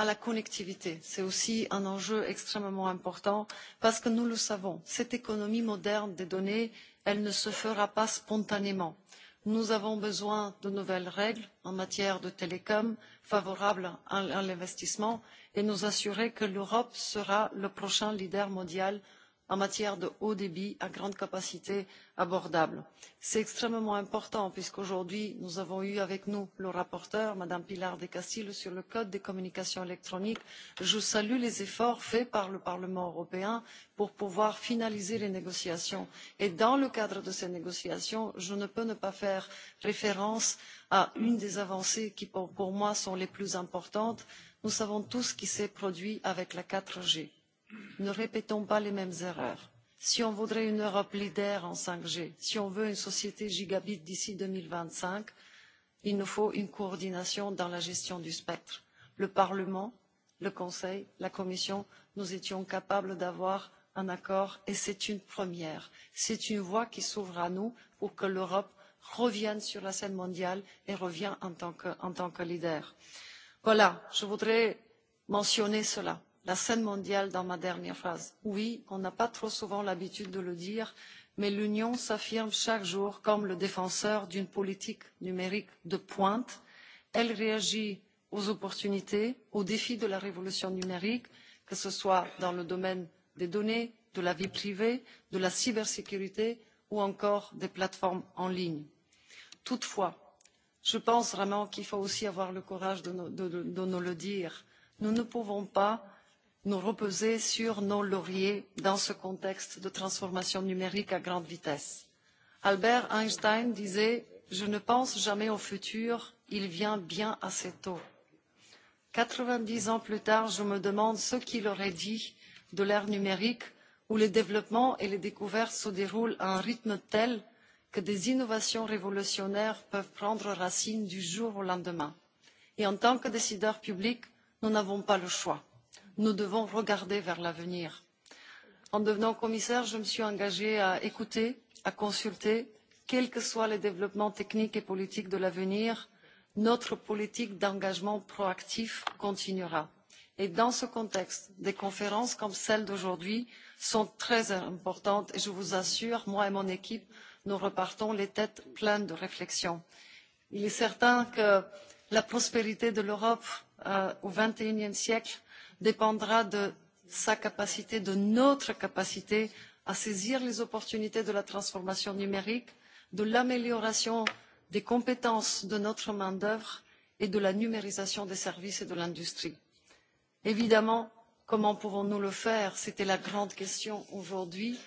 à la connectivité. C'est aussi un enjeu extrêmement important parce que nous le savons, cette économie moderne des données, elle ne se fera pas spontanément. Nous avons besoin de nouvelles règles en matière de télécom favorables à l'investissement et nous assurer que l'Europe sera le prochain leader mondial en matière de haut débit à grande capacité abordable. c'est extrêmement important puisqu'aujourd'hui nous avons eu avec nous le rapporteur mme pilar del castillo sur le code des communications électroniques. je salue les efforts faits par le parlement européen pour pouvoir finaliser les négociations et dans le cadre de ces négociations je ne peux ne pas faire référence à une des avancées qui pour moi sont les plus importantes nous savons tous ce qui s'est produit avec la quatre ne répétons pas les mêmes erreurs. si on voudrait une europe leader en cinq g si on veut une société gigabit d'ici deux mille vingt cinq il nous faut une coordination dans la gestion du spectre. le parlement le conseil la commission nous étions capables d'avoir un accord et c'est une première. c'est une voie qui s'ouvre à nous pour que l'europe revienne sur la scène mondiale et revienne en tant que, leader. voilà je voudrais mentionner cela la scène mondiale dans ma dernière phrase. Oui, on n'a pas trop souvent l'habitude de le dire, mais l'Union s'affirme chaque jour comme le défenseur d'une politique numérique de pointe. Elle réagit aux opportunités, aux défis de la révolution numérique, que ce soit dans le domaine des données, de la vie privée, de la cybersécurité ou encore des plateformes en ligne. Toutefois, je pense vraiment qu'il faut aussi avoir le courage de, no, de, de, de nous le dire. Nous ne pouvons pas nous reposer sur nos lauriers dans ce contexte de transformation numérique à grande vitesse. Albert Einstein disait Je ne pense jamais au futur, il vient bien assez tôt. 90 ans plus tard, je me demande ce qu'il aurait dit de l'ère numérique où les développements et les découvertes se déroulent à un rythme tel que des innovations révolutionnaires peuvent prendre racine du jour au lendemain. Et en tant que décideurs publics, nous n'avons pas le choix nous devons regarder vers l'avenir. en devenant commissaire je me suis engagée à écouter à consulter quels que soient les développements techniques et politiques de l'avenir notre politique d'engagement proactif continuera et dans ce contexte des conférences comme celle d'aujourd'hui sont très importantes et je vous assure moi et mon équipe nous repartons les têtes pleines de réflexions. il est certain que la prospérité de l'europe euh, au xxie siècle dépendra de sa capacité, de notre capacité à saisir les opportunités de la transformation numérique, de l'amélioration des compétences de notre main d'œuvre et de la numérisation des services et de l'industrie. Évidemment, comment pouvons nous le faire? C'était la grande question aujourd'hui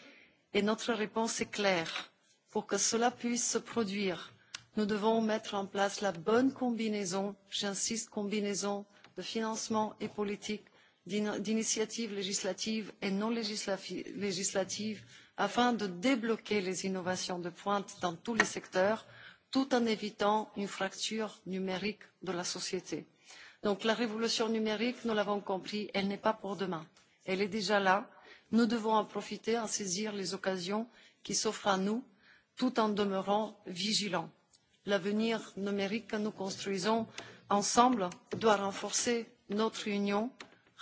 et notre réponse est claire. Pour que cela puisse se produire, nous devons mettre en place la bonne combinaison j'insiste combinaison de financement et politique d'initiatives législatives et non législatives afin de débloquer les innovations de pointe dans tous les secteurs tout en évitant une fracture numérique de la société. Donc, la révolution numérique nous l'avons compris elle n'est pas pour demain elle est déjà là. nous devons en profiter en saisir les occasions qui s'offrent à nous tout en demeurant vigilants. l'avenir numérique que nous construisons ensemble doit renforcer notre union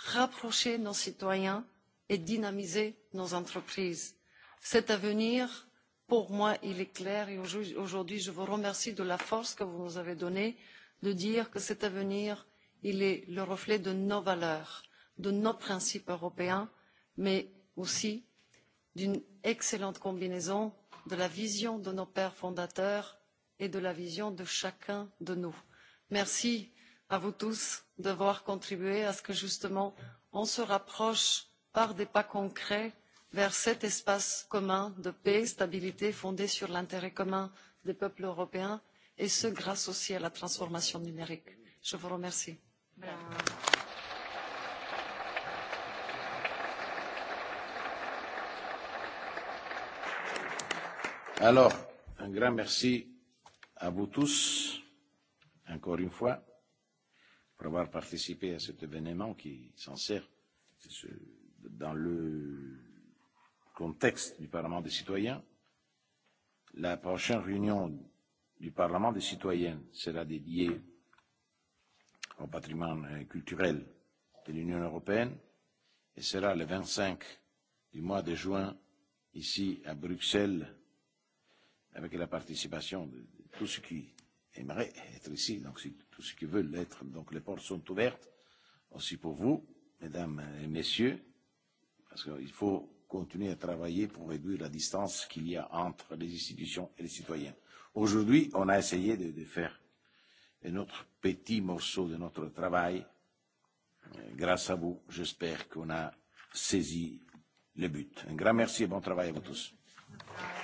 rapprocher nos citoyens et dynamiser nos entreprises. cet avenir pour moi il est clair et aujourd'hui je vous remercie de la force que vous nous avez donnée de dire que cet avenir il est le reflet de nos valeurs de nos principes européens mais aussi d'une excellente combinaison de la vision de nos pères fondateurs et de la vision de chacun de nous. merci à vous tous d'avoir contribué à ce que justement on se rapproche par des pas concrets vers cet espace commun de paix et de stabilité fondé sur l'intérêt commun des peuples européens et ce grâce aussi à la transformation numérique. je vous remercie. alors un grand merci à vous tous encore une fois pour avoir participé à cet événement qui est sincère dans le contexte du Parlement des citoyens. La prochaine réunion du Parlement des citoyens sera dédiée au patrimoine culturel de l'Union européenne et sera le 25 du mois de juin ici à Bruxelles avec la participation de tout ce qui aimerait être ici. Donc, si tous ceux qui veulent l'être, donc les portes sont ouvertes aussi pour vous, mesdames et messieurs, parce qu'il faut continuer à travailler pour réduire la distance qu'il y a entre les institutions et les citoyens. Aujourd'hui, on a essayé de, de faire un autre petit morceau de notre travail. Euh, grâce à vous, j'espère qu'on a saisi le but. Un grand merci et bon travail à vous tous. Merci.